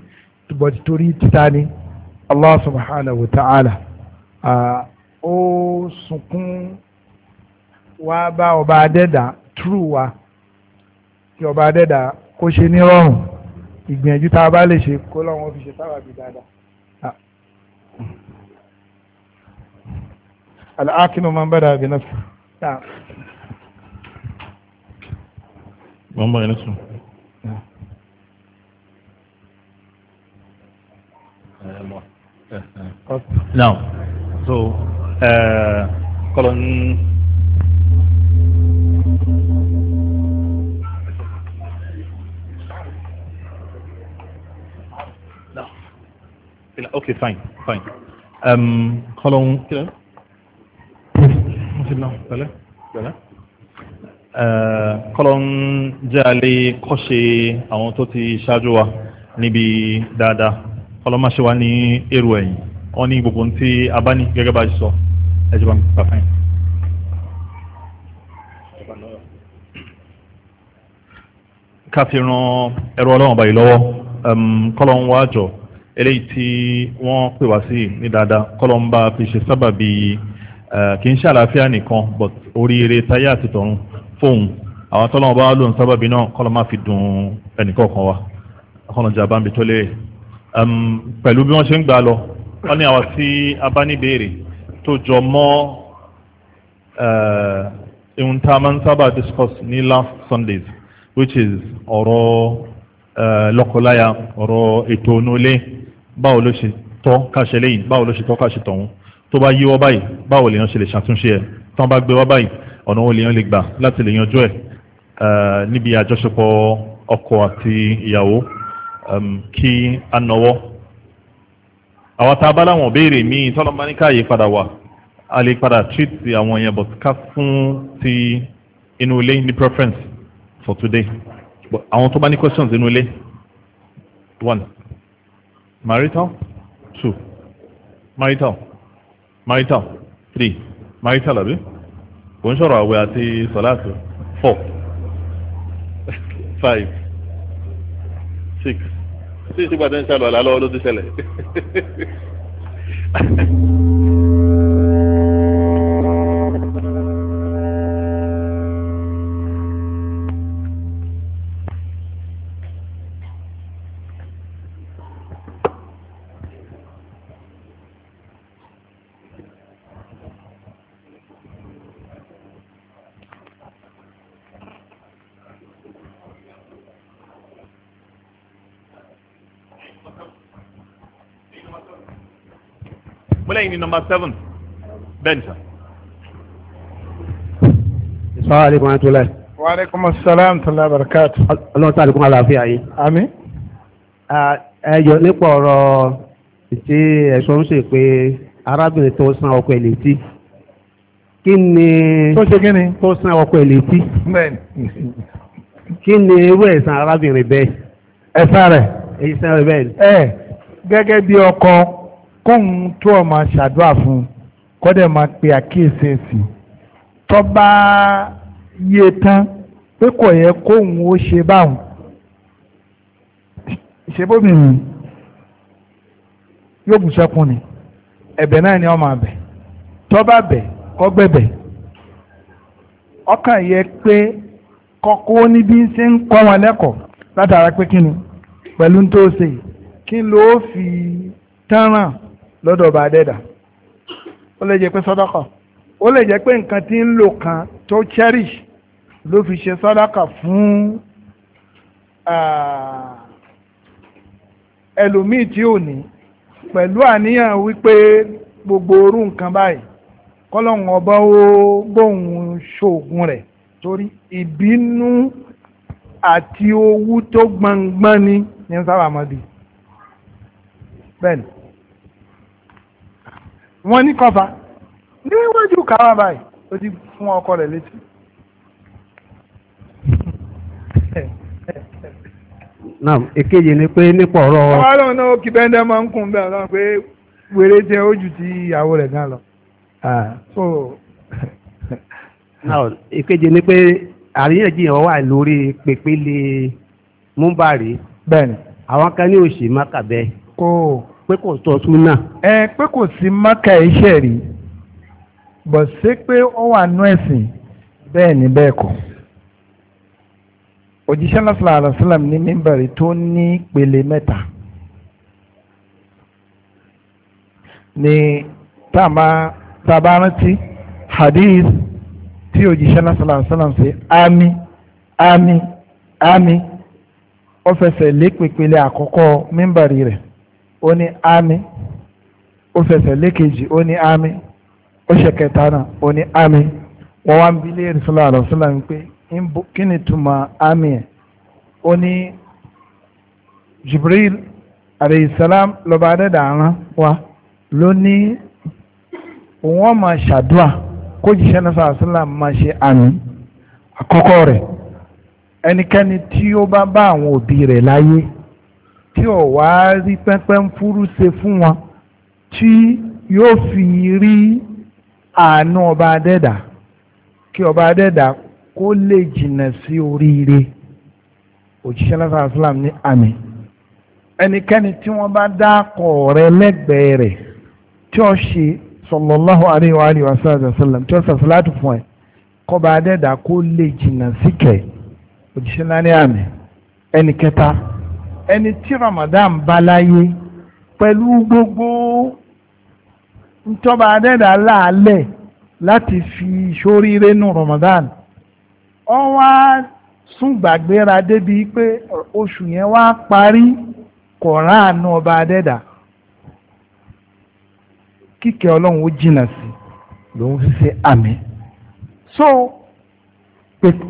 but torí títa ni Allah subhanahu wa ta'ala ó sunkún wá bá ọba adẹ́dà true wa kí ọba adẹ́dà kó ṣe ní rọrùn ìgbìyànjú tá a bá lè ṣe kó lọ́wọ́ fi ṣe sábàbí dáadáa. العاقل من بدا بنفسه نعم One by next one. Yeah. Um, yeah, yeah. Now, so, uh, colon. No. Okay, fine, fine. Um, colon. Now, Eh, kọ́lọ́n jẹ́ alẹ́ kọ́ṣe àwọn tó ti ṣáájú wa níbi dáadáa kọ́lọ́n máa ṣe wá ní èrò ẹ̀yìn wọ́n ní gbogbo ohun tí a bá ní gẹ́gẹ́ bá ṣe sọ ẹ jẹ́ bá mi pàfẹ́ yìí. ká fi ran ẹrú ọlọ́run báyìí lọ́wọ́ kọ́lọ́n wá jọ eléyìí tí wọ́n pè wá sí ní dáadáa kọ́lọ́n bá fi ṣe sábàbí eh, kì í ṣe àlàáfíà nìkan but oríire táyà àti tọ̀run fóun àwọn tọ́lọ́wọ́n bá lóun sábàbí náà kọ́lọ́ máa fi dùn ẹnìkọ̀ọ̀kan wa ọkọ̀nà jà bá ń bi tó lé pẹ̀lú bí wọ́n ṣe ń gbà lọ wọ́n ní àwọn tí a tó jọ mọ́ ihun eh, tá a máa ń sábà discuss ní last Sundays which is ọ̀rọ̀ eh, lọ́kọláya ọ̀rọ̀ ètò onúlé báwo ló ṣe tọ́ káṣe lẹ́yìn báwo ló ṣe tọ́ káṣe tọ̀hún tó bá yíwọ́ báyìí báwo lèèyàn ṣe lè ṣàtúnṣe ẹ̀ tán bá gbé wá báyìí ọ̀nà wo lèèyàn lè gbà láti lè yanjú ẹ̀ eh, níbi àjọṣepọ̀ ọkọ àti ìyàwó um, kí a nọwọ́ àwọn tá a bá láwọn béèrè míì tọ́lọ́mọ ní káàyè padà wà a lè padà treat àwọn yẹn but ká fún ti inú ilé ní preference for today but àwọn tó bá ní questions inú ilé one marital two marital marital three marital àbí kò ń sọ̀rọ̀ àwẹ̀ àti sọ̀láàtì four five six sí ìsìnkú àti ń ṣàlùwàlá lọ́wọ́ ló ti ṣẹlẹ̀. (laughs) line number seven bẹ́ẹ̀ni sir. sọ́wọ́n aleykum atúlẹ̀. wa aleykum asalaam tala barakatu. ọlọ́run tí alekun àlàáfíà yìí. àmín. ẹjọ́ nípa ọ̀rọ̀ tí ẹ̀sọ́ ń ṣe pé arábìnrin tó san ọkọ ẹ̀ létí kí ni. tó ṣe kí ni. tó san ọkọ ẹ̀ bẹ́ẹ̀ni. kí ni irú ẹ̀san arábìnrin bẹ́ẹ̀. ẹ̀san rẹ̀. ẹ̀san rẹ̀ bẹ́ẹ̀ ẹ gẹ́gẹ́ bí ọkọ kóhun tó ọmọ ṣàdúrà fún kọ́dẹ̀ máa pe àkíyèsí ẹ̀sìn tó bá yé tán pé kò yẹ kóhun ó ṣe báwọn ìṣebóbìnrin yóò bù sẹ́kùn ni ẹ̀bẹ̀ náà ni ọmọ àbẹ̀ tó bá bẹ̀ kọ́ gbẹ̀bẹ̀ ọkàn yẹ pé kọ́kọ́ níbi ń ṣe ń kọ́ wọn lẹ́kọ̀ọ́ látara pé kí ni pẹ̀lú tó ṣe kí ló fi tán ràn. lọ́dọ̀ bá dẹ́dà ó lè jẹ́ pé sọ́dọ́kọ̀ ó lè jẹ́ pé nǹkan tí ń lò kan tó cherish ló fi ṣe sọ́dọ́kọ̀ fún ẹlòmíì tí ò ní pẹ̀lú àníyàn wípé gbogbo orú nǹkan báyìí kọ́lọ́hún ọba ó bóun ṣoògùn rẹ̀ torí ìbínú àti owú tó gbọngbọn ni ní sábà mọ́ bí bẹ́ẹ̀ ni wọ́n ní kọ́ba níwájú káwa báyìí ó ti fún ọkọ rẹ̀ létí. naam èkejì ni pé nípa ọ̀rọ̀. wàá lọ náà kí bẹ́ńdẹ́ máa ń kún bẹ́ẹ̀ náà pé wèrè jẹ́ ojú ti ìyàwó rẹ̀ gan lọ. now èkejì ni pé àríyànjiyàn wà lórí pèpele múbàrí. bẹ́ẹ̀ni. àwọn kan ní òṣì mákàbẹ́. kó o pé kò tọ́ súnà. ẹ pé kò sí maka iṣẹ́ rí bọ̀ ṣé pé ó wà nú ẹ̀sìn bẹ́ẹ̀ ni bẹ́ẹ̀ kọ́ òjíṣẹ́ náà sallallahu ní mímbàrí tó ní pele mẹ́ta ni tàbá rántí hadith tí òjíṣẹ́ náà sallallahu alaihi wasallam ṣe àmì àmì àmì ó fẹsẹ̀ lé pèpele àkọ́kọ́ mímbàrí rẹ̀ ó ní ámì ó fẹsẹ̀ lékejì ó ní ámì ó ṣe náà ó ní ámì wọ́n wá ń bi léèrè sọ́lá àlọ́sọ́lá ń pé kí ni túmọ̀ ámì ẹ̀ ó ní Jibril aleyhisselam lọ́ba adẹ́dà rán wa ló ní wọ́n máa ṣàdúà kó jíṣẹ́ náà sàásìlà máa ṣe àmì àkọ́kọ́ rẹ̀ ẹnikẹ́ni tí ó bá bá àwọn òbí rẹ̀ tí ò wá rí pẹ́pẹ́ ń fúrú ṣe fún wọn tí yóò fi rí àánú ọba adẹ́dà kí ọba adẹ́dà kó lè jìnnà sí oríire òjíṣẹ́ lásán islam ní àmì ẹnikẹ́ni tí wọ́n bá dá akọ̀ rẹ lẹ́gbẹ̀ẹ́ rẹ̀ tí ó ṣe sallallahu alaihi wa alihi wa sallam tí ó sàṣẹ láti fún ẹ kọba adẹ́dà kó lè jìnnà síkẹ̀ òjíṣẹ́ náà ní àmì ẹnikẹ́ta ẹni tí Ramadan bá láyé pẹ̀lú gbogbo ntọ́ba adẹ́dà láàlẹ̀ láti fi sóríire nu Ramadan ọ wá sún gbàgbéra débi pé oṣù yẹn wá parí kọ̀ọ̀rán ọba adẹ́dà kíkẹ́ ọlọ́run ó jìnnà sí lòun fi ṣe àmì so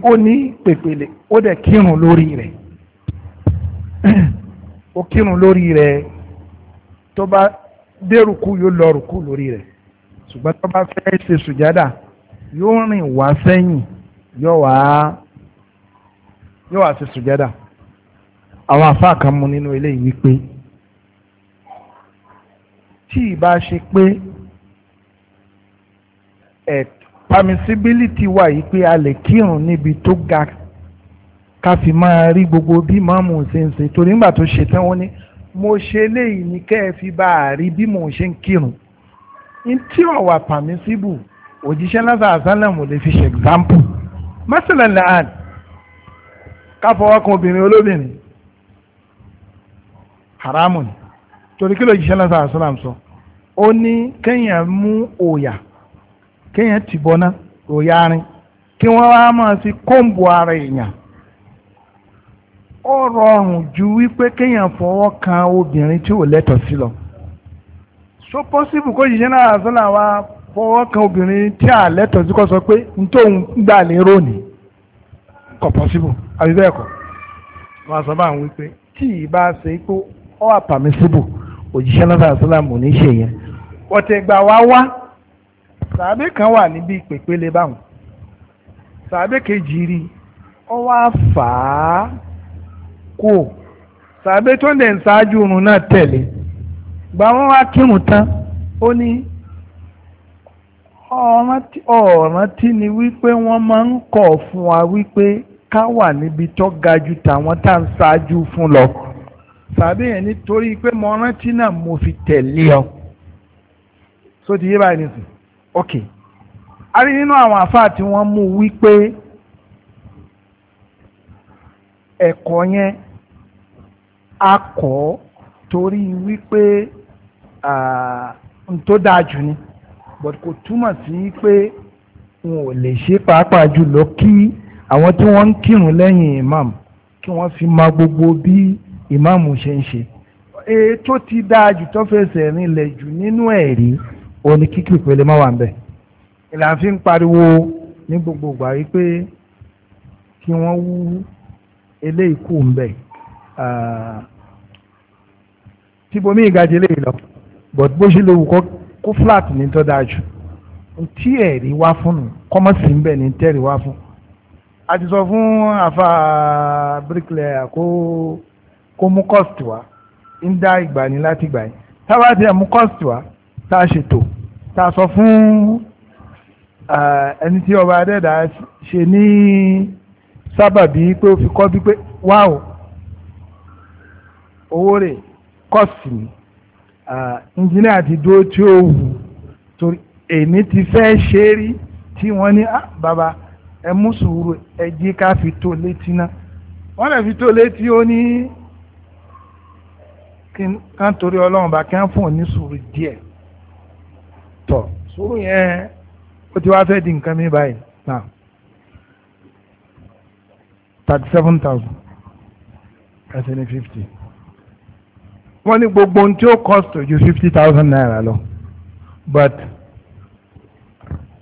ó ní pèpèlè ó dẹ̀ kírun lórí rẹ̀. (clears throat) ó kírun lórí rẹ̀ tó bá dé rùkú yóò lọ rùkú lórí rẹ̀ ṣùgbọ́n tó bá fẹ́ ṣe sùjádà yóò rìn wá sẹ́yìn yóò wá yóò wá ṣe sùjádà àwọn àfáà kan mú nínú eléyìí wípé tí ìbá ṣe pé ẹ̀ permissibility wà yìí pé a lè kírun níbi tó ga ká fi máa rí gbogbo bí màmú ṣe ń ṣe torí nígbà tó ṣe tán wọ́n ní mo ṣe léyìí ní kẹ́ ẹ fi bá a rí bí mò ń ṣe ń kírun tí ò wà pàmísíbù òjíṣẹ́ lásán àsálẹ̀mù lè fi ṣe example mẹ́sìlẹ̀ lẹ́hàn ká fọwọ́ kan obìnrin olóbìnrin haramu ni torí kí lójíṣẹ́ lásán àsálẹ̀mù sọ ó ní kéèyàn mú òyà kéèyàn tìbọ́ná òyà rin kí wọ́n wá máa fi kóńbù ara èèyàn Ọ rọrùn ju wípé kéèyàn fọwọ́ kan obìnrin tí ò lẹ́tọ̀ọ́ sí lọ so possible kó ṣiṣẹ́ náà wa fọwọ́ kan obìnrin tí à lẹ́tọ̀ọ́ sí kọ́ sọ pé n tó ń gbà lérò ní kò possible àbí bẹ́ẹ̀ kọ́ wọ́n sọ bá àwọn wípé tí ì bá ṣe pé wá wá kan wà níbi báwọn ọ wá fà á. kú o sàbẹ tó ń dẹ̀ ń ṣáájú oorun náà tẹ̀lé gba wọn wá kírun tán ó ní ọ̀ràn tí ni wípé wọ́n máa ń kọ̀ fún wa wípé ká wà níbi tó ga ju tàwọn tá à ń ṣáájú fún lọ sàbẹ yẹn nítorí pé mo rántí náà mo fi tẹ̀lé ọ tó ti yé báyìí nìsín ok a rí nínú àwọn àfáà tí wọ́n mú wípé ẹ̀kọ́ yẹn a kọ́ torí wípé n tó dáa jù ni but kò túmọ̀ sí pé n ò lè ṣe pàápàá jùlọ kí àwọn tí wọ́n ń kírun lẹ́yìn imam kí wọ́n fi mọ gbogbo bí imam ṣe ń ṣe ètò ti dáa jù tó fẹsẹ̀ rinlẹ̀ jù nínú ẹ̀rí òní kíkì pẹ̀lẹ́ má wà ń bẹ̀ ìlànà fi ń pariwo ní gbogbo ìgbà wípé kí wọ́n wú eléyìí kù ń bẹ̀. Ah, tíbomi ìgajì lè lọ but bó ṣe lè wù kó flat ní tó dáa jù tí ẹ̀rí wá fún un kọ́mọ̀sì ń bẹ̀ ní tẹ́rì wá fún a ti sọ fún àfa bricklayer kó kó mú cost wá ń dá ìgbà ní láti gbà yín táwa ti ẹ̀ mú cost wá tá a ṣètò tá a sọ fún eh, ẹni tí ọba adẹ́dà ṣe ní sábàbí pé ó fi kọ́ bí pé wá Owore rẹ̀ kọ́ọ̀sì ni engineer ti dúró tí ó wù torí èmi ti fẹ́ ṣe rí tí wọ́n ní ah, bàbá ẹ mú sùúrù ẹ jí ká fi tó létí náà wọ́n lè fi tó létí ó ní kán torí ọlọ́run bá kán fún òní sùúrù díẹ̀ tọ̀ sùúrù yẹn ó ti wá fẹ́ di nǹkan mi báyìí náà thirty seven thousand ẹsẹ̀ ní fifty. wọ́n ní gbogbo tí ó cost ju fifty thousand naira lọ but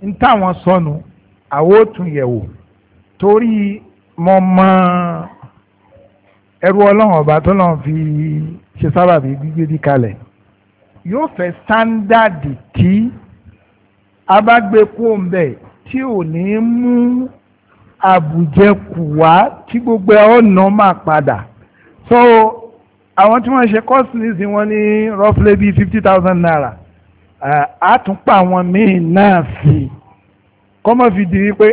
n táwọn sọnù àwọn ò tún yẹ̀ wò torí mo mọ ẹrú ọlọ́run ọba tó lọ́n fi ṣe sábàbí gbígbé bí kalẹ̀ yóò fẹ́ sáńdáàdì tí a bá gbé kó ń bẹ̀ tí ò ní mú àbùjẹkù wá tí gbogbo ẹ̀ ọ̀nà máa padà so àwọn tí wọ́n ṣe course nísì wọ́n ní roughly bíi fifty thousand naira àtúnpà àwọn míì náà sí i kọ́mọ̀ fi di wípé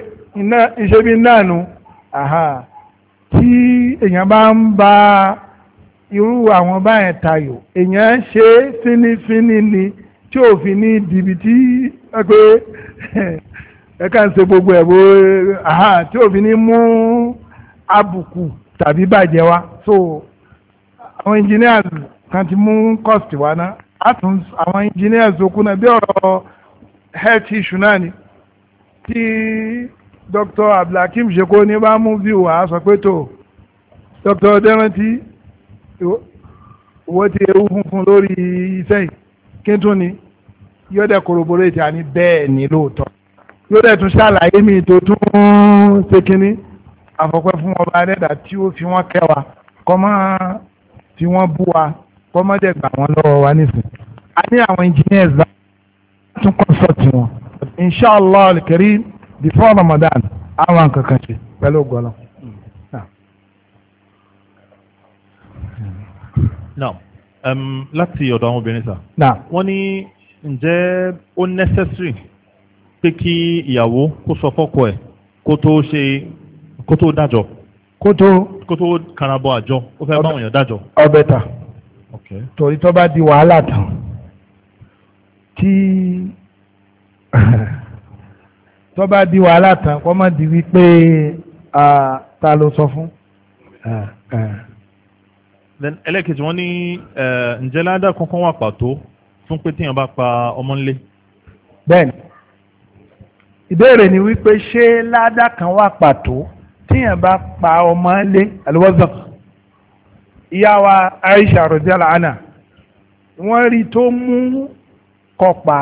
iṣẹ́ bíi náà nu tí èèyàn bá ń bá irú àwọn báyẹn tayò èèyàn ṣe fínífíní ni tí òfin ní dìbìtì pé (laughs) ẹ kàn ṣe gbogbo ẹ̀ bó tí òfin ní mú àbùkù tàbí bàjẹ́ wa so àwọn engineers kan ti mú cost wá ná àtún àwọn engineers okun náà bí ọ̀rọ̀ health issue náà ni tí Dr. Abdulhakeem Sheko ní bá mú view wá sọ pé tó Dr. Deranti owó ti ewu funfun lórí iṣẹ́ yìí ni yóò dẹ̀ corroborate àní bẹ́ẹ̀ ni lóòótọ́ yóò dẹ̀ tún ṣàlàyé mi tó tún ṣe kínní àfọ̀pẹ́ fún ọba adẹ́dà tí ó fi wọ́n kẹwàá kọ́ máa tí wọ́n bú wa kọ́mọ́dé gbà wọ́n lọ́wọ́ wa nísìn a ní àwọn engineers bá tún consult wọn inshallah al-karim before Ramadan àwọn kankan ṣe pẹ̀lú gbọ́lọ́. now um, láti ọ̀dọ̀ àwọn obìnrin sà. wọ́n ní ǹjẹ́ ó necessary pé kí ìyàwó kó sọ fọ́kọ ẹ̀ kó tó ṣe kó tó dájọ́ kó tó. kó tó karabọ àjọ ó fẹ́ báwọn èèyàn dájọ. ọbẹ̀ ta torí tó bá di wàhálà tán tí (laughs) tó bá di wàhálà tán kó má di wípé ta ló sọ fún. ẹlẹ́kejì wọ́n ní ǹjẹ́ ládàá kankan wà pàtó fún pé téèyàn bá pa ọmọ ńlé. bẹ́ẹ̀ni ìbéèrè ni wípé ṣé ládàá kan wà pàtó tíyàn bá pa ọmọ lé àlùwọ́sàn ìyá wa Aisha rọ̀díàlà àná wọ́n rí tó mú kọ̀pá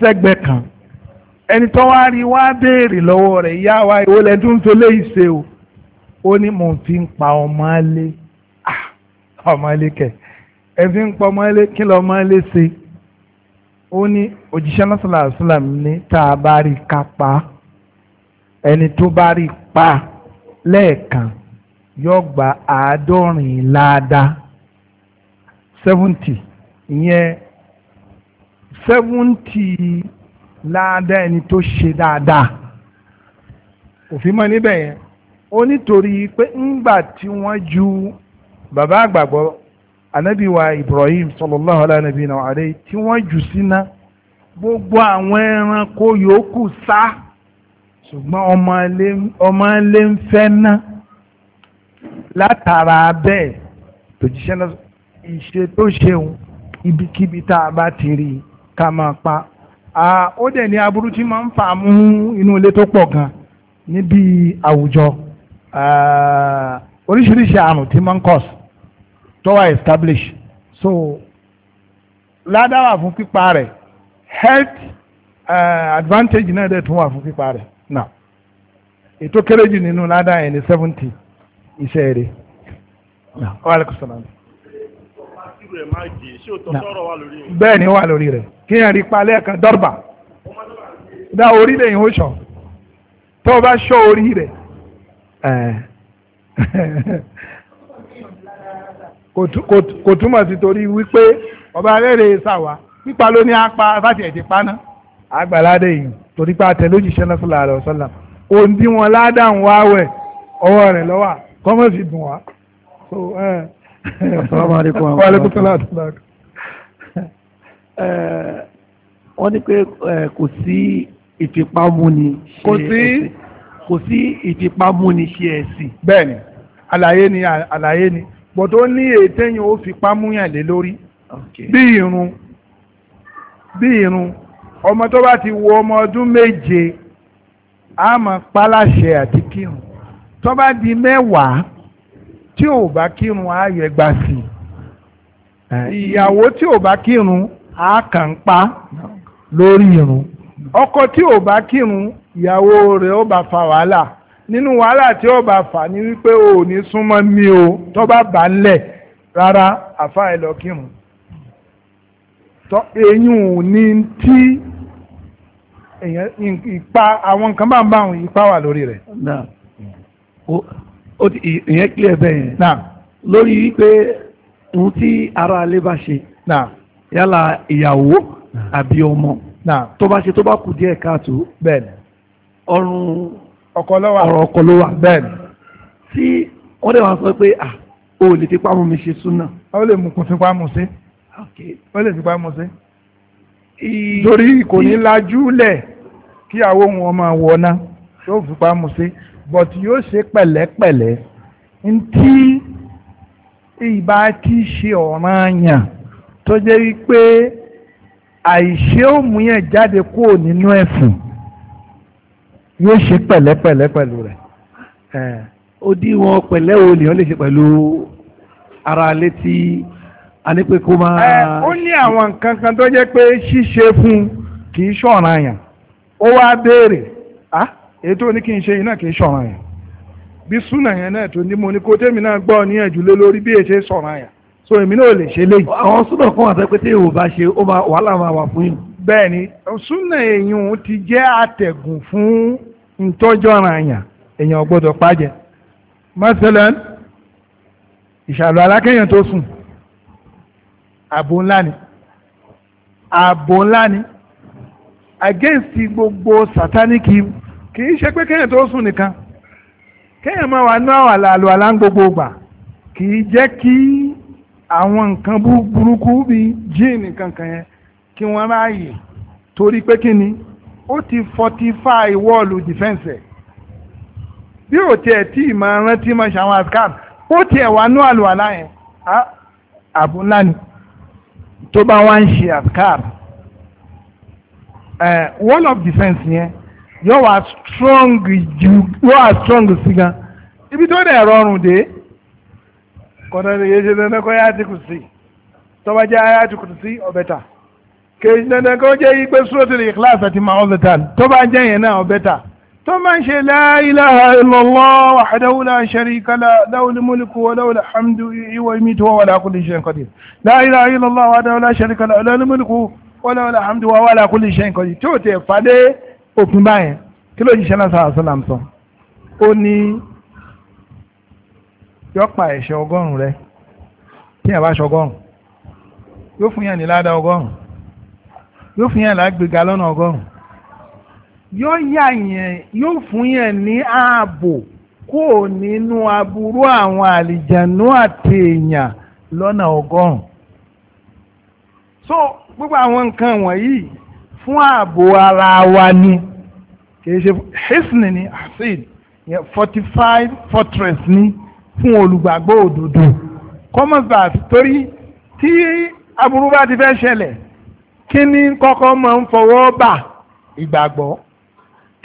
sẹ́gbẹ̀ẹ́ kan ẹni tó wá rí wá béèrè lọ́wọ́ rẹ̀ ìyá wa ìwọ lẹ́dún tó lé ìṣe o ó ní mò ń fi ń pa ọmọ lé ah, ọmọ lé kẹ̀ ẹ fi ń pa ọmọ lé kí lọ ọmọ lé ṣe ó ní òjíṣẹ́ náà sọ̀rọ̀ àṣùlàm ní tá a bá rí kápá. ẹni tó bá rí pa lẹ́ẹ̀kan yóò gba àádọ́rin láàdá seventy ìyẹn seventy láàdá ẹni tó ṣe dáadáa òfin mọ́ níbẹ̀ yẹn ó nítorí pé ńgbà tí wọ́n ju bàbá àgbàgbọ́ anabiwa Ibrahim sallallahu alayhi wa sallam tí wọ́n jù sínú gbogbo àwọn ẹranko yòókù sá. ṣùgbọ́n ọmọ ilé ń fẹ́ ná látara bẹ́ẹ̀ tòjíṣẹ́ náà ìṣe tó ṣeun ibikíbi tá a bá ti rí ká máa pa ó dẹ̀ ní aburú tí máa ń fà mú inú ilé tó pọ̀ gan níbi àwùjọ oríṣiríṣi àrùn tí máa ń cause tó wà establish so ládàá wà fún pípa rẹ̀ health uh, advantage náà dẹ̀ tún wà fún pípa rẹ̀. na ètò kéré jù nínú ládàá yẹn ní seventy iṣẹ́ rẹ̀ nà ọ́ alẹ́ kò bẹ́ẹ̀ ni ó wà lórí rẹ̀ kí yẹn rí palẹ́ kan dọ́rbà dá orí lẹ́yìn ó sọ tó o bá sọ orí rẹ̀ (laughs) kò túmọ̀ sí torí wípé ọba rẹ̀ rẹ̀ sàwà pípa ló ní apá ti paná àgbàládé yìí. torí pé àtẹ lójìṣẹ́ náà sallallahu alaihi wasallam òun bí wọn ládàá wá wẹ̀ ọwọ́ rẹ̀ lọ́wọ́ kọ́mọ̀ fi dùn wá. wọ́n ní pé kò sí ìfipámúni ṣe ẹ̀sìn kò sí ìfipámúni ṣe ẹ̀sìn. bẹ́ẹ̀ni àlàyé ni àlàyé ni bọ̀dọ̀ ní ètẹ́yìn ó fipámúyàn lé lórí bí irun bí irun ọmọ tó bá ti wọ ọmọ ọdún méje a máa paláṣẹ àti kírun tó bá di mẹ́wàá tí ò bá kírun á yẹ gba sí i ìyàwó tí ò bá kírun á kàn pa lórí irun ọkọ tí ò bá kírun ìyàwó rẹ̀ ó bá fa wàhálà nínú wàhálà tí ó bá fà ní wípé o ò ní súnmọ́ mi o tó bá bà ń lẹ̀ rárá àfa ẹ̀ lọ kírun tọ́ eyín ò ní tí ìpa àwọn nǹkan bá ń bá àwọn ipa wà lórí rẹ̀. ó ti ìyẹn clear bẹ́ẹ̀ yẹn lórí wípé ohun tí ara alẹ́ bá ṣe yálà ìyàwó àbí ọmọ tó bá ṣe tó bá kù díẹ̀ káàtó ọrùn ọ̀rọ̀ ọkọ ló wà tí wọ́n dẹ̀ wá sọ pé ah o lè fi pamọ́ mi ṣe súnà. ó lè mú kún fi pamọ́ sí ó lè fipá mọ́ sí. torí kò ní lajú lẹ̀ kí àwọn ohun ọmọ wọná tó fipá mọ́ sí but yóò ṣe pẹ̀lẹ́pẹ̀lẹ́ ntí ìbá ti ṣe ọ̀ràn yàn tó jẹ́ wípé àìṣe òmùyàn jáde kúrò nínú ẹ̀fùn yóò ṣe pẹ̀lẹ́pẹ̀lẹ́ pẹ̀lú rẹ̀ ó dí wọn pẹ̀lẹ́ wo lèèyàn lè ṣe pẹ̀lú ara létí a ní kó máa. ẹ ó ní àwọn nǹkan kan tó jẹ́ pé ṣíṣe fún kì í ṣọ̀ràn yàn ó wá béèrè á èyí ní kí n ṣe yìí náà kì í ṣọ̀ràn yàn bí súnà yẹn náà tó ní mo ní kó tèmi náà gbọ́ níyànjú lé lórí bí èṣe ṣọ̀ràn yàn so èmi náà ò lè ṣe léyìí. àwọn súnà kan bá ṣe ó máa wàhálà máa wà fún yìí. súnà èèyàn ti jẹ́ àtẹ̀gùn fún ààbò ńlá ni ààbò ńlá ni against gbogbo satanic kì í ṣe pé kéèyàn tó sùn nìkan kéèyàn máa wà ní àwọn àlàlù àlá gbogbo gbà kì í jẹ́ kí àwọn nǹkan burúkú bíi jíìnì kankan yẹn kí wọ́n ráàyè torí pé kí ni ó ti fortify wọ́ọ̀lù dìfẹ́ǹsì ẹ̀ bí ò tiẹ̀ tí ì máa rántí máa ṣàwọn àsìkáàmù ó tiẹ̀ wà ní àlùwàlá yẹn ah, ààbò ńlá ni tó bá wá ń ṣe àkàr eh, wall of defence yẹn yóò wá strong ju yóò wá strong sí gan ibi tó dẹ̀ rọrùn dé kọ́ńtà yẹn ṣe dandan kọ́ yá ti kù sí tọ́ba jẹ́ ayá ti kù sí ọ̀bẹ ta kèjì dandan kọ́ jẹ́ igbe sùrọ̀tì lè kíláàsì àti màá ọ̀bẹ ta tọ́ba jẹ́ yẹn náà ọ̀bẹ ta tó bá ń ṣe la ilaha illallah wahdahu la sharika la lahul mulku wa lahul hamdu huwa yumitu wa huwa ala kulli shay'in qadir la ilaha illallah wahdahu la sharika la lahul mulku wa lahul hamdu wa huwa ala kulli shay'in tí ó yóò yà yẹn yóò fún yẹn ní ààbò kó o nínú aburú àwọn àlìjànú àti èèyàn lọ́nà ọgọ́rùn-ún. so gbogbo àwọn nǹkan wọ̀nyí fún ààbò ara wa ni kì í ṣe hisni ni asid fortified fortress ni fún olùgbàgbọ́ òdodo commonwealth torí tí aburú bá ti fẹ́ ṣẹlẹ̀ kí ni kọ́kọ́ máa ń fọwọ́ bà ìgbàgbọ́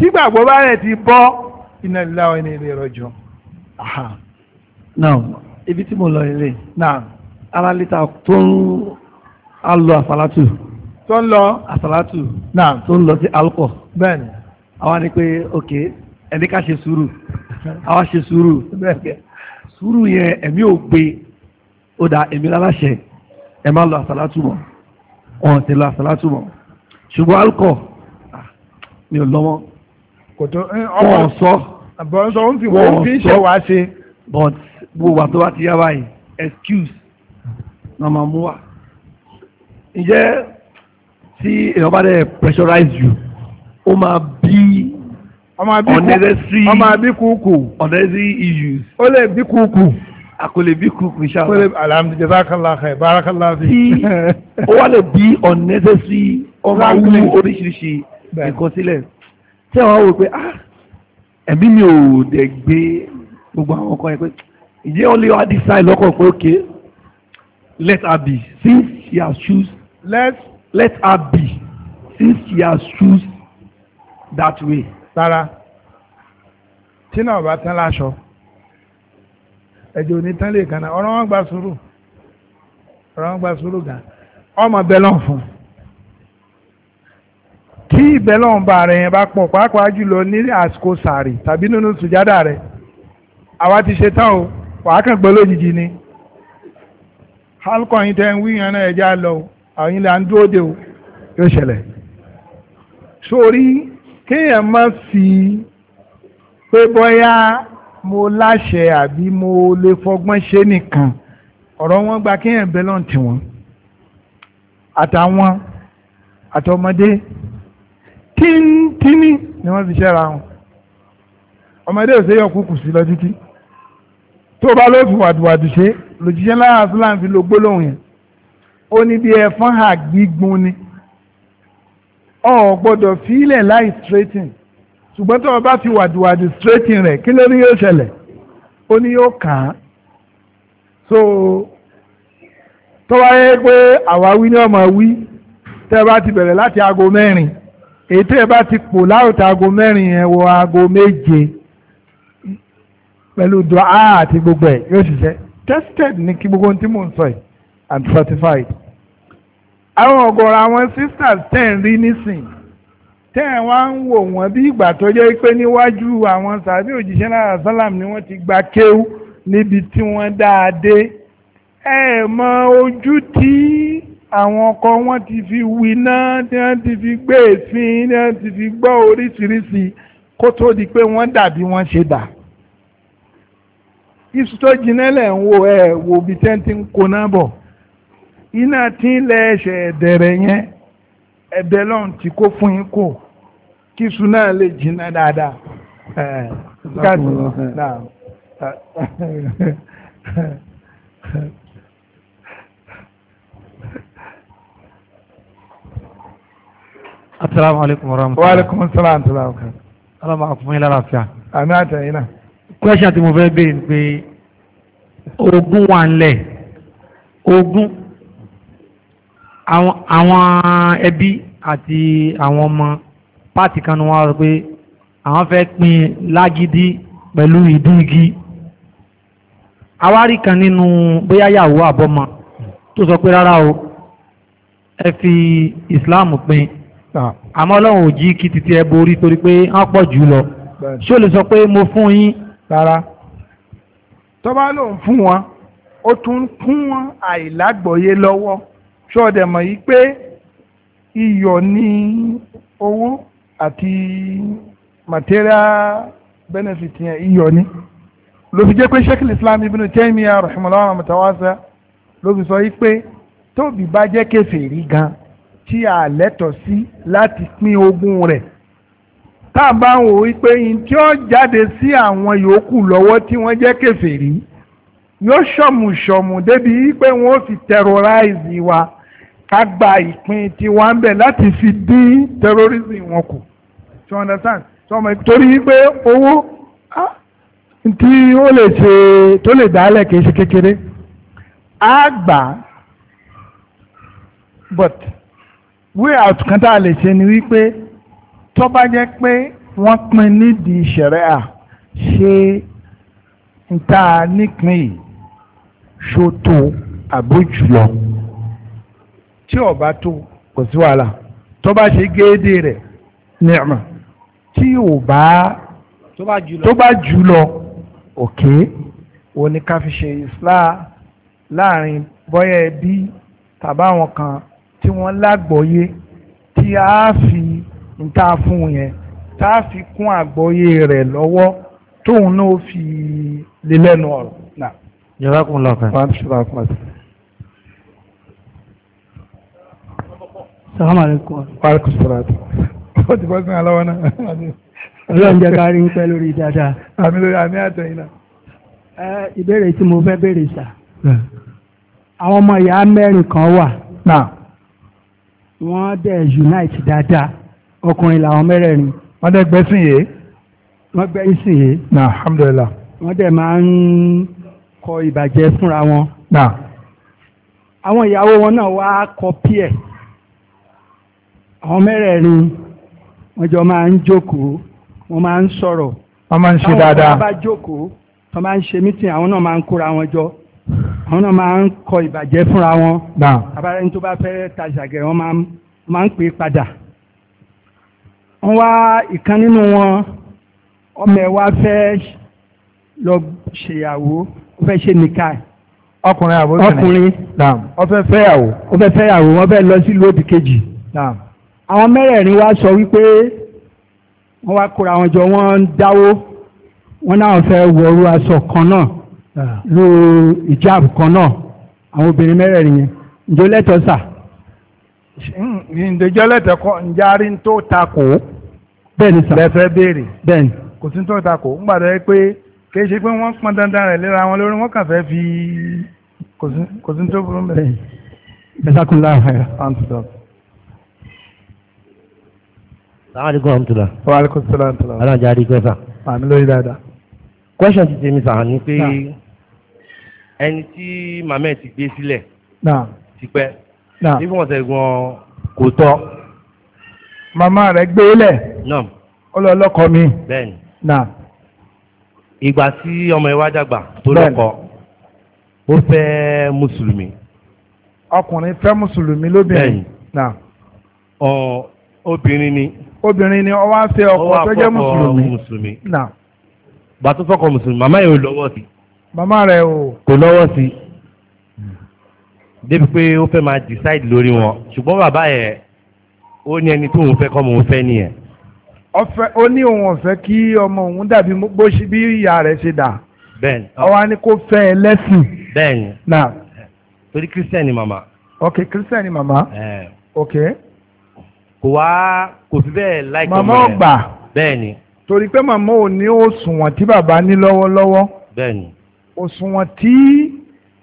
tígbàgbọ́ bá rẹ̀ ti bọ́ inna lillahi wa inna ilayhi raji'un. now ibi tí mo lọ ilé. now ara lítà tó ń a lọ àsálátù. tó ń lọ. àsálátù. now tó ń lọ sí alukọ. bẹ́ẹ̀ni. àwa ni pé ok ẹni ká ṣe sùúrù àwa ṣe sùúrù. bẹ́ẹ̀ sùúrù yẹn ẹ̀mí ò gbé ó dà èmi láláṣẹ ẹ má lọ àsálátù mọ́ ọ̀hún ti lọ àsálátù mọ́ ṣùgbọ́n alukọ ah, mi ò lọ́wọ́ kò tó eh, sọ àbọ̀ but gbogbo àti wá ti yá excuse na máa mú wa. ǹjẹ́ tí pressurize you ó máa bí unnecessary ó máa bí kúkú unnecessary issues. ó lè bí kúkú. a kò lè bí kúkú ṣáà. kò lè alhamdulilayi jazakallah khair barakallah fi. tí ó wá lè bí unnecessary ó máa wú oríṣiríṣi nǹkan sílẹ̀ tí àwọn wò pé ah ẹ̀mí mi ò dẹ̀ gbé gbogbo àwọn ọkọ yẹn pé ìyẹ́ ó lé wá decide lọ́kọ̀ pé ok let her be since she has choose let let her be since she has choose that way. rárá tí náà bá tán láṣọ ẹ̀jẹ̀ onítàn lè kànáà ọ̀rọ̀ wọn gba sùúrù ọ̀rọ̀ wọn gba sùúrù gan ọmọ bẹ́ẹ̀ lọ́n fún un tí ìbẹ́lọ́nba rẹ̀ yẹn bá pọ̀ pàápàá jùlọ ní àsìkò sàárì tàbí nínú sùjádà rẹ̀ àwa ti ṣe tán o wàá kàn gbọ́ lójijì ni halkọ́ yìí tẹ́ ń wí yẹn náà ẹja lọ o àwọn ilẹ̀ à ń dúró de o yóò ṣẹlẹ̀ sórí kéèyàn má fi pé bóyá mo láṣẹ àbí mo lè fọgbọ́n ṣe nìkan ọ̀rọ̀ wọn gba kéèyàn bẹ́lọ̀ tiwọn àtàwọn àtọmọdé tíntínní ni wọ́n fi ṣẹ́ra wọn ọmọdé òṣèré ọkùnkùn sí lọ títí tó bá ló fi wàdùwàdù ṣe lòjíṣẹ́ lára fúlàn fi lo gbólóhùn yẹn ó ní bí ẹfọ́n hà gbígbón ni ọ gbọ́dọ̀ fílẹ̀ láì straighten ṣùgbọ́n tó o bá fi wàdùwàdù straighten rẹ̀ kí ló ní yóò ṣẹlẹ̀ ó ní yóò kàn án so tó wáyé pé àwa wí ni ọmọ wí tẹ́ bá ti bẹ̀rẹ̀ láti aago mẹ́rin ètò ẹ̀ bá ti pò láwùtà aago mẹ́rin yẹn wọ aago méje pẹ̀lú dua àti gbogbo ẹ̀ yóò ṣiṣẹ́ tested ní kí gbogbo ohun tí mò ń sọ yìí and certified. àwọn ọ̀gọ̀rọ̀ àwọn sisters tẹ̀ ń rí nísìn tẹ̀ ń wá ń wò wọ́n bí ìgbà tó jẹ́ pé níwájú àwọn sàbí òjíṣẹ́ náà sálàm ni wọ́n ti gba kéwú níbi tí wọ́n dáa dé ẹ̀ mọ ojú tí àwọn ọkọ wọn ti fi winá tí wọ́n ti fi gbé èéfín tí wọ́n ti fi gbọ́ oríṣiríṣi kó tó di pé wọ́n dàbí wọ́n ṣe dà iṣu tó jiná lẹ̀ ń wo ẹ̀ wo bí tẹ́ ti ń koná bọ̀ iná tí ń lẹ ẹsẹ̀ ẹ̀dẹ̀rẹ̀ yẹn ẹ̀bẹ̀ lọ́n ti kó fún yín kò kí iṣu náà lè jiná dáadáa. Káàdì náà. السلام عليكم wa الله wa aleykum salaam tula ọkàn. ala ma fún yín lára fìyà. àmì àtẹ̀yìn náà. question tí mo fẹ́ béèrè pé ogun wà ńlẹ̀ ogun àwọn ẹbí àti àwọn ọmọ pàtì kan ni wọ́n sọ pé àwọn fẹ́ pín lágídí pẹ̀lú ìdí igi awárí kan nínú bóyá yàwó àbọ́mọ tó sọ pé rárá o ẹ fi ìsìláàmù pín àmọ́ ọlọ́run ò jí kí titi ẹ borí torí pé wọ́n pọ̀ jù lọ ṣó lè sọ pé mo fún yín rárá tó bá lòun fún wọn ó tún kún wọn àìlágbọ̀yé lọ́wọ́ ṣọ́ọ̀dẹ̀ mọ̀ yí pé iyọ̀ ní owó àti material benefit yẹn iyọ̀ ní ló fi jẹ́ pé sheikh islam ibn Taymiyyah rahimahullah mọ̀tàwáṣá ló fi sọ yí pé tóbi bá jẹ́ kèfèrí gan-an tí a lẹ́tọ̀ sí láti pín ogún rẹ̀ tá a bá ń wò wípé yín tí ó jáde sí àwọn yòókù lọ́wọ́ tí wọ́n jẹ́ kèfèrí yóò ṣọ̀mù ṣọ̀mù débi wípé wọ́n fi terrorize wa ká gba ìpín tiwa ń bẹ̀ láti fi dín terrorism wọn kù to understand sọmọ torí wípé owó ah, tí ó lè ṣe tó lè dálẹ̀ kìí ṣe kékeré á gbà but way out kan tá a lè ṣe ni wípé tó bá jẹ́ pé wọ́n pín nídìí ìṣẹ̀rẹ́ à ṣe ń tá a nípìn yìí ṣòtò àbójúlọ tí ó bá tó kò sí wàhálà tó bá ṣe géèdè rẹ̀ ní tí ò bá tó bá jùlọ òkè òní ká fi ṣe ìsìlá láàrin bọ́yá ẹbí tàbáwọn kan tí wọ́n lágbọ́yé tí a fi ń ta fún yẹn tá a fi kún àgbọ́yé rẹ̀ lọ́wọ́ tóun náà fi lè lẹ́nu ọ̀rọ̀ náà. yàrá kun lọ́kàn. wàá fi ṣùgbọ́n àkùnrin àti. salamu alaikum. wàhálà kùsùràtù. ó ti bọ́ sí àlọ́wọ́ náà. ọlọ́run jẹ́ ká rí ń pẹ́ lórí dáadáa. àmì lórí àmì àtẹ̀yìn náà. ìbéèrè tí mo fẹ́ béèrè sà. àwọn ọmọ ìyá mẹ́rin kan wà. náà wọ́n dẹ̀ unite dáadáa ọkùnrin làwọn mẹ́rẹ̀ẹ̀rin. wọ́n dẹ̀ gbẹ́sìn yìí. wọ́n gbẹ́sìn yìí. na alhamdulilah. wọ́n dẹ̀ máa ń kọ ìbàjẹ́ fúnra wọn. na. àwọn ìyàwó wọn náà wá kọpí ẹ̀. àwọn mẹ́rẹ̀ẹ̀rin wọ́n jọ máa ń jókòó wọ́n máa ń sọ̀rọ̀. wọ́n máa ń ṣe dáadáa. táwọn bá jókòó wọ́n máa ń ṣe mítìn àwọn náà máa ń kóra wọn jọ àwọn náà máa ń kọ ìbàjẹ́ fúnra wọn abára ẹni tó bá fẹ́ tajà gẹ̀rẹ́ wọn máa ń pè é padà wọ́n wá ìkan nínú wọn ọmọ ẹ̀ wá fẹ́ lọ ṣèyàwó ó fẹ́ ṣe nìka ọkùnrin àbójútó ọkùnrin ó fẹ́ fẹ́yàwó ó fẹ́ fẹ́yàwó wọ́n fẹ́ lọ sílùú òdì kejì àwọn mẹ́rẹ̀ẹ̀rin wá sọ wípé wọ́n wá kóra wọn jọ wọ́n ń dáwó wọ́n náà fẹ́ wọ̀ọ́rú aṣọ kan náà lo ìjáàbù kan náà àwọn obìnrin mẹ́rẹ̀ẹ̀rin yẹn ǹjọ́ lẹ́tọ̀ọ́ sà. ǹjọ́ lẹ́tọ̀ọ́ kọ́ njarí tó takò. bẹ́ẹ̀ni sà lẹ́fẹ́ béèrè. bẹ́ẹ̀ni. kò sí tó takò ń gbàdọ̀ pé kì í ṣe pé wọ́n pọn dandan rẹ̀ léra wọn lórí wọ́n kàn fẹ́ fi kò sí tó burú mẹ́rin. Ẹ̀sákùnlá àhàyà. Sàmàlíkùn àmtùlá. Wàhálíkùn sàlámtùlá. Alájà àdìgbẹ́sà. Àmì lórí dáadáa. Kwẹ́sọ̀n ti tèmi sàn ni pé ẹni tí màmá ẹ̀ ti gbé sílẹ̀ tipẹ́ nígbà wọn sẹ́gun kò tọ́. màmá rẹ̀ gbé lẹ̀ ó lọ lọ́kọ mi. bẹ́ẹ̀ni ìgbà tí ọmọ ẹ̀ wá dàgbà tó lọ́kọ ó fẹ́ mùsùlùmí. ọkùnrin fẹ́ mùsùlùmí lóbìnrin. bẹ́ẹ̀ni obìnrin ni. obìnrin ni ó wá fẹ́ ọkọ tó jẹ́ mùsùlùmí. bàtú fọkọ mùsùlùmí màmá yìí lọ́wọ́ sí i màmá rẹ̀ o. kò lọ́wọ́ sí débi pé ó fẹ́ máa decide lórí wọn ṣùgbọ́n bàbá yẹn ó ní ẹni tó òun fẹ́ kọ́ ọmọ òun fẹ́ nìyẹn. ọfẹ ó ní òun ọfẹ kí ọmọ òun dàbí bó ṣe bí ìyá rẹ̀ ṣe dà. bẹ́ẹ̀ni ọwọ ni kò fẹ́ ẹ lẹ́sìn. bẹ́ẹ̀ni na torí christian màmá. ok christian ni màmá. Eh. ok. kò wá kò fi bẹ́ẹ̀ láìpẹ́ mọ́ ẹ. màmá ọgbà. bẹ́ẹ̀ni. torí pé màmá ò ní òṣùwọ̀n tí bàbá ní lọ́wọ́lọ́wọ́. bẹ́ẹ̀ni òṣùwọ̀n tí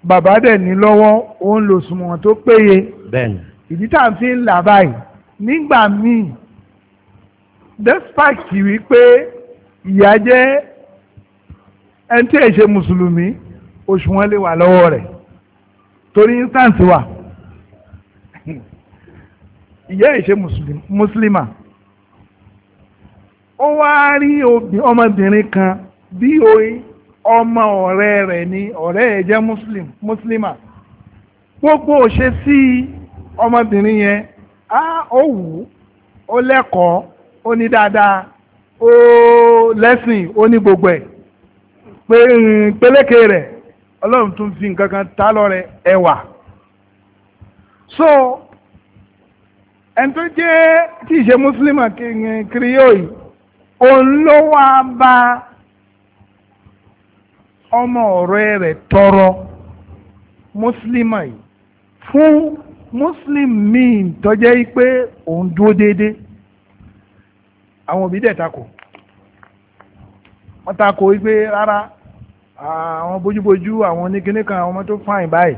bàbá dẹ̀ ní lọ́wọ́ òun lò òṣùwọ̀n tó péye ìdí tá à ń fi ń là báyìí nígbà míì despite wípé ìyá jẹ́ ẹni tí èṣe mùsùlùmí òṣùwọ̀n lè wà lọ́wọ́ rẹ̀ torí instance wà ìyá èṣe mùsùlùmá ó wá rí ọmọbìnrin kan bí oyin ọmọ ọ̀rẹ́ rẹ̀ ni ọ̀rẹ́ ẹ̀ jẹ́ muslim muslima gbogbo òṣè sí ọmọbìnrin yẹn á ó wù ó lẹ́kọ̀ọ́ ó ní dáadáa ó lẹ́sìn ó ní ẹ̀ pé ọlọ́run tún fi nǹkan kan ta lọ́rẹ̀ so ẹni tó jẹ́ kiri yóò yìí òun ló wá ọmọ ọ̀rẹ́ rẹ̀ tọrọ mùsùlùmá yìí fún mùsùlùmí míì tọ́jẹ́ pé òun dúró déédéé àwọn òbí dẹ̀ takò wọ́n takò wípé rárá àwọn bójúbójú àwọn oníkíní kan àwọn ọmọ tó fáìn báyìí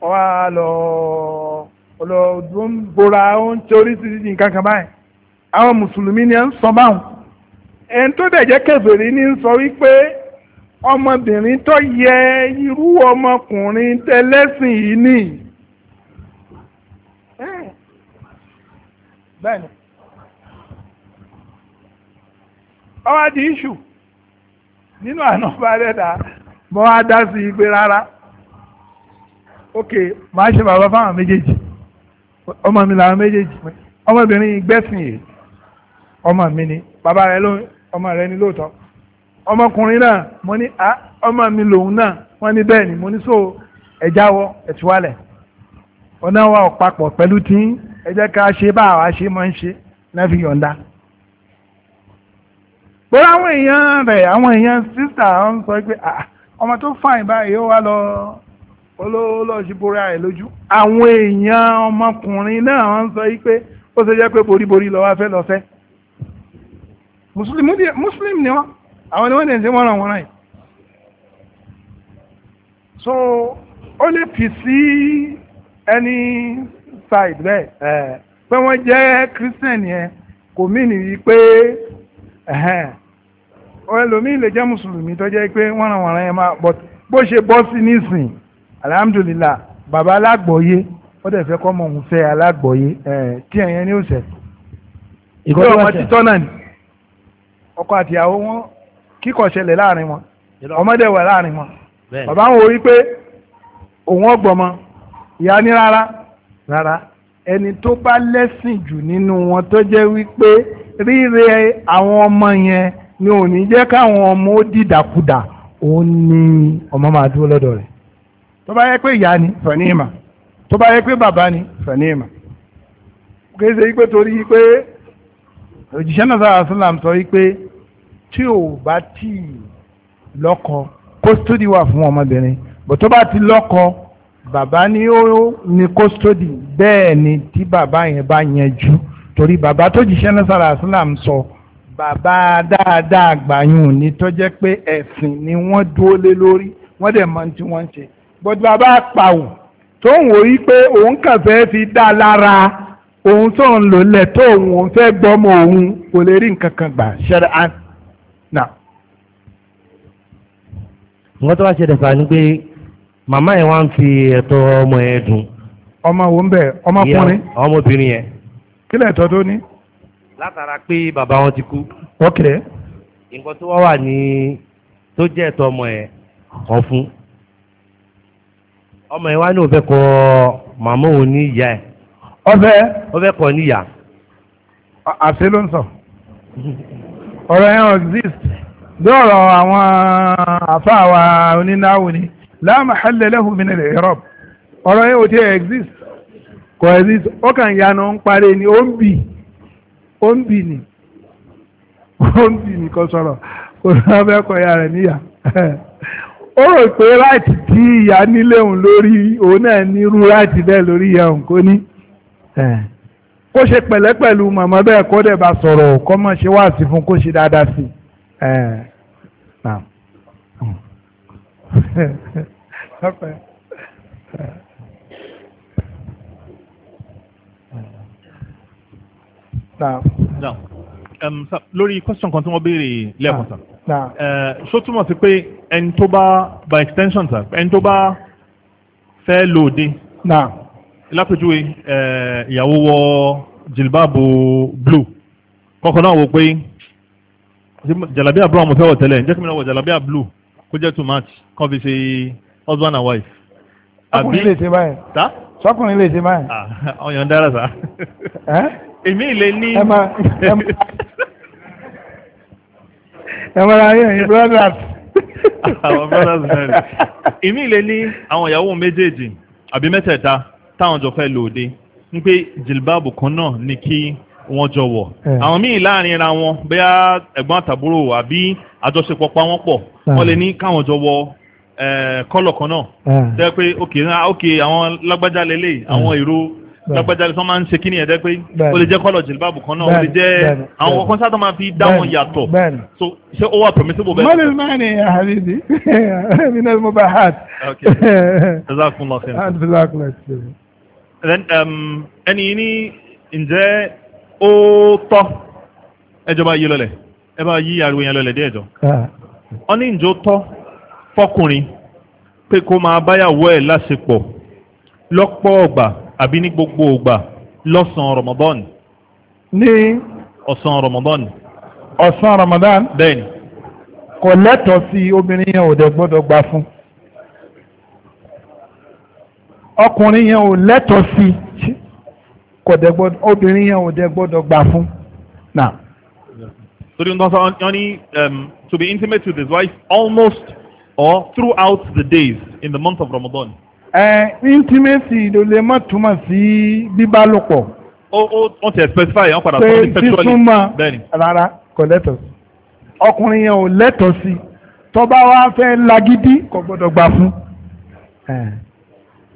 wọ́n wá lọ ọlọ tó ń bora ó ń torí sí nǹkan kan báyìí àwọn mùsùlùmí ni ẹ ń sọ báwọn ẹni tó dẹ̀ jẹ́ kèfèrí ni sọ wípé ọmọbìnrin tó yẹ irú ọmọkùnrin tẹlẹ́sìn yìí ni. bẹ́ẹ̀ni ọwọ́ di iṣu nínú ànáfà rẹ̀dá mọ́ á dá sí i pé rárá ok màá ṣe bàbá fáwọn méjèèjì ọmọ mi làwọn méjèèjì ọmọbìnrin gbẹ̀sìn yìí ọmọ mi ni bàbá rẹ̀ ló ọmọ rẹ̀ ni lóòótọ́ ọmọkùnrin náà mo ní ah, ọmọ mi lòun náà wọ́n ní bẹ́ẹ̀ ni mo ní so ẹ̀jáwọ́ ẹ̀túwálẹ̀ ọ̀nà wa ọ̀pápọ̀ pẹ̀lú tí ẹ jẹ́ ká ṣe bá àwa ṣe máa ń ṣe náà fi yọ̀ǹda. bóyá àwọn èèyàn rẹ̀ àwọn èèyàn sísà ń sọ pé ah, ah, ọmọ tó fàìn báyìí ó wá lọ olóòṣìbóra ẹ̀ lójú. àwọn èèyàn ọmọkùnrin náà ń sọ pé ó ṣe jẹ́ pé boríborí lọ́wọ́ fẹ́ lọ́fẹ́. mùsùlùmí ni wọ́n àwọn ni wọ́n dẹ̀ ń ṣe wọ́n wọ́n so ó lè fi sí ẹni side bẹ́ẹ̀ ẹ̀ eh, pé wọ́n jẹ́ christian yẹn kò mí nìyí pé ẹlòmíì lè jẹ́ mùsùlùmí tó jẹ́ pé wọ́n ràn wọ́n ràn yẹn máa but bó ṣe bọ́ sí nísìn alhamdulillah bàbá alágbọ̀ọ́yé ó dẹ̀ fẹ́ kọ́ mọ òun fẹ́ alágbọ̀ọ́yé eh, tí ẹ̀yẹn ní òsẹ̀ ìgbọ́dọ̀ wọn ti tọ́nà ni ọkọ àtìyàwó wọn kíkọ̀ ṣẹlẹ̀ láàrin wọn ọmọdé wà láàrin wọn bàbá wọn wí pé òun ọgbọmọ ìyá ní rárá rárá ẹni tó bá lẹ́sìn jù nínú wọn tó jẹ́ wípé ríre àwọn ọmọ yẹn ni ò ní jẹ́ káwọn ọmọ ó dìdàkudà òun ni ọmọ máa dúró lọ́dọ̀ rẹ̀ tó bá yẹ pé ìyá ni fẹ̀níìmà tó bá yẹ pé bàbá ni fẹ̀níìmà kò kí ṣe wípé torí wípé òjíṣẹ́ náà sáà sọ́làm sọ wípé tí ò bá tí ì lọ́kọ kóstódì wà fún ọmọbìnrin bó tó bá ti lọ́kọ bàbá ni ó ní kóstódì bẹ́ẹ̀ ni tí bàbá yẹn bá yanjú torí bàbá tó jíṣẹ́ náà sára islam sọ bàbá dáadáa gbàyùn ni tó jẹ́ pé ẹ̀sìn ni wọ́n dúró lé lórí wọ́n dẹ̀ mọ tí wọ́n ń ṣe bọ́dọ̀ bàbá pàwọ̀ tó ń wò yí pé òun kàn fẹ́ fi dá lára òun tó ń lò lẹ̀ tó òun fẹ́ gbọ́mọ òun kò lè rí nǹkan kan gbà ṣẹ́ra án. nǹkan tó wá ṣe dẹ̀fà ni pé màmá yẹn wá ń fi ẹ̀tọ́ ọmọ yẹn dùn. ọmọ wo ń bẹ ọmọkùnrin. ọmọbìnrin yẹn. kí tó ní. látara pé bàbá wọn ti kú. ok. nǹkan tó wá wà ní tó jẹ́ ẹ̀tọ́ ọmọ yẹn kọ́ fún. ọmọ yẹn wá ní òfẹ́ kọ màmá òun ní ìyá ẹ̀. ọfẹ́. ọfẹ́ kọ níyà. àṣẹ ló ń exist. dọ́rọ̀ àwọn àfáàwà onínáwó ni láàmà hallẹ́lẹ́hùn mi nílẹ̀ europe ọ̀rọ̀ yẹn ò tí exist kò exist ó kàn yanu ń parí ni ó ń bì ni ó ń bì ni ya rẹ̀ níyà ó rò pé láti tí ìyá nílé òun lórí òun náà nírú láti bẹ́ẹ̀ lórí ìyá òun kò ní kó ṣe pẹ̀lẹ́ màmá bẹ́ẹ̀ kó dẹ̀ bá sọ̀rọ̀ ṣe wá sí fún kó ṣe dáadáa sí um lori question kan tí wọ́n béèrè lẹ́ẹ̀kan sir eh, ṣó túmọ̀ sí pé ẹni tó bá by extension sir ẹni tó bá fẹ́ lòde lápèjúwe eh, ìyàwó wọ jìlbáàbò blue kọ́kọ́ náà wò pé jàlábíà brown mo fẹ́ wọ̀ tẹ́lẹ̀ ǹjẹ́ kí mi náà wọ jàlábíà blue kó jẹ́ much. kọ́ fi ṣe husband and wife. ọkùnrin lè ṣe báyìí. ta sọkùnrin lè ṣe báyìí. Ah, ọyàn dára sa. èmi ìlé ní. ẹ máa ẹ máa ra yẹn brothers. àwọn brothers náà èmi ìlé ní àwọn ìyàwó méjèèjì àbí mẹ́tẹ̀ẹ̀ta táwọn jọ fẹ́ lòde ń pé jìlbáàbù kan náà ni kí wọn jọ wọ̀ eh. àwọn míì láàrin ra wọn bóyá ẹ̀gbọ́n àtàbúrò àbí àjọṣepọ̀ pa wọ́n pọ̀ eh. wọ́n lè ní káwọn jọ wọ̀ eh, kọ́lọ̀ kan náà tẹ́ pé òkè òkè àwọn lágbájá lélẹ̀ àwọn èrò lágbájá lè sọ máa ń ṣe kíni ẹ̀dẹ́ pé ó lè jẹ́ kọ́lọ̀ jìlbáàbù kan náà ó lè jẹ́ àwọn ọkọ̀ sáà tó máa fi dá wọn yàtọ̀ so ṣé ó wà permissible bẹ́ẹ̀. mọ́lẹ̀ máa ní àhàbíbi min al-mubahat. ẹni ní ǹjẹ́ ó tọ́ ẹjọ́ bá yí lọlẹ̀ ẹ bá yí ariwo yẹn lọlẹ̀ díẹ̀ jọ. wọ́n ní ìjọ tọ́ fọkùnrin pé kó máa báyàwó ẹ̀ láṣepọ̀ lọ́pọ̀ ọgbà àbí ní gbogbo ọgbà lọ́sàn-án Ramadan. ní ọ̀sán Ramadan. ọ̀sán Ramadan. bẹ́ẹ̀ni. kò lẹ́tọ̀ọ́ sí obìnrin yẹn ò dẹ̀ gbọ́dọ̀ gbà fún. ọkùnrin yẹn ò lẹ́tọ̀ọ́ sí kò dẹ̀ gbọ́dọ̀ obìnrin yẹn ò dẹ̀ gbà fún. torí nǹkan sọ um, to be intimate with his wife almost or throughout the days in the month of Ramadan. ẹ intimacy ló lè má túmọ̀ sí bíbálòpọ̀. ó ó wọ́n ti specify wọ́n padà sọ ní sexually. pé sísúnmọ́ rárá kò lẹ́tọ̀ọ́ sí ọkùnrin yẹn ò lẹ́tọ̀ọ́ sí tó bá fẹ́ lágídí kò gbọ́dọ̀ gbà fún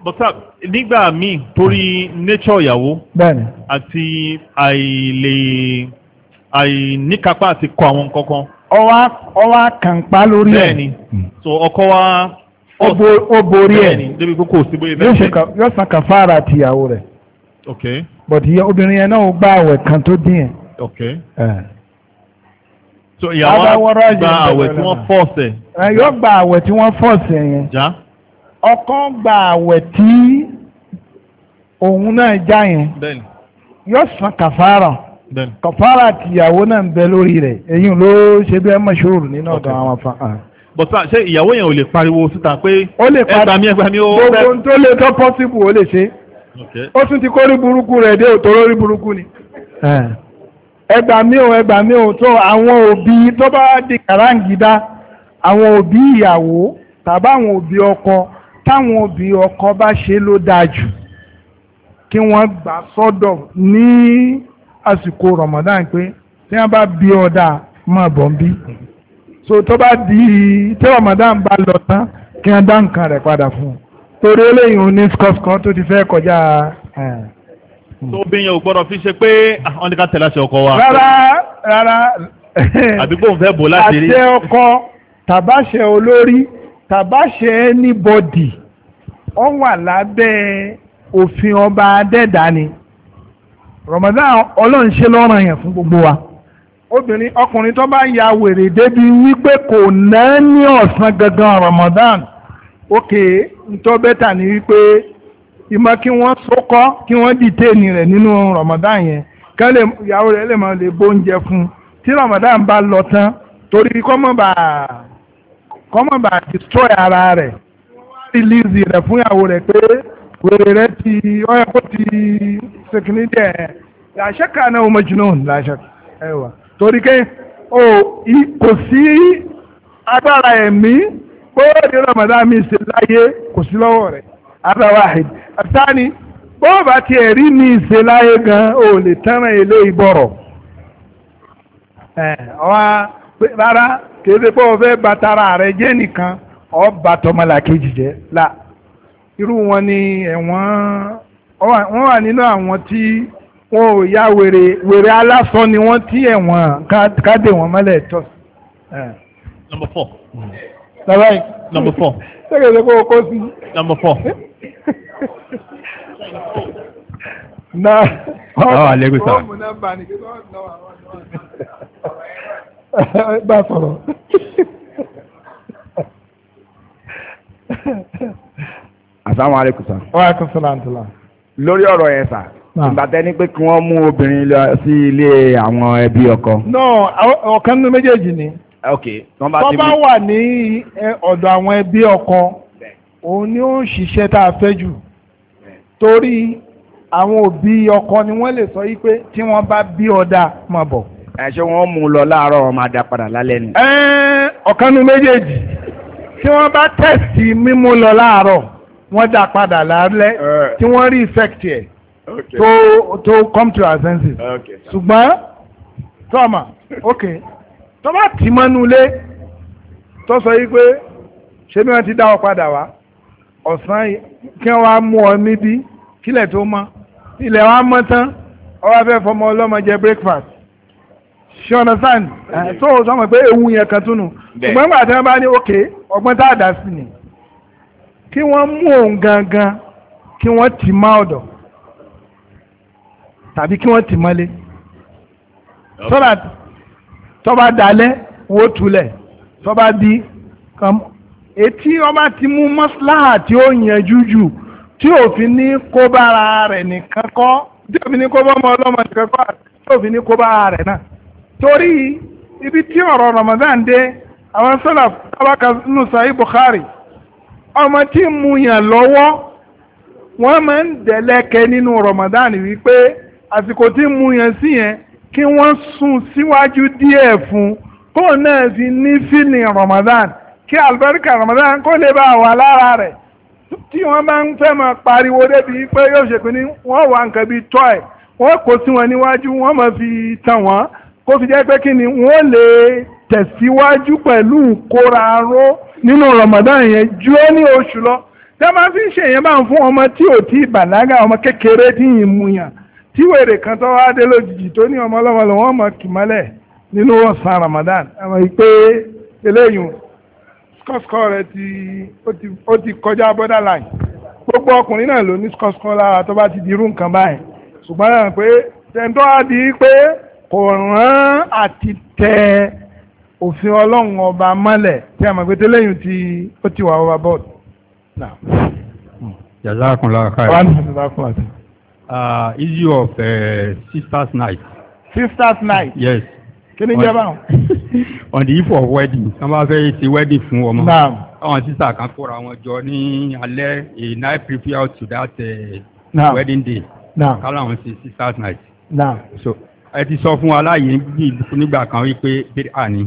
bọ́sà uh, nígbà míì torí nature ìyàwó àti àìlè àìníkápá àti kọ àwọn kankan. ọwá ọwá kàǹpá lórí ẹ̀ bẹ́ẹ̀ni so ọkọ wa. ó borí ẹ̀ bẹ́ẹ̀ni débi kókó sí bóyá bẹ́ẹ̀ ṣe. yóò san kàfàrà àti ìyàwó rẹ̀. ok but obìnrin yẹn náà gba àwẹ̀ kan tó dín yẹn. ok so ìyàwó gba àwẹ̀ tí wọ́n fọ̀ọ̀sẹ̀. yóò gba àwẹ̀ tí wọ́n fọ̀ọ̀sẹ̀ yẹn ọkàn gba àwẹ̀ tí òun náà já yẹn yóò san kàfàrà kàfàrà tìyàwó náà ń bẹ lórí rẹ̀ èyí ló ṣe bí ẹ mọ̀ṣúrù nínú ọ̀dọ̀ àwọn afa. Ah. bọ̀sá ṣé ìyàwó yẹn ò lè pariwo síta pé ẹgbà mi ẹgbà mi ó fẹ́. gbogbo tó lè tó pọ́sibù ó lè ṣe ó tún ti kórí burúkú rẹ̀ dé òtò lórí burúkú ni. Eh. ẹgbà mi ò ẹgbà mi ò tó àwọn òbí tó bá di kàráǹgídá àwọn òbí ìyàwó tàbá àwọn òbí ọkọ táwọn òbí ọkọ bá ṣe ló dáa jù kí wọ́n gbà sọ́dọ̀ ní àsìkò Ramadan pé tí wọ́n bá bí ọ̀dà máa bọ̀ ń bí so tó bá di tí Ramadan bá lọ tán kí wọ́n dá nǹkan rẹ̀ padà fún un torí eléyìí òun ní skọ́skọ́ tó ti fẹ́ kọjá tó obìnrin ò gbọ́dọ̀ fi ṣe pé ah, wọ́n ní ká tẹ̀lé aṣọ ọkọ wa. rárá rárá àbí ń fẹ́ bò láti rí. àṣẹ ọkọ tàbáṣẹ olórí tàbáṣe anybody ó wà lábẹ́ òfin ọba adẹ́dá ni Ramadan ọlọ́run ṣe lọ́ràn yẹn fún gbogbo wa obìnrin ọkùnrin tó bá ya wèrè débi wípé kò ná ní ọ̀sán gangan Ramadan òkè ntọ́ bẹ́tà ni wípé ìmọ̀ kí wọ́n sókọ́ kí wọ́n dìtẹ́ẹ̀nì rẹ̀ nínú Ramadan yẹn kí ìyàwó rẹ̀ lè máa lè bóúnjẹ fún un tí Ramadan bá lọ tán torí kọ́mọ́ bá kọ́mọ̀ bá destroy ara rẹ̀ release rẹ̀ fún ìyàwó rẹ̀ pé wèrè rẹ̀ ti ọyọ kó ti sèkìní díẹ̀ làṣẹ kàánà ọmọ jùlọ làṣẹ ẹwà torí ké o kò sí agbára ẹ̀mí pé ó di Ramadan mi ṣe láyé kò sí lọ́wọ́ rẹ̀ abawahid àtàní bó bá tiẹ̀ rí mi ṣe láyé gan o lè tẹ́ràn ilé ìbọ̀rọ̀ ẹ̀ ọ́ rárá kéde pé o fẹ́ batara rẹ jẹ́ nìkan ọ batọmọlàkejì jẹ́ la irú wọn ni ẹ̀wọ̀n wọ́n wà nínú àwọn tí wọn ò ya wèrè wèrè alásán ni wọ́n tí ẹ̀wọ̀n kádé wọn mọ́lẹ̀ tọ́. number four. bàbá yìí. number four. sẹ́kẹ̀ sẹ́kẹ̀ o kó sí. number four. na. ọ̀ ọ̀ àlẹ́ gbèsè. ó mú nọ́mbà ni kí ló ń lọ àwọn ọ̀dọ́. (laughs) bá sọ̀rọ̀ asalaamu aleykum wa aleykum salaam tula. lórí ọ̀rọ̀ yẹn sa. ìgbàtẹ́ ni pé kí wọ́n mú obìnrin lọ sí ilé àwọn ẹbí ọkọ. no ọ̀kan nínú méjèèjì ni. ok wọ́n bá ti mú. tọ́ba wà ní ọ̀dọ̀ àwọn ẹbí ọkọ òun ni ó ń ṣiṣẹ́ tá a fẹ́ jù torí àwọn òbí ọkọ ni wọ́n lè sọ yí pé tí wọ́n bá bí ọ̀dà máa bọ̀ ẹṣẹ wọn mú lọ láàárọ̀ wọn máa dá padà lálẹ́ ni. ọ̀kanú méjèèjì tí wọ́n bá tẹ̀sì mímú lọ láàárọ̀ wọ́n dá padà lálẹ́ tí wọ́n rí effect ẹ̀ tó tó come to our senses. ṣùgbọ́n tọ́mà ok tó bá tì mọ́nú ilé tó sọ yí pé ṣé bí wọ́n ti dá ọ padà wá ọ̀sán kí wọ́n á mú ọ níbí kílẹ̀ tó mọ́ ilẹ̀ wa mọ́ tán ọ wá fẹ́ fọmọ ọlọ́mọ jẹ breakfast ṣe ọ̀nà sand tó o sọmọ eh, pé ewu yẹn kan túnú ṣùgbọ́n nígbà tí wọ́n bá ní òkè ọgbọ́n tá a dà sí ni kí wọ́n mú òun gangan kí wọ́n tì má ọ̀dọ̀ tàbí kí wọ́n tì mọ́lé sọ́dà tọ́ba dalẹ̀ wó tulẹ̀ tọ́ba di etí ọba ti mú mọ́sálà tí ó yanjú jù tí òfin ní kó bára rẹ̀ nìkan kọ́ tí òfin ní kó bá ọmọ ọlọ́mọ nìkan kọ́ tí òfin ní kó bára rẹ̀ náà torí ibi tí ọ̀rọ̀ Ramadan dé àwọn sọ́là tábàkà nùsà Bukhari ọmọ tí mu yàn lọ́wọ́ wọ́n máa ń dẹ̀lẹ́kẹ́ nínú Ramadan wípé àsìkò tí mu yàn sí yẹn kí wọ́n sún síwájú díẹ̀ fún kóun náà fi ní fílì Ramadan kí àlùbáríkà Ramadan kó lè bá wà lára rẹ̀ tí wọ́n bá ń fẹ́ máa pariwo débi pé yóò ṣèpín wọ́n wà nǹkan bíi tọ́ẹ̀ wọ́n kò sí wọn níwájú wọ́n máa fi tàn wọ́n kó fi jẹ́ pé kí ni wọ́n lè tẹ̀síwájú pẹ̀lú kóraró nínú Ramadan yẹn ju ó ní oṣù lọ tẹ́ máa fi ń ṣe yẹn bá ń fún ọmọ tí ò tí bàlágà ọmọ kékeré tí yìí mú yàn tí wèrè kan tó wá lójijì tó ní ọmọ ọlọ́mọ lọ́wọ́ ọmọ kìmọ́lẹ̀ nínú ọ̀sán Ramadan àmọ́ ìpè eléyìí skọ́skọ́ rẹ̀ ti ó ti kọjá borderline gbogbo ọkùnrin náà ló ní skọ́skọ́ lára tó bá ti di irú nǹkan báyìí ṣùgbọ́n pé tẹ̀ńtọ́ á di pé kò rán àti tẹ òfin ọlọ́run ọba mọ́lẹ̀ tí a mọ̀ pé tẹ́lẹ̀yìn tí ó ti wà ọba bọ́ọ̀dù. jazakumullahu khairan. Uh, issue of uh, sisters night. sisters night. yes. kí ni jẹ́ báwọn. (laughs) on the eve of wedding wọ́n bá fẹ́ ṣe wedding fún ọmọ. naam àwọn sísà kan kóra wọn jọ ní alẹ́ a night previous to that uh, wedding day. naam no. kálá ṣe sisters night. Now. so ẹ ti sọ fún wa láàyè nígbà kan wípé bídà ni.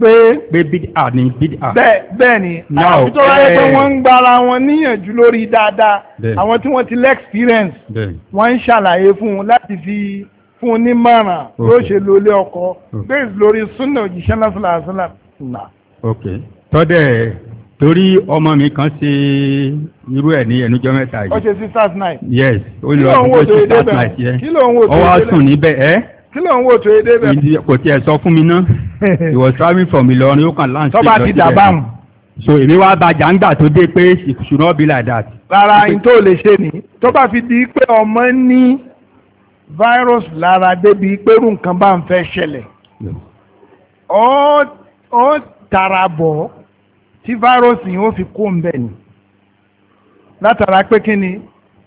pé pé bídà ni bídà. bẹ́ẹ̀ bẹ́ẹ̀ ni àwọn tó wáyé pé eh, wọ́n ń gbára wọn níyànjú lórí dáadáa àwọn tí wọ́n ti lé experience ń ṣàlàyé fún un láti fi fún un ní mọ̀ràn yóò ṣe lo ilé ọkọ based lórí súnà òjíṣẹ́ lásìlá àṣìlá. ok tọ́dẹ̀ torí ọmọ mi kan ṣe irú ẹ̀ ní ẹnujọ́ mẹ́ta yìí. ó ṣe sisters night. yes ó lọ sí sisters night yẹn. kí ló ń wò tó ìdébẹ̀. ó wá sùn níbẹ̀ ẹ́ kí ló ń wò tó edé bẹ́ẹ̀. ìdí kò tiẹ̀ sọ fún mi ná (laughs) he was travelling from Ìlọrin ó kàn láǹtì lọ sílẹ̀ tọ́ba ti dà báwọn. so èmi wá bàjá ń gbà tó dé pé it should not be like that. rárá n tó lè ṣe ni tó bá fi di pé ọmọ ní virus lára débi pé irú nǹkan bá ń fẹ́ ṣẹlẹ̀ ó tara bọ̀ tí virus yìí ó fi kó ń bẹ̀ ni látara pé kí ni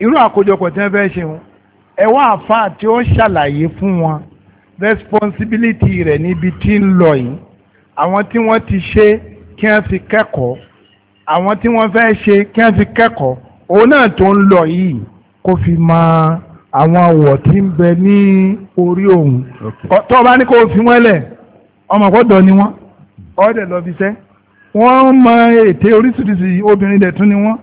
irú àkójọpọ̀ tí wọ́n fẹ́ ṣe wọn ẹ wá tí ó ṣàlàyé fún wọn responsibility rẹ̀ níbi tí ń lọ yìí àwọn tí wọ́n ti ṣe kí wọ́n fi kẹ́kọ̀ọ́ àwọn tí wọ́n fẹ́ ṣe kí wọ́n fi kẹ́kọ̀ọ́ òun náà tó ń lọ yìí kó fi mọ àwọn ọ̀wọ̀ tí ń bẹ ní orí òun tó o bá ní kó o fi wọ́n lẹ̀ ọmọ gbọ́dọ̀ ni wọ́n ọ̀dẹ̀ lọ fi sẹ́ wọ́n mọ ète oríṣiríṣi obìnrin dẹ̀ tún ni wọ́n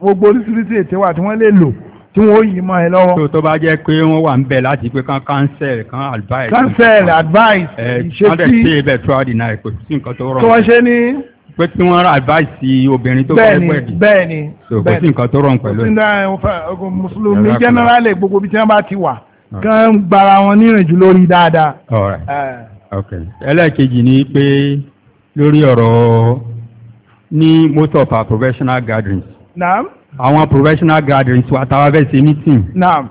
gbogbo oríṣiríṣi ète wà tí wọ́n lè lò tí wọ́n yí mọ́ ẹ lọ́wọ́. tó tó bá jẹ́ pé wọ́n wà ń bẹ̀ láti pé kan cancel kan advice. cancel advice eh, ìṣe tí wọ́n dẹ̀ ṣe ibẹ̀ tó àdínà ẹ̀ kò sí nǹkan tó rọrùn. tí wọ́n ṣe ní. pé tí wọ́n ra advice obìnrin tó fẹ́ pẹ̀lú. bẹ́ẹ̀ni bẹ́ẹ̀ni kò sí nǹkan tó rọrùn pẹ̀lú. mùsùlùmí generally gbogbo ibi tí wọ́n bá ti wà kán gbara wọn nírìnjú lórí dáadáa. Eh. ẹlẹ́ẹ̀kejì ni pé lórí ọ̀rọ̀ ní most of our professional gatherings. naam àwọn professional gatherings wa tá a fẹ́ ṣe meeting. naam.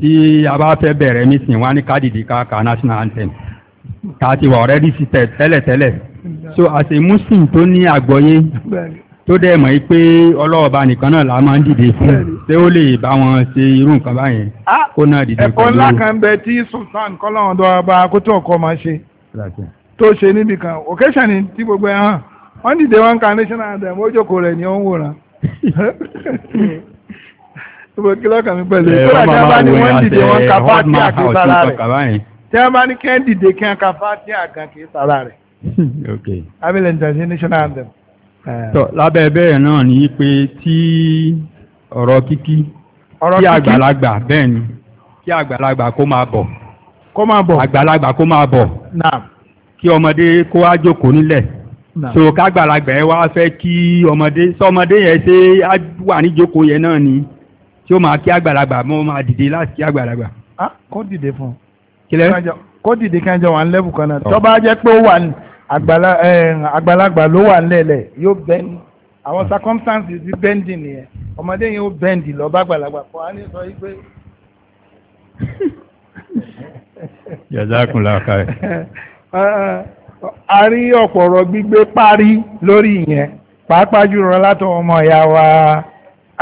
tí a bá fẹ́ bẹ̀rẹ̀ meeting wá ní kádìdì ká ka national anthem ká ti wà already seated tẹ́lẹ̀tẹ́lẹ̀ so as a muslim tó ní àgbọ́yé tó dẹ̀ mọ̀ pé ọlọ́ọ̀ba nìkan náà la máa ń dìde fún ṣé ó lè bá wọn ṣe irú nǹkan báyẹn kó náà dìde pẹ̀lú. ẹ̀kọ́ ńlá kan bẹ tí sultan kọ́lọ́run dọ́ọ̀ba kó tó ọkọ̀ máa ṣe tó ṣe níbìkan occasion tí gbogbo ẹ̀ hàn wọ́n dìde wọn ka national anthem ó jókòó rẹ̀ ní ó ń wòran. gbogbo kílọ̀ pẹ̀lú tí a bá ní wọ́n dìde wọn rẹ̀ tí a bá ní kẹ́ dìde kí wọn ka rẹ̀ abilẹ̀ national anthem. Eh. lábẹ́ bẹ́ẹ̀ náà ni pé tí ọ̀rọ̀ kíkí kí àgbàlagbà bẹ́ẹ̀ ni kí àgbàlagbà kó máa bọ̀ kó máa bọ̀ àgbàlagbà kó máa bọ̀ kí ọmọdé kó wá jókòó nílẹ̀ so kágbàlagbà ẹ wá fẹ́ kí ọmọdé sọmọdé yẹn ṣe á wà níjókòó yẹn náà ni tí ó máa kí àgbàlagbà mo máa dìde láti kí àgbàlagbà. kó dìde fún un. kílẹ̀. kó dìde kí ẹjọ́ wà ń lẹ́bù kan náà tó bá jẹ́ pé ó wà ní àgbàlagbà ló wà nílẹ̀ yóò bend àwọn hmm. circumstances bí bending nìyẹn ọmọdé yẹn ó bend lọ bá àgbàlagbà kó á ní sọ yí pé. jazakumullah khair. (laughs) a rí ọ̀pọ̀rọ̀ gbígbé parí lórí ìyẹn pàápàá jùlọ látọ̀ ọmọ ìyá wa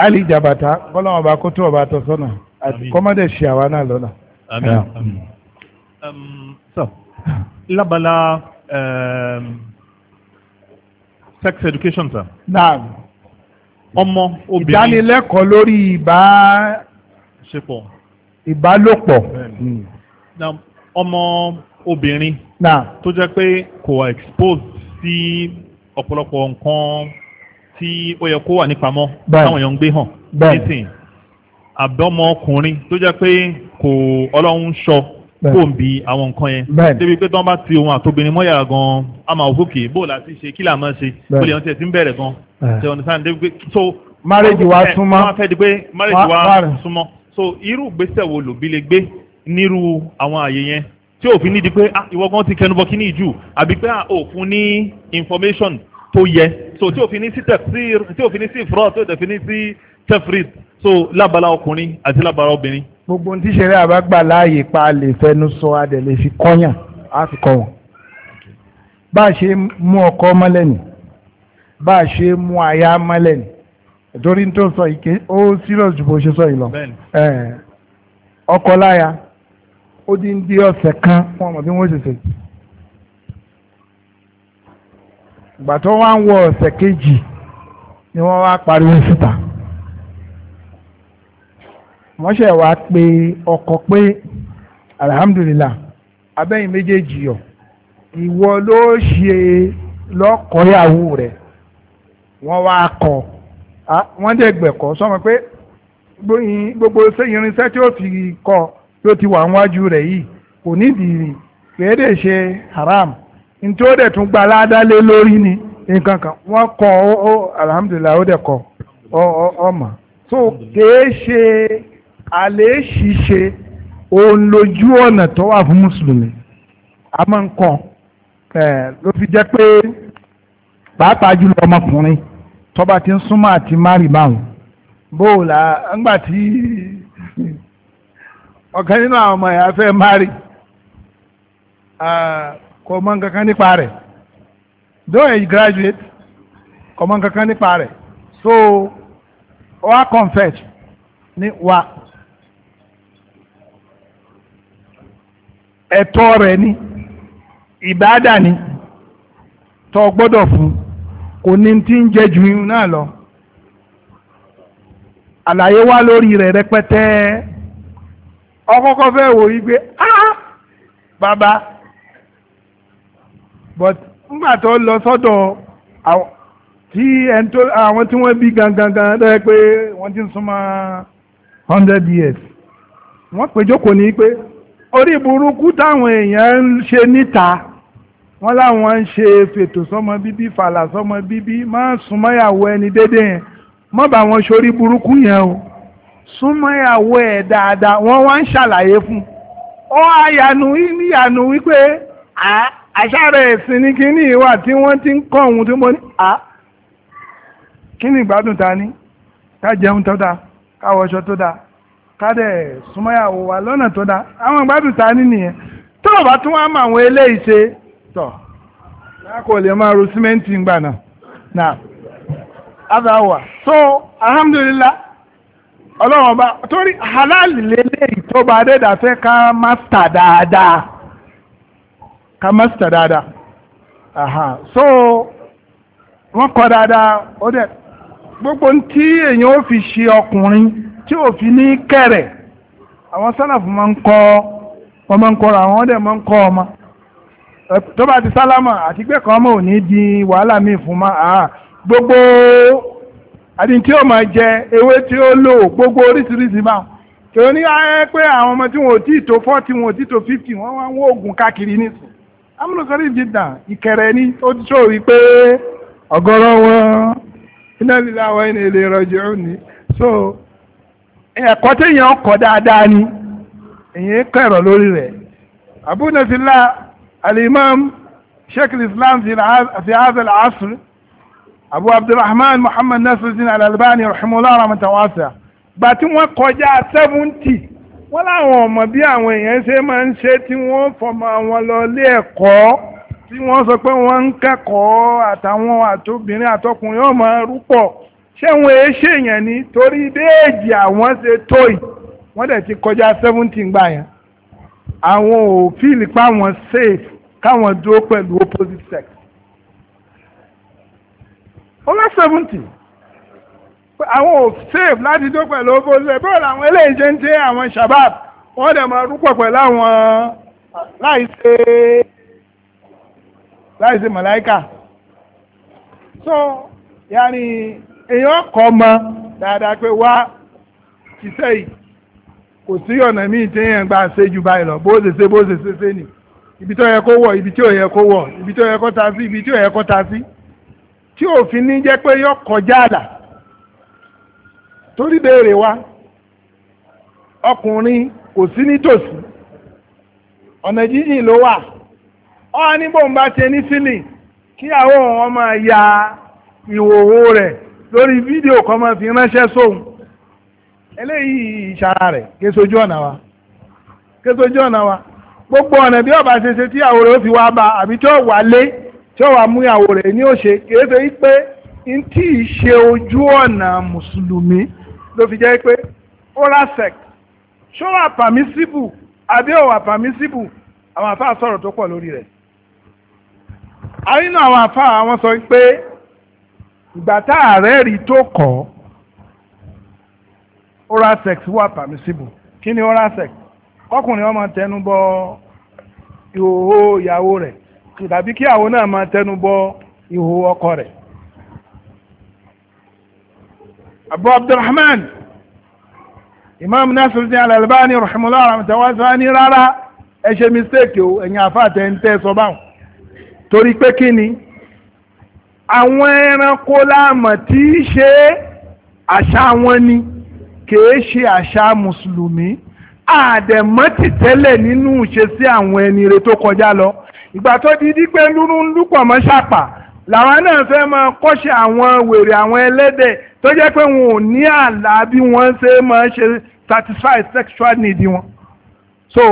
Ali Jabata kọ́lọ́mọ bá kó tó ọba àtọ̀sọ́nà kọ́mọ́dé ṣe àwa náà lọ́la. lábala sex education sir. naam ọmọ obìnrin ìdánilẹ́kọ̀ọ́ lórí ìbá ṣepọ̀ ìbálòpọ̀ hmm. ọmọ obìnrin tó jẹ́ pé kò wà expose sí ọ̀pọ̀lọpọ̀ nǹkan tí ó yẹ kó wà nípamọ́ táwọn èèyàn ń gbé hàn nísìn àbọ̀mọ ọkùnrin tó jẹ́ pé kò ọlọ́run sọ kó ń bi àwọn nǹkan yẹn débi pé tí wọ́n bá ti ohun àtobìnrin mọ́ yàrá gan-an a máa òkè bó la ti ṣe kí là máa ṣe ó lè rántí ẹ̀ tí ń bẹ̀rẹ̀ gan-an ṣe ọ̀nà sáà débi pé so. márèjì wa súnmọ́ wọ́n fẹ́ di pé márèjì wa súnmọ́ so irú ìgbésẹ̀ wo lòbí lè gbé nírú àwọn àyè yẹn tí òfin ní di pé ah ìwọ gan ti kẹnubọ kí ní ìjù àbí pé ah òfin ní information tó yẹ so tí òfin ní sí tẹfsir tí òfin ní sí fraud tí òfin ní sí tefrid so lábala ọkùnrin àti lábala obìnrin. gbogbo ohun tí ìṣẹ̀lẹ̀ àbágbà láàyè pa lè fẹnu sọ adẹ̀ lè fi kọ́yàn á fi kọ́ wọn. bá a ṣe mú ọkọ mọ́lẹ̀ ni bá a ṣe mú aya mọ́lẹ̀ ni torí tó sọ ìké ó serious ju bó ṣe sọ yìí lọ ọkọ láya ó dín dín ọ̀sẹ̀ kan wọn mọ̀ bí wọ́n ṣe ṣe ìgbà tó wá ń wọ ọ̀sẹ̀ kejì ni wọ́n wá pariwo síta wọ́n ṣẹ̀ wá pé ọkọ pé alhamdulillah abẹ́yìn méjèèjì yọ ìwọ ló ṣe lọ́kọ̀ọ́yàwó rẹ̀ wọ́n wá kọ wọ́n dẹ̀ gbẹ̀kọ́ sọ́mọ pé gbogbo irinṣẹ́ tí ó fi kọ́ ọ ló ti wà níwájú rẹ̀ yìí kò nídìí rí kéde ṣe haram nítorí ó dẹ̀ tún gba aládálé lórí ni nǹkan kan wọ́n kọ́ ó alhamdulilayi ó dẹ̀ kọ́ ọmọ so kéé ṣe alẹ́ ṣíṣe òun lójú ọ̀nà tó wà fún mùsùlùmí a máa ń kọ́ ló fi jẹ́ pé pàápàá jùlọ ọmọkùnrin tọ́ba ti ń súnmọ́ àti márì báwọn bóòlà ńgbà tí ọ̀kan nínú àwọn ọmọ ẹ̀yà fẹ́ mari kò mọ nípa rẹ̀ though he graduate kò mọ nǹkan nípa rẹ̀ so wa confess ni wa ẹ̀tọ́ rẹ̀ ni ìbáàdà ni tọ́ gbọ́dọ̀ fún kò ní tí ń jẹ ju irun náà lọ àlàyé wá lórí rẹ̀ rẹpẹtẹ ọkọ́kọ́ fẹ́ wò yí pé ah bàbá but nígbà tó lọ sọ́dọ̀ tí àwọn tí wọ́n bí gangan gan tó yẹ pé wọ́n ti súnmọ́ hundred years wọ́n pè jókòó ní pé orí burúkú táwọn èèyàn ń ṣe níta wọ́n láwọn ń ṣe fètò sọ́mọ bíbí fàlà sọ́mọ bíbí máa súnmọ́ ìyàwó ẹni déédéé yẹn má bà wọn ṣorí burúkú yẹn o. súnmọ́yàwó ẹ̀ dáadáa wọ́n wá ń ṣàlàyé fún ó àyànú níyànú wípé àṣàrẹ̀ ẹ̀sìn ní tí wọ́n ti ń kọ́ òun tí mo ní kí ni ìgbádùn ta ní ká jẹun tó dáa ká wọṣọ tó dáa ká dẹ̀ súnmọ́yàwó wa lọ́nà tó àwọn ìgbádùn ta nìyẹn tó bá tún wá mọ àwọn eléyìí ṣe tọ̀ lákò lè máa ro símẹ́ǹtì náà náà. so ọlọ́run torí halali lélẹ́yìn tó bá fẹ́ ká mástà dáadáa ká mástà dáadáa so wọ́n kọ́ dáadáa ó dẹ̀ gbogbo tí èèyàn ó fi ṣe ọkùnrin tí ò fi ní kẹ̀rẹ̀ àwọn sálàfù máa ń kọ́ ń àwọn ọdẹ máa ń kọ́ ọmọ tó bá ti sálámà àti ò àti tí ó máa jẹ ewé tí ó lò gbogbo oríṣiríṣi máa tòun ní ayé pé àwọn ọmọ tí wọn ò tí tó forty wọn ò tí tó fifty wọn wá ń wọ́ọ̀gùn káàkiri nísìn amúlùkọ́rí jìdàn ìkẹrẹ ni ó ti sọ wípé ọ̀gọ̀rọ̀ wọn iná líla àwọn ẹni èlè rọ̀jò ní so ẹ̀kọ́ téèyàn kọ́ dáadáa ni èyí kẹ̀rọ̀ lórí rẹ̀ abúnafilá alimam sheikh islam fi hazal asr abu abdulrahman muhammad nasiruddin alalbani rahimahullah rahmatan wasi'a gbà tí wọ́n kọjá seventy wọ́n láwọn ọmọ bí àwọn èèyàn ṣe máa ń ṣe tí wọ́n fọmọ àwọn lọ lé ẹ̀kọ́ tí wọ́n sọ pé wọ́n ń kẹ́kọ̀ọ́ àtàwọn àtòbìnrin àtọkùnrin yóò máa rúpọ̀ ṣé wọn èé ṣèyàn ni torí déèjì àwọn ṣe tó yìí wọ́n dẹ̀ ti kọjá seventy gbà yẹn àwọn ò fíìlì pa àwọn safe káwọn dúró pẹ̀lú opposite sex over seventy pé àwọn ò save láti dó pẹ̀lú owó lẹ̀ bọ́ọ̀ làwọn eléyìí ṣe ń tẹ́ àwọn shabab wọ́n dẹ̀ máa rúpọ̀ pẹ̀lú àwọn láìṣe láìṣe màláíkà so yàní èèyàn kọ́ mọ dáadáa pé wá ṣiṣẹ́ yìí kò sí ọ̀nà míì tí èèyàn gbà ṣe ju báyìí lọ bó ṣe ṣe bó ṣe ṣe ṣe nì ibi tó yẹ kó wọ̀ ibi tí ò yẹ kó wọ̀ ibi tó yẹ kó ta sí ibi tí ò yẹ kó ta sí. tí òfin ní jẹ́ pé yọ kọjá àlà torí béèrè wa ọkùnrin kò sí nítòsí ọ̀nà ló wà ọ ní bóun bá ṣe ní sílì kíyàwó wọn máa ya ìwòwò rẹ̀ lórí fídíò kan máa fi ránṣẹ́ sóhun eléyìí ìṣara rẹ̀ késojú ọ̀nà wa gbogbo ọ̀nà bí ọba ṣe ṣe ó fi wá bá àbí tí ó wà mú ìyàwó rẹ̀ ní òṣè kéèfé pé n tí ì ṣe ojú ọ̀nà mùsùlùmí ló fi jẹ́ pé oral sex ṣó wà permissible àbí ò wà permissible àwọn àfáà sọ̀rọ̀ tó pọ̀ lórí rẹ̀ àrínú àwọn àfáà wọn sọ pé ìgbà tá ààrẹ rí tó kọ́ oral sex wà permissible kí ni oral sex kọkùnrin ọmọ tẹnubọ ìhòòhò ìyàwó rẹ̀ tàbí kí àwọn náà máa tẹnu bọ ihò ọkọ rẹ̀ abu abdulrahman imam nasiruddin al-albani rahimahullah rahmatawasa ni rárá ẹ ṣe mistake o ẹ̀yin àfáàtẹ̀ ń tẹ́ sọ báwọn torí pé kí ni àwọn ẹranko láàmọ̀ tí í ṣe àṣà wọn ni kìí ṣe àṣà mùsùlùmí àdẹ̀mọ́tì tẹ́lẹ̀ nínú ìṣesí àwọn ẹni rẹ̀ tó kọjá lọ ìgbà tó di dípé lúrú ń lúpọ̀ mọ́ ṣàpà làwọn náà fẹ́ máa kọ́ṣẹ́ àwọn wèrè àwọn ẹlẹ́dẹ̀ tó jẹ́ pé wọn ò ní àlá bí wọ́n ṣe máa ṣe satisfy sexual need wọn so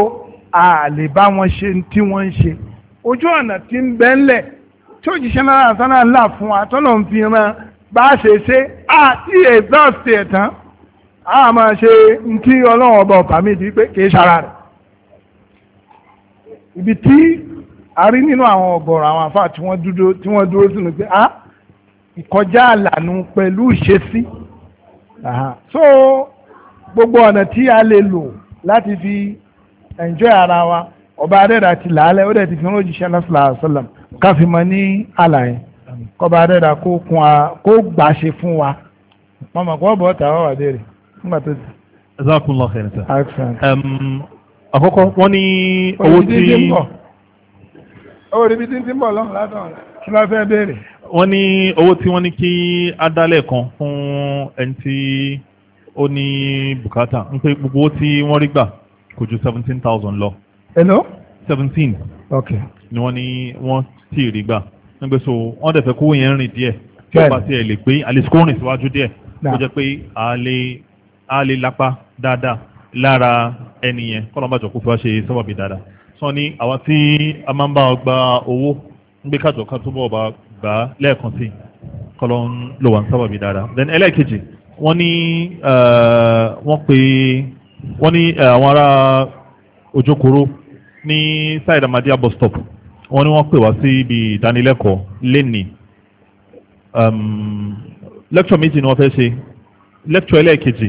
a lè bá wọn ṣe tí wọ́n ń ṣe ojú ọ̀nà tí ń bẹ́ ńlẹ̀ tí òjíṣẹ́ náà àtọ́nà ńlá fún wa tọ́nà ń fi ran bá a ṣe ṣe àti exhaust ẹ̀ tán a máa ṣe ntí ọlọ́run ọba ọ̀bà mi di pé kì í ṣara rẹ̀ ibi tí a rí nínú àwọn ọ̀gọ̀rọ̀ àwọn àfáà tí wọ́n dúró tí wọ́n dúró sínú pé a ah, ìkọjá àlànà pẹ̀lú ìṣesí so gbogbo ọ̀nà tí a lè lò láti fi enjoy ara wa ọba adẹ́dà ti làálẹ̀ ó dẹ̀ ti fi hàn òjíṣẹ́ náà sàlám káfí mọ́ ní àlàyé kọba adẹ́dà kó kun a kó gbàṣe fún wa mọ́mọ́ kó bọ́ tàwa wà dé nígbà tó ti. ẹ sá kun lọ kẹrin sá. àkọ́kọ́ wọ́n ní owó tí ó rí bí tí ń tí ń bọ̀ lọ́rùn látọ̀ kí ló fẹ́ béèrè. wọ́n ní owó tí wọ́n ní kí á dálẹ̀ kan fún ẹni tí ó ní bùkátà ń pé gbogbo owó tí wọ́n rí gbà kò ju seventeen thousand lọ. hello. seventeen. ok. ni wọ́n ní wọ́n tí ì rí gbà nígbà so wọ́n dẹ̀ fẹ́ kówó yẹn rìn díẹ̀ tí ó bá tiẹ̀ lè pé àlè sikó rìn síwájú díẹ̀ ó jẹ́ pé a lè lápá dáadáa lára ẹni yẹn kọ́lọ́mbàjọ́ kó fi wá ṣe sábàbí dáadáa sán ní àwọn tí a máa ń bá gba owó ń gbé kájọ ká túbọ̀ bá gbà á lẹ́ẹ̀kan sí kọ́lọ́ ń lò wá ń sábàbí dáadáa then ẹlẹ́ẹ̀kejì wọ́n ní eh, wọ́n pe wọ́n ní eh, àwọn ará Òjòkòrò ní side Amadiya bus stop wọ́n ní wọ́n pè wá sí ibi ìdánilẹ́kọ̀ọ́ lẹ́nìí ehm, lecture méjì ni wọ́n fẹ́ ṣe lecture ẹlẹ́ẹ̀kejì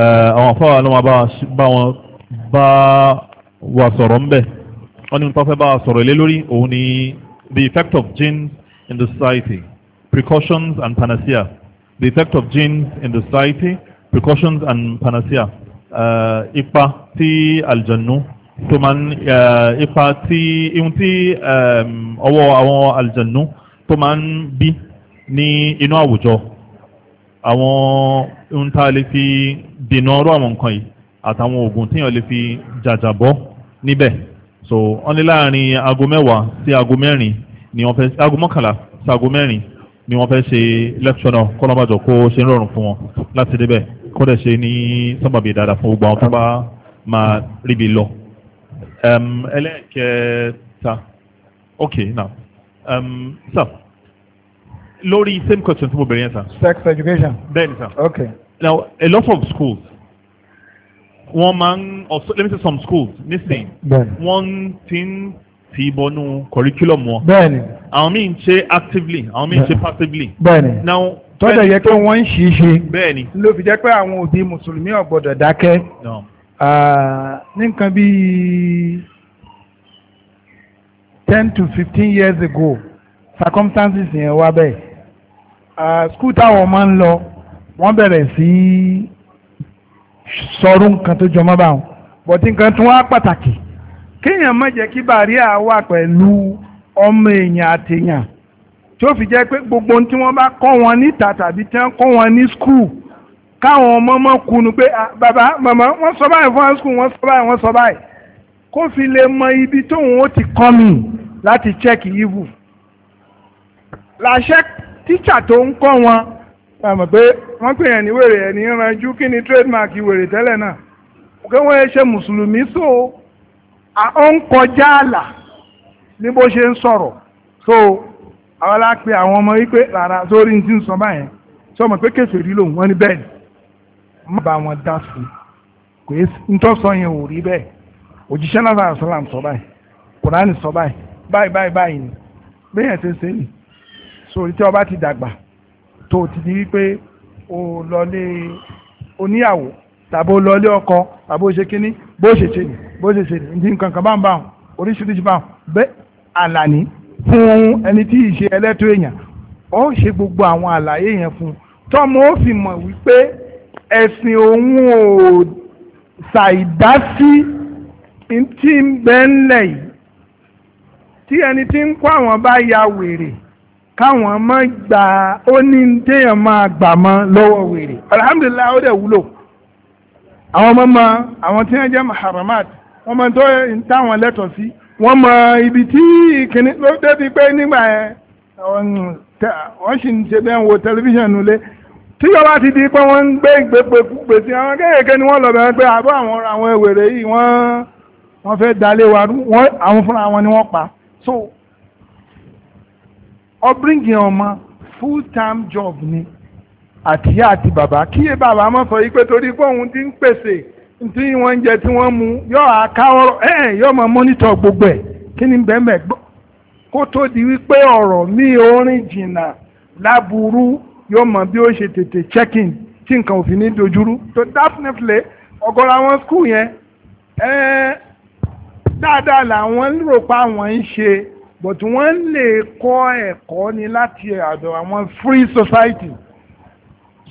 eh, àwọn afáwà ló máa bá wọn bá wa sọ̀rọ̀ ńbẹ̀ wọ́n ní pọ́fẹ́ bá wa sọ̀rọ̀ lé lórí òun ni the effect of genes in the society precautions and panacea the effect of genes in the society precautions and panacea uh, ipa tí aljannu tó máa ń uh, ipa tí ihun tí um, ọwọ́ àwọn aljannu tó máa ń bí ní inú àwùjọ àwọn ohun tá a lè fi dènà ọ̀rọ̀ àwọn nǹkan yìí àtàwọn oògùn tíyàn lè fi jàjàbọ́ níbẹ̀ so wọ́n ní láàrin aago mẹ́wàá sí aago mẹ́rin ni wọ́n fẹ́ aago mọ́kànlá sí aago mẹ́rin ni wọ́n fẹ́ ṣe lẹ́kṣọ̀ náà kọ́lọ́mọ́jọ kó ṣe ń rọrùn fún wọn láti débẹ̀ kó dẹ̀ ṣe ní sábàbí dáadáa fún gbogbo àwọn tó bá máa ríbi lọ. ẹlẹ́kẹta ok now um, sir lórí same question tí mo bẹ̀rẹ̀ yẹn sir. sex education. bẹ́ẹ̀ni sir. ok. now a lot of schools wọ́n máa ń or let me say some schools nísìnyí wọ́n ti ń ti bọnú curriculum wọn. bẹ́ẹ̀ni. àwọn míì ń ṣe actively àwọn míì ń ṣe passively. bẹ́ẹ̀ni. now tọ́jà yẹ pé wọ́n ń ṣì í ṣe. bẹ́ẹ̀ni. ló fi jẹ́ pé àwọn òbí mùsùlùmí ò gbọ́dọ̀ dákẹ́. ní nǹkan bíi ten to fifteen years ago circumstances yẹn wá bẹ́ẹ̀. school táwọn máa ń lọ wọ́n bẹ̀rẹ̀ sí í sọrú nǹkan tó jọmọ́ bá wọn bọ̀tí nǹkan tó wá pàtàkì kéèyàn má jẹ́ kí bàríà wà pẹ̀lú ọmọ èèyàn àtèèyàn tí ó fi jẹ́ pé gbogbo ohun tí wọ́n bá kọ́ wọn níta tàbí tí wọ́n kọ́ wọn ní skul káwọn ọmọ mọ́ kunu pé ah, bàbá màmá wọ́n sọ báyìí fún skul wọ́n sọ báyìí wọ́n sọ báyìí kó fi lè mọ ibi tóun ó ti kọ́ mi láti check evil làṣẹ tíṣà tó ń kọ́ wọn àmọ̀ pé wọ́n pè yàn ní wèrè ẹ̀ ní ìrànjú kí ni trademark wèrè tẹ́lẹ̀ náà kí wọ́n ṣe mùsùlùmí so ó ń kọjá àlà ní bó ṣe ń sọ̀rọ̀ so àwọn alápè àwọn ọmọ wípé rárá sórí ní ti ń sọ báyẹn tí wọ́n mọ̀ pé kèsì rí lòun wọ́n ní bẹ́ẹ̀ ni wọ́n bá wọn dá sí kò é ntọ́sọ yẹn ò rí bẹ́ẹ̀ òjíṣẹ́ náà sọ̀rọ̀ sọ́làm sọ báyìí kùránì sọ báyìí báyìí báyìí báyìí ni bẹ́ẹ̀ yẹn ṣe ṣe nì so tí ọba ti dàgbà tó ti di wípé o lọlé oníyàwó tàbí o lọlé ọkọ tàbí o ṣe kíní bó ṣe ṣe ní bó ṣe ṣe ní ní nǹkan kan bá ń bá wọn oríṣiríṣi bá wọn bẹ́ẹ̀ àlàní fún ẹni tí ì ṣe ẹlẹ́tọ́ èèyàn ó ṣe gbogbo àwọn àlàyé yẹn fún un tọ́mọ ó fi mọ̀ wípé ẹ̀sìn òun ò ṣàìdásí tí ń bẹ́ńlẹ̀ yìí tí ẹni tí ń kọ́ àwọn bá ya wèrè káwọn mọ gbà ó ní téèyàn máa gbà mọ lọ́wọ́ wèrè alhamdulilayi ó dẹ̀ wúlò àwọn ọmọ mọ àwọn tí wọ́n jẹ́ maharamat wọ́n mọ tó ń táwọn lẹ́tọ̀ọ́ sí wọ́n mọ ibi tí kìnnì ló débi pé nígbà yẹn wọ́n sì ń ṣe bẹ́ẹ̀ wo tẹlifíṣàn nulẹ̀ tíjọba ti di pé wọ́n ń gbé ìgbépekúgbe sí àwọn kéèké ni wọ́n lọ bẹ̀rẹ̀ pé àbọ̀ àwọn àwọn èwèrè yìí wọ́n fẹ́ dalé wa àwọn fúnra wọn ni wọ́n pa so ọ ọbíríngì ọmọ full time job ni àtìyá àti bàbá kíyè bàbá má sọ yìí pé torí pé òun ti ń pèsè ntí wọ́n jẹ tí wọ́n mu yọ àká ọrọ yọ máa mọ́nítọ̀ gbogbo ẹ̀ kí ni bẹ́ẹ̀mẹ̀ gbọ́ kó tó di wípé ọ̀rọ̀ mi jìnnà láburú bí ó ṣe tètè check-in tí nǹkan ò fi ní dojúrú yẹn dáadáa làwọn rò pa àwọn ń but wọ́n lè kọ́ ẹ̀kọ́ ni láti àdọ̀ àwọn free society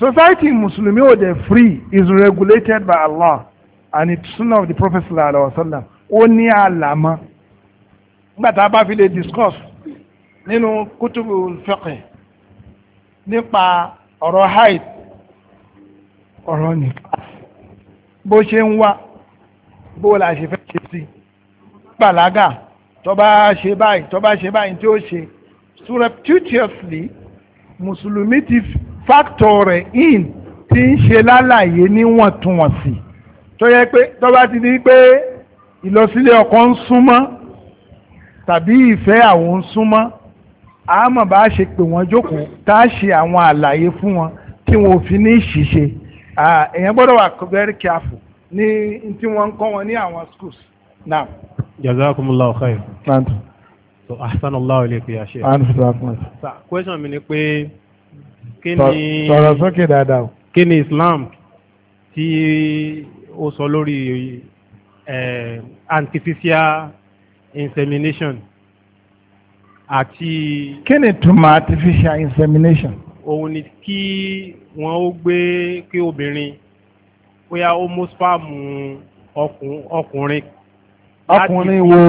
society mùsùlùmí ò dẹ̀ free is regulated by Allah and it's sunnah of the prophet sallallahu alaihi wa sallam ó ní àlàmọ́ nígbà bá fi lè discuss nínú kutubu fiqh nípa ọ̀rọ̀ haid ọ̀rọ̀ nípa bó ṣe ń wá bó la ṣe fẹ́ ṣe sí gbàlágà tó bá ṣe báyìí tó bá ṣe báyìí tí ó ṣe surreptitiously mùsùlùmí ti factor rẹ̀ in ti ń ṣe lálàyé níwọ̀ntúnwọ̀nsì tó yẹ pé tó bá ti di pé ìlọsílẹ̀ ọkọ ń súnmọ́ tàbí ìfẹ́ àwọn ń súnmọ́ àmọ́ bá ṣe pè wọ́n jókòó tá a ṣe àwọn àlàyé fún wọn tí wọn ò fi ní ṣìṣe èèyàn gbọ́dọ̀ wà very careful ní tí wọ́n ń kọ́ wọn ní àwọn schools now jazakumullahu khair. plant. so ahsanallahu ilayka ya sheikh. and fragment. sa question mi ni pé. kí ni sọ̀rọ̀ sókè dáadáa o. kí ni islam tí ó sọ lórí artificial insemination àti. kí ni túmọ̀ artificial insemination. òun ni kí wọ́n ó gbé kí obìnrin bóyá ó mú spam ọkùnrin ọkùnrin wo.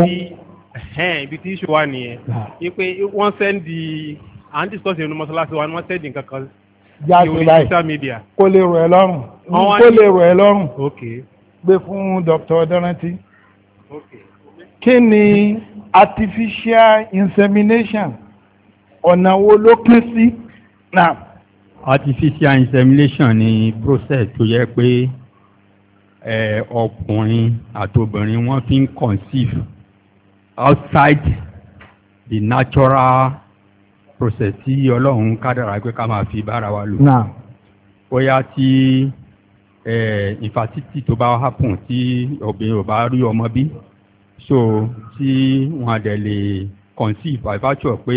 ibi tí ìṣòwò wà nìyẹn ni ah. pé wọ́n sẹ́ndì à ń discuss ìrònú mọ́ṣáláṣí wa ni wọ́n sẹ́ndì nǹkan kan yóò ní social media. kó lè rọ̀ ẹ́ lọ́rùn kó lè rọ̀ ẹ́ lọ́rùn gbé fún Dr. Dárántí. kí ni artificial insemination ọ̀nà wo ló pín sí artificial insemination ni process tó yẹ pé ọkùnrin àtobìnrin wọ́n fi ń conceive outside the natural process tí ọlọ́run kádàrá pé ká máa fi bára wa lò. bóyá tí infertility tó bá happen tí obìnrin ò bá rí ọmọ bí so tí wọn àdẹ̀ lè conceive by virtue pé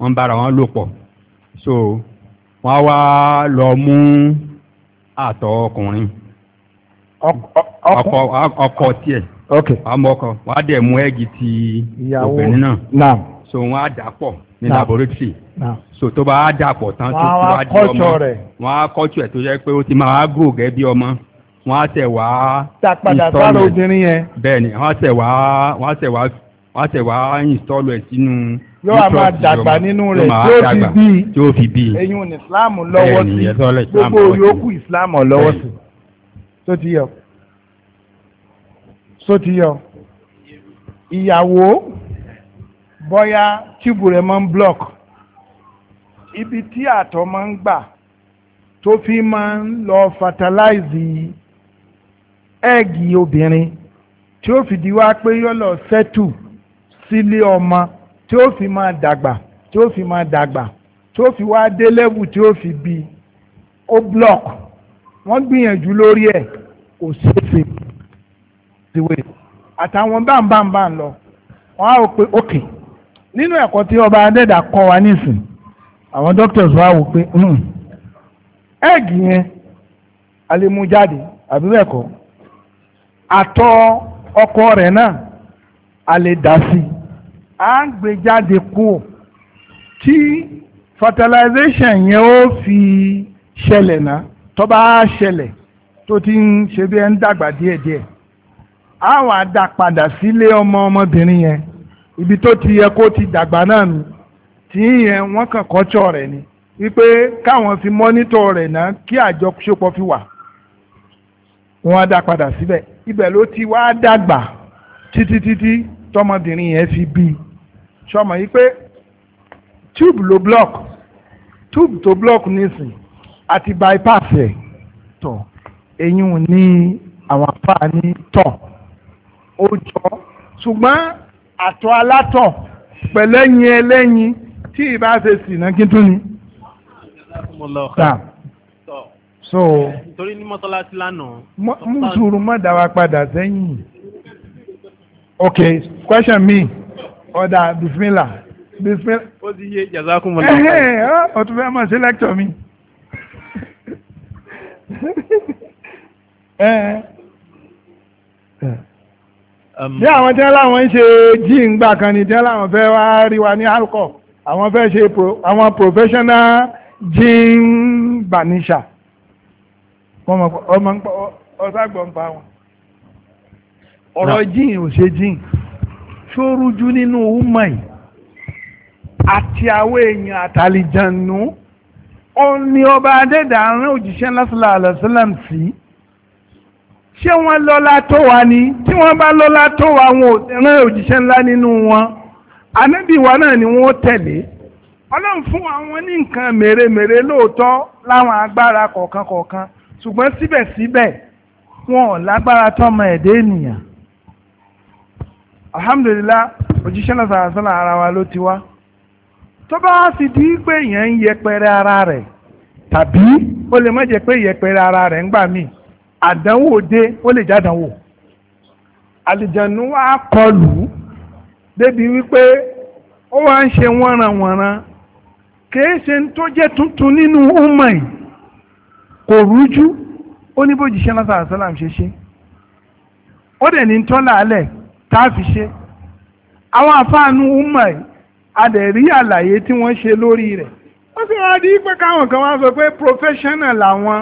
wọ́n bára wọn lò pọ̀ so wọ́n á wá lọ mú àtọ̀ ọkùnrin. ọkọ ọkọ tiẹ̀ àmọ́ ọkọ wọn á ti obìnrin náà so wọn a dapọ pọ̀ ní laboratory so tó bá á dà pọ̀ tán tó tó wá di ọmọ wọn a kọ́tù ẹ̀ tó yẹ pé ó ti máa gò gẹ bí ọmọ wọn a tẹ̀ wá installment bẹ́ẹ̀ ni wọn á tẹ̀ wá wọn á tẹ̀ wá wọn á tẹ̀ wá install ẹ̀ sínú yóò máa dàgbà nínú rẹ̀ tí ó fi bí eyín islam lọ́wọ́ sí gbogbo yòókù islam lọ́wọ́ sí. tó ti yọ tó ti yọ ìyàwó bọ́yá tíbù rẹ̀ máa ń block ibi tí àtọ̀ máa ń gbà tó fi máa ń lọ fertilize ẹ́ẹ̀gì obìnrin tí ó fìdí wá pé yọ́lọ̀ sẹ́tù sílé ọmọ tí ó fi máa dàgbà tí ó fi máa dàgbà tí ó fi wá dé level tí ó fi bí ó block. wọ́n gbìyànjú lórí ẹ̀ kò ìwé àtàwọn báńbáńbá lọ wọ́n á wò pé ok nínú ẹ̀kọ́ tí ọba adẹ́dà kọ́ wa nísìn àwọn doctors wa wò pé ẹ́ẹ̀gì hmm, yẹn a lè mú atọ ọkọ rẹ̀ náà a lè dà sí à ń gbé fertilization yẹn ó fi ṣẹlẹ̀ tó bá ṣẹlẹ̀ tó ti ń ṣe bí ẹ ń dàgbà díẹ̀díẹ̀ á wà dá padà sílé ọmọ ọmọbìnrin yẹn ibi tó ti yẹ kó ti dàgbà náà nù tí yẹn wọ́n kàn kọ́tsọ̀ rẹ̀ ni wípé káwọn fi mọ́nítọ̀ rẹ̀ náà kí àjọṣepọ̀ fi wà wọ́n á padà síbẹ̀ ibẹ̀ ló ti wá dàgbà títí títí tọmọbìnrin yẹn fi bí sọmọ yìí pé tube ló block tube tó block nísìnyí àti bypass ẹ̀ tọ̀ eyín ò ní àwọn àǹfààní tọ̀ ó jọ ṣùgbọ́n àtọ̀ alátọ̀ pẹ̀lẹ́yìn ẹlẹ́yìn tí ìbá ṣe sì náà kí tún ni. so. torí ní mọ́tọ́lásí lánàá. mùsùlùmí má dá wa padà sẹ́yìn. ok question mi ọ̀dà bisimilá bisimilá. ó ti yé jazakumullah. ọ̀tún eh, eh, eh, fẹ́ mọ̀ sí lẹ́kítọ̀ mi bí àwọn tí wọ́n láwọn ń ṣe jíìn gbà kan ní tí wọ́n láwọn fẹ́ wá rí wa ní alcohol àwọn fẹ́ ṣe àwọn professional jíìn gbanisha ọ̀sàgbọ̀n pa wọn ọ̀rọ̀ jíìn ò ṣe jíìn ṣó rújú nínú umar àti àwọn èèyàn àtàlìjànú òun ni ọba adẹ́dà rán òjíṣẹ́ lásìlá àlọ́sílám sí ṣé wọ́n lọ́lá tó wa ni tí wọ́n bá lọ́lá tó wa wọn ò rán òjíṣẹ́ ńlá nínú wọn ànábì náà ni wọ́n tẹ̀lé ọlọ́run fún àwọn ní nǹkan mèremère lóòótọ́ láwọn agbára kọ̀ọ̀kan kọ̀ọ̀kan ṣùgbọ́n síbẹ̀síbẹ̀ wọn ò lágbára tọ́mọ ẹ̀dẹ́ ènìyàn alhamdulillah òjíṣẹ́ lásìlá àlọ́sílám ara wa ló ti wá. tó bá sì di pé èèyàn ń yẹpẹrẹ ara rẹ tàbí ó lè má jẹ́ pé yẹpẹrẹ ara rẹ ń gbà mí àdánwò dé ó lè jádánwò àlìjànú wa kọlù débi wípé ó wá ń ṣe wọ́nranwọ̀nran kìí ṣe tó jẹ́ tuntun nínú ọmọ kò rújú ó ní bójì ṣe lásán ṣe fi ṣe àwọn àfáànù adẹ̀rí àlàyé tí wọ́n ṣe lórí rẹ̀ wọ́n sì wá rí pé káwọn kan wá sọ pé professional làwọn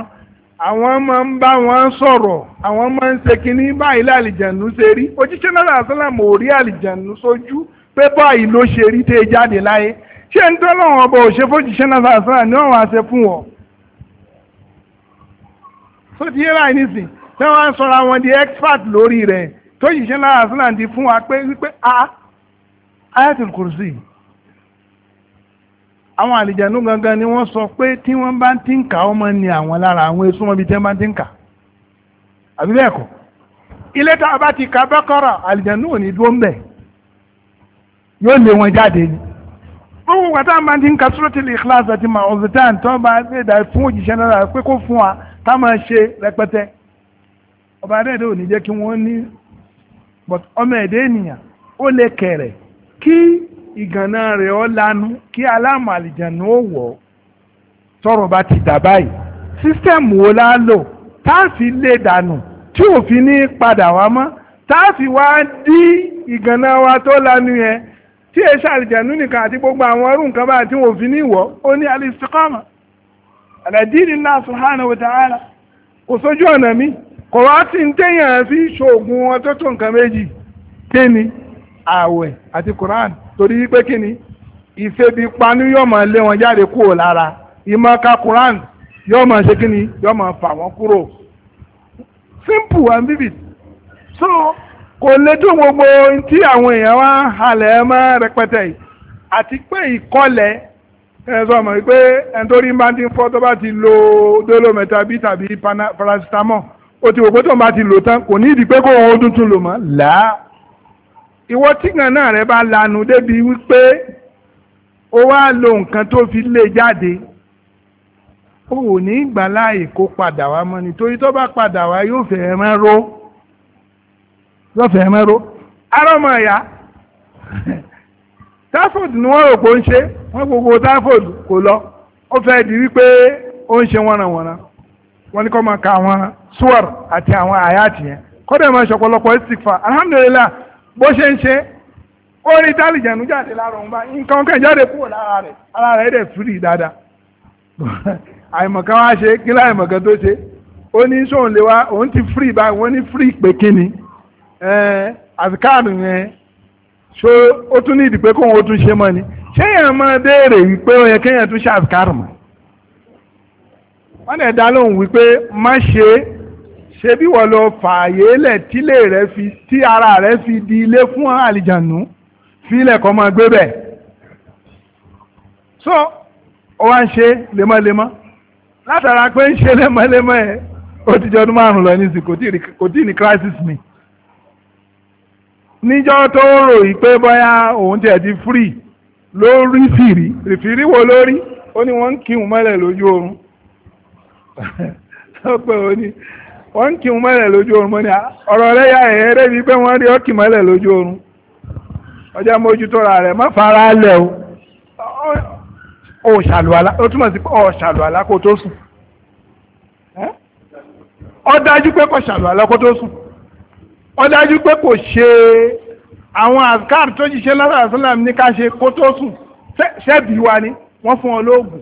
àwọn máa ń bá wọn sọ̀rọ̀ àwọn máa ń ṣe kínní báyìí lálìjẹ̀nu ṣe rí òjíṣẹ́ náírà àṣálàmù ò rí àlìjẹ̀nu sójú pé báyìí ló ṣe rí tẹ́ jáde láyé ṣé ń tọ́lọ́wọ́n ọba òṣèfọ́jíṣẹ́ náírà àṣálàmù ni wọ́n wá ṣe fún wọn tó ti yé láì nísìn tí wọ́n sọra wọn di expert lórí rẹ̀ tó yìí ṣe lára sílẹ̀ di fún wa pé wípé a ah, ayatul kursi àwọn àlìjẹ̀nú gangan ni wọ́n sọ pé tí wọ́n bá ti ń kà ọmọ ni àwọn lára àwọn èso wọn bí tí wọ́n bá ti ń kà àbí bẹ́ẹ̀ kọ́ ilé tá a bá ti ka bẹ́kọ̀rọ̀ àlìjẹ̀nú ò ní dúró ń bẹ̀ yóò lé wọn jáde ni gbogbo wàtá máa ti ń ka Suratul Ikhlas àti ma'uzatan tó bá lè dà fún òjìṣẹ́ náírà pé kó fún wa tá máa ṣe rẹpẹtẹ ọba adẹ́ẹ̀dẹ́ ò ní jẹ́ kí wọ́n ní ọmọ ẹ̀dẹ́ ènìyàn ó lè kẹ̀rẹ̀ kí ìgànnà rẹ̀ ọ́ lanu kí aláàmù àlìjànú ó wọ̀ tọrọ bá ti dà báyìí sísítẹ́ẹ̀mù wo la lò tá lè dànù tí òfin ní padà wá mọ́ tá wá dí ìgànnà wa tó lanu yẹn tí ẹ ṣàlìjànú nìkan àti gbogbo àwọn ọrùn kan báyìí tí wọn fi ní ìwọ ó ní alistiqama àdàdí ni Allah subhanahu wa ta'ala kò sójú ọ̀nà mi kò wá sí ń téèyàn fi ṣoògùn wọn nǹkan méjì kéènì ààwẹ̀ àti Quran torí pé kí ni ìfebi panu yóò máa lé wọn jáde kúrò lára ìmọ̀ ka Quran yóò máa ṣe kí ni yóò máa fà wọ́n kúrò simple and vivid so kò lè dún gbogbo tí àwọn èèyàn wá halẹ̀ mọ́ rẹpẹtẹ yìí àti pé ìkọlẹ̀ ẹ sọ ma wípé ẹni tó rí bá ti ń fọ́ tó bá ti lo dolometa bíi tàbí paracetamol ó ti wò pé tó ń bá ti lò tán kò ní ìdí pé kó òun tuntun lò mọ́ làá ìwọ tí gànà rẹ bá lanu débi wípé ó wá lo nǹkan tó fi lé jáde ó ò ní ìgbà láàyè kó padà wá mọ́ nítorí tó bá padà wá yóò fẹ́ mọ́ ró yóò fẹ́ mọ́ ró arọ́mọ ẹ̀yà (laughs) táfòd ni wọ́n rò pé ó ń ṣe wọ́n gbogbo táfòd kò lọ ó fẹ́ di wípé ó ń ṣe wọ́nranwọ̀nra wọ́n ní kó máa ka àwọn suwar àti àwọn àyàtì yẹn kọ́dọ̀ máa ṣọ̀pọ̀lọpọ̀ istikfa alhamdulilayi bó ṣe ń ṣe ó rí tálìjẹ̀nù jáde lára òun bá nǹkan kan jáde kúrò lára rẹ̀ ara rẹ̀ dẹ̀ firi dáadáa (laughs) àìmọ̀kan wá ṣe kí láìmọ̀kan tó ṣe ó ní sóun lè wá òun ti firi báyìí wọ́n ní firi pé kíni àfikáàrù yẹn ṣó ó tún ní ìdí kóun ó tún ṣe mọ́ ni ṣé máa béèrè wípé ó yẹ kéèyàn tún ṣe àfikáàrù mọ́ wọ́n dẹ̀ dá lóhùn wípé má ṣe é. ṣebí wọ́n lọ fààyè lẹ̀ tílé rẹ̀ fi tí ara rẹ̀ fi di ilé fún àlìjànú fílẹ̀ kọ́ máa gbé bẹ̀. so ó wá ń ṣe lemọ́lemọ́ látara pé ń ṣe lemọ́lemọ́ ẹ̀ ó ti jọ ọdún márùn-ún lọ ní sí kò tí ní crisis mi. níjọ́ tó rò yìí pé bóyá òun tiẹ̀ ti free ló rí fìrí fìrí wo lórí ó ní wọ́n ń kírun mọ́lẹ̀ lójú oorun (laughs) wọ́n kì í mọ́lẹ̀ lójú oorun mọ́ ni ah, ọ̀rọ̀ rẹ̀ yà ẹ̀ eré bíi pé wọ́n rí ọkì mọ́lẹ̀ lójú oorun ọjà mójútó ra rẹ̀ má fara lẹ̀ o ọ̀ṣàlùwàlá ó túmọ̀ sí pé ọ̀ṣàlùwàlá kó tó sùn ó dájú pé kò ṣàlùwàlá kó tó sùn ó dájú pé kò ṣe àwọn àkáàrù tó jíṣẹ́ lára ní ká ṣe kó tó sùn ṣẹ́bí wa ni wọ́n fún ọ lóògùn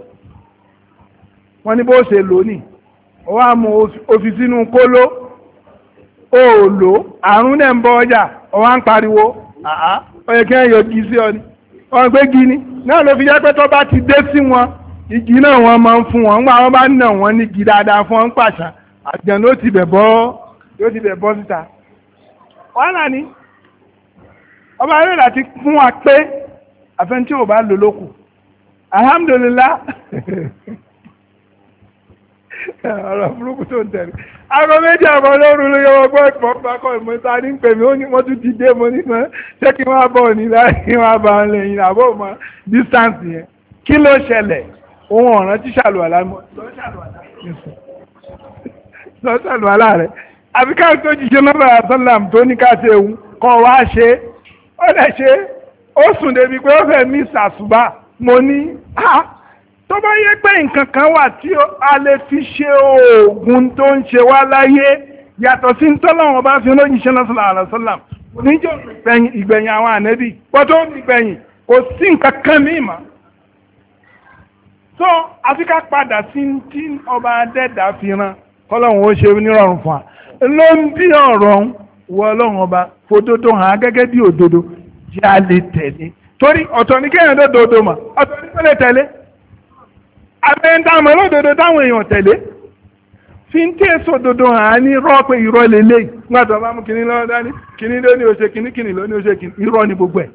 wọ́n ní bó ṣe lò wá mú òfi sínú kóló òòlò àrùn náà ń bọ ọjà ọwá ń pariwo àá ọyẹ kí wọ́n yọ igi sí ọ ni wọ́n gbé gi ni náà ló fi jẹ́ pé tó bá ti dé sí wọn igi náà wọ́n máa ń fún wọn nígbà wọ́n bá nà wọ́n ní igi dáadáa fún wọn ń pàṣà àjàn ló ti bẹ̀ bọ́ ló ti bẹ̀ bọ́ síta wàhálà ni ọba rẹ̀ láti fún wa pé àfẹn ò bá lò lókù alhamdulillah (laughs) ọ̀rọ̀ burúkú tó ń tẹ̀lé aago méjì àbọ̀ lóru ló yọ ọgbọ́ ẹ̀pọ̀ pákọ̀ ìmọ̀ ta ní pèmí ó ní wọ́n tún ti dé mo nígbà ṣé kí wọ́n bọ̀ ní láì wọ́n bá ń lẹ́yìn àbọ̀ mọ́ distance yẹn kí ló ṣẹlẹ̀ ohun ọ̀ràn tí ṣàlùwàlá mọ́ lọ ṣàlùwàlá rẹ̀ àbí káà tó jíjẹ nọ́mbà àtọ́làm tó ní ká ṣe òun kọ́ wá ṣe ó lẹ̀ ṣe ó sùn débi pé ó fẹ́ mí sàṣùbà mo ní ah tó bá yẹ pé nǹkan kan wà tí a lè fi ṣe oògùn tó ń ṣe wá láyé yàtọ̀ sí ń bá fi ìgbẹ̀yìn àwọn ànẹ́bí pọ́tó ìgbẹ̀yìn kò sí nǹkan kan padà sí tí ọba adẹ́dà fi ran kọ́lọ́wọ́n ó ṣe nírọ̀rùn fún wa ló ń bí ọ̀rọ̀ wọ ọlọ́run ọba fòdodo hàn gẹ́gẹ́ bí òdodo tẹ̀lé torí ọ̀tọ̀ ní kéèyàn mà ọ̀tọ̀ ní abẹ́ntàmọ́ lódodo táwọn èèyàn tẹ̀lé fi ń tẹ́ èso dodo hàn á ní rọ́ọ̀pẹ́ irọ́ lélẹ̀ nígbàtọ̀ bá mú kìíní lọ́wọ́ dání kìíní ló ní oṣe kìíní kìíní ló ní oṣe kìíní irọ́ ní gbogbo ẹ̀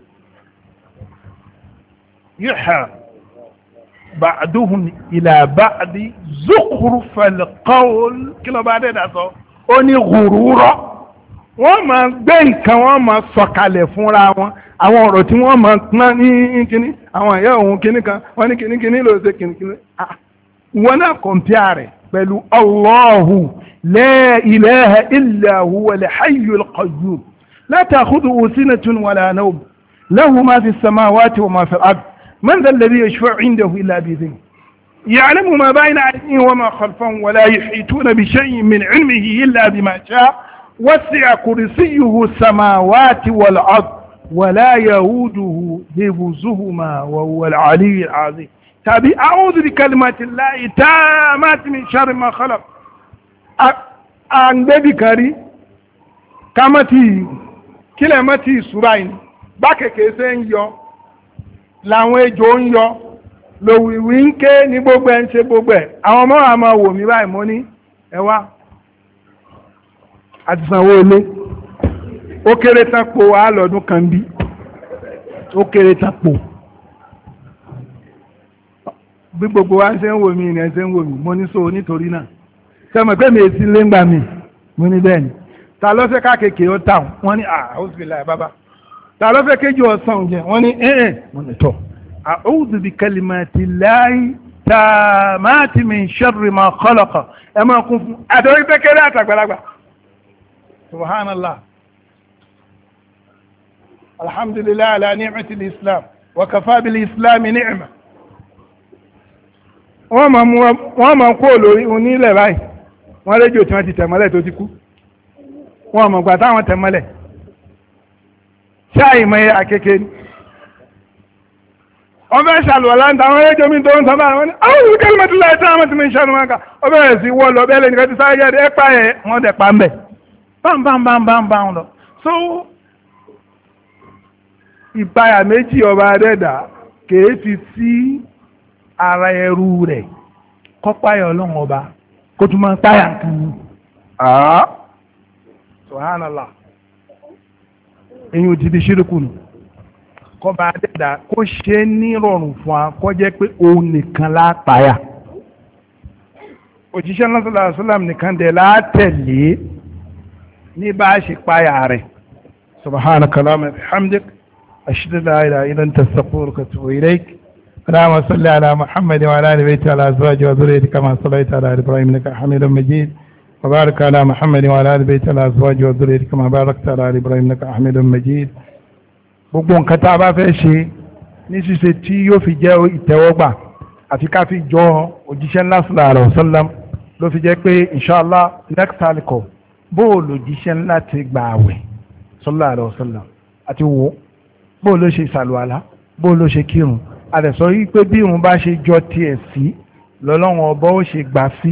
wọ́n máa gbé nǹkan wọ́n máa sọ̀kalẹ̀ fúnra wọn àwọn ọ̀rọ̀ tí wọ́n máa pọ́n ní kíní àwọn ẹ̀yà òun kíní kan wọ́n ní kíní kíní ló ṣe kíní kíní. wọn náà kọ̀ǹpìà rẹ̀ pẹ̀lú Allahu la ilaha illa huwa al-hayyul qayyum la ta'khudhuhu sinatun wala nawm lahu ma fi samawati wa ma fi al-ard man dha alladhi yashfa'u 'indahu wasi'a kursiyuhu samawati wal ard wala yahuduhu hibzuhuma wa huwa al-ali al-azim tàbí a'udhu bi kalimati llahi tammati min sharri ma khalaq à ń gbébì kan rí ká má ti kílẹ̀ má ti ìṣúra yìí bá kèké ṣe ń gbogbo ẹ̀ ń gbogbo ẹ̀ àwọn ọmọ àmọ́ wò mí báyìí mo ní ẹ àti sanwó ilé ó kéré tán po àálọ́dún kan bí ó kéré tán po bí gbogbo wa ṣe ń wò mí ìrìn ẹ̀ṣẹ̀ ń wò mí mo ní so nítorí náà sẹ́mi pé mi èsì lé ń gbà mí mo ní bẹ́ẹ̀ ni ta lọ́fẹ́ káàkiri ó tà wọ́n ní àhóṣìlá bàbá ta lọ́fẹ́ kéjì ọ̀sán òjẹ́ wọ́n ní ẹ̀ẹ́ mo ní tọ́ àhóṣì bí kalimati láì tààmátì min sharri ma khalaqa ẹ máa kún fún àtọ́rí pé kéré àtàgbàlagbà subhanallah alhamdulillah ala ni'mati islam islam ni'ma wọ́n máa wọ́n máa báyìí wọ́n rédíò tí wọ́n ti tẹ̀mọ́lẹ̀ tó ti kú wọ́n mọ̀ gbà táwọn tẹ̀mọ́lẹ̀ ṣáà ìmọ̀ akeke ni wọ́n fẹ́ ṣàlùwọ̀ láńtà àwọn ẹlẹ́jọ́ mi tó ń sọ báyìí wọ́n ní àwọn Bam lọ so ìpayà méjì ọba adẹ́dà kèé fi sí ara ẹrú rẹ̀ kọ́páyà ọlọ́run ọba kó tún máa páyà nǹkan ni. Ah. sọ̀hánàlá èyí ò ti di ṣírìkù nù kọ́ba adẹ́dà kó ṣe é nírọ̀rùn fún wa kó jẹ́ pé òun nìkan lápáyà òjíṣẹ́ lọ́sọ̀lá àṣọlám nìkan dẹ̀ látẹ̀lé ní bá a ṣe páyà rẹ̀ subhanaka allahumma bihamdik ashhadu la ilaha illa anta astaghfiruka wa atubu ilayk اللهم صل على محمد وعلى ال بيته وعلى ازواجه وذريته كما صليت على ال ابراهيم انك حميد مجيد وبارك على محمد وعلى ال بيته وعلى ازواجه وذريته كما باركت على ال ابراهيم انك حميد مجيد gbogbo nǹkan tá a bá fẹ́ ṣe ní ṣíṣe tí yóò fi jẹ́ ìtẹ́wọ́gbà àti ká fi jọ òjíṣẹ́ ńlá sallallahu alaihi wasallam ló fi jẹ́ pé inshallah next time call bóòlù jíṣẹ́ ńlá ti gbà àwẹ̀ sallallahu alaihi wasallam àti wò bóòlù ṣe ṣàlùwàlá bóòlù ṣe kírun àdẹ̀sọ yìí pé bí irun bá ṣe jọ tiẹ̀ sí lọ́lọ́run ọba ó ṣe gbà sí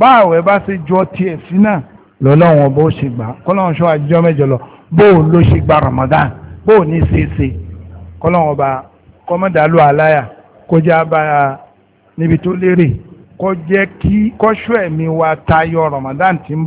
bá bá ṣe jọ tiẹ̀ sí náà lọ́lọ́run ọba ó ṣe gbà kọ́lọ́run ṣọ́ àjíjọ́ mẹ́jọ lọ bóòlù ṣe gba Ramadan bóò ní ṣeéṣe kọ́lọ́run ọba kọ́mọ́dàlú aláyà kọjá bá níbi tó lérè kó jẹ́ kí kọ́ṣọ́ ẹ̀mí wa tayọ Ramadan ti ń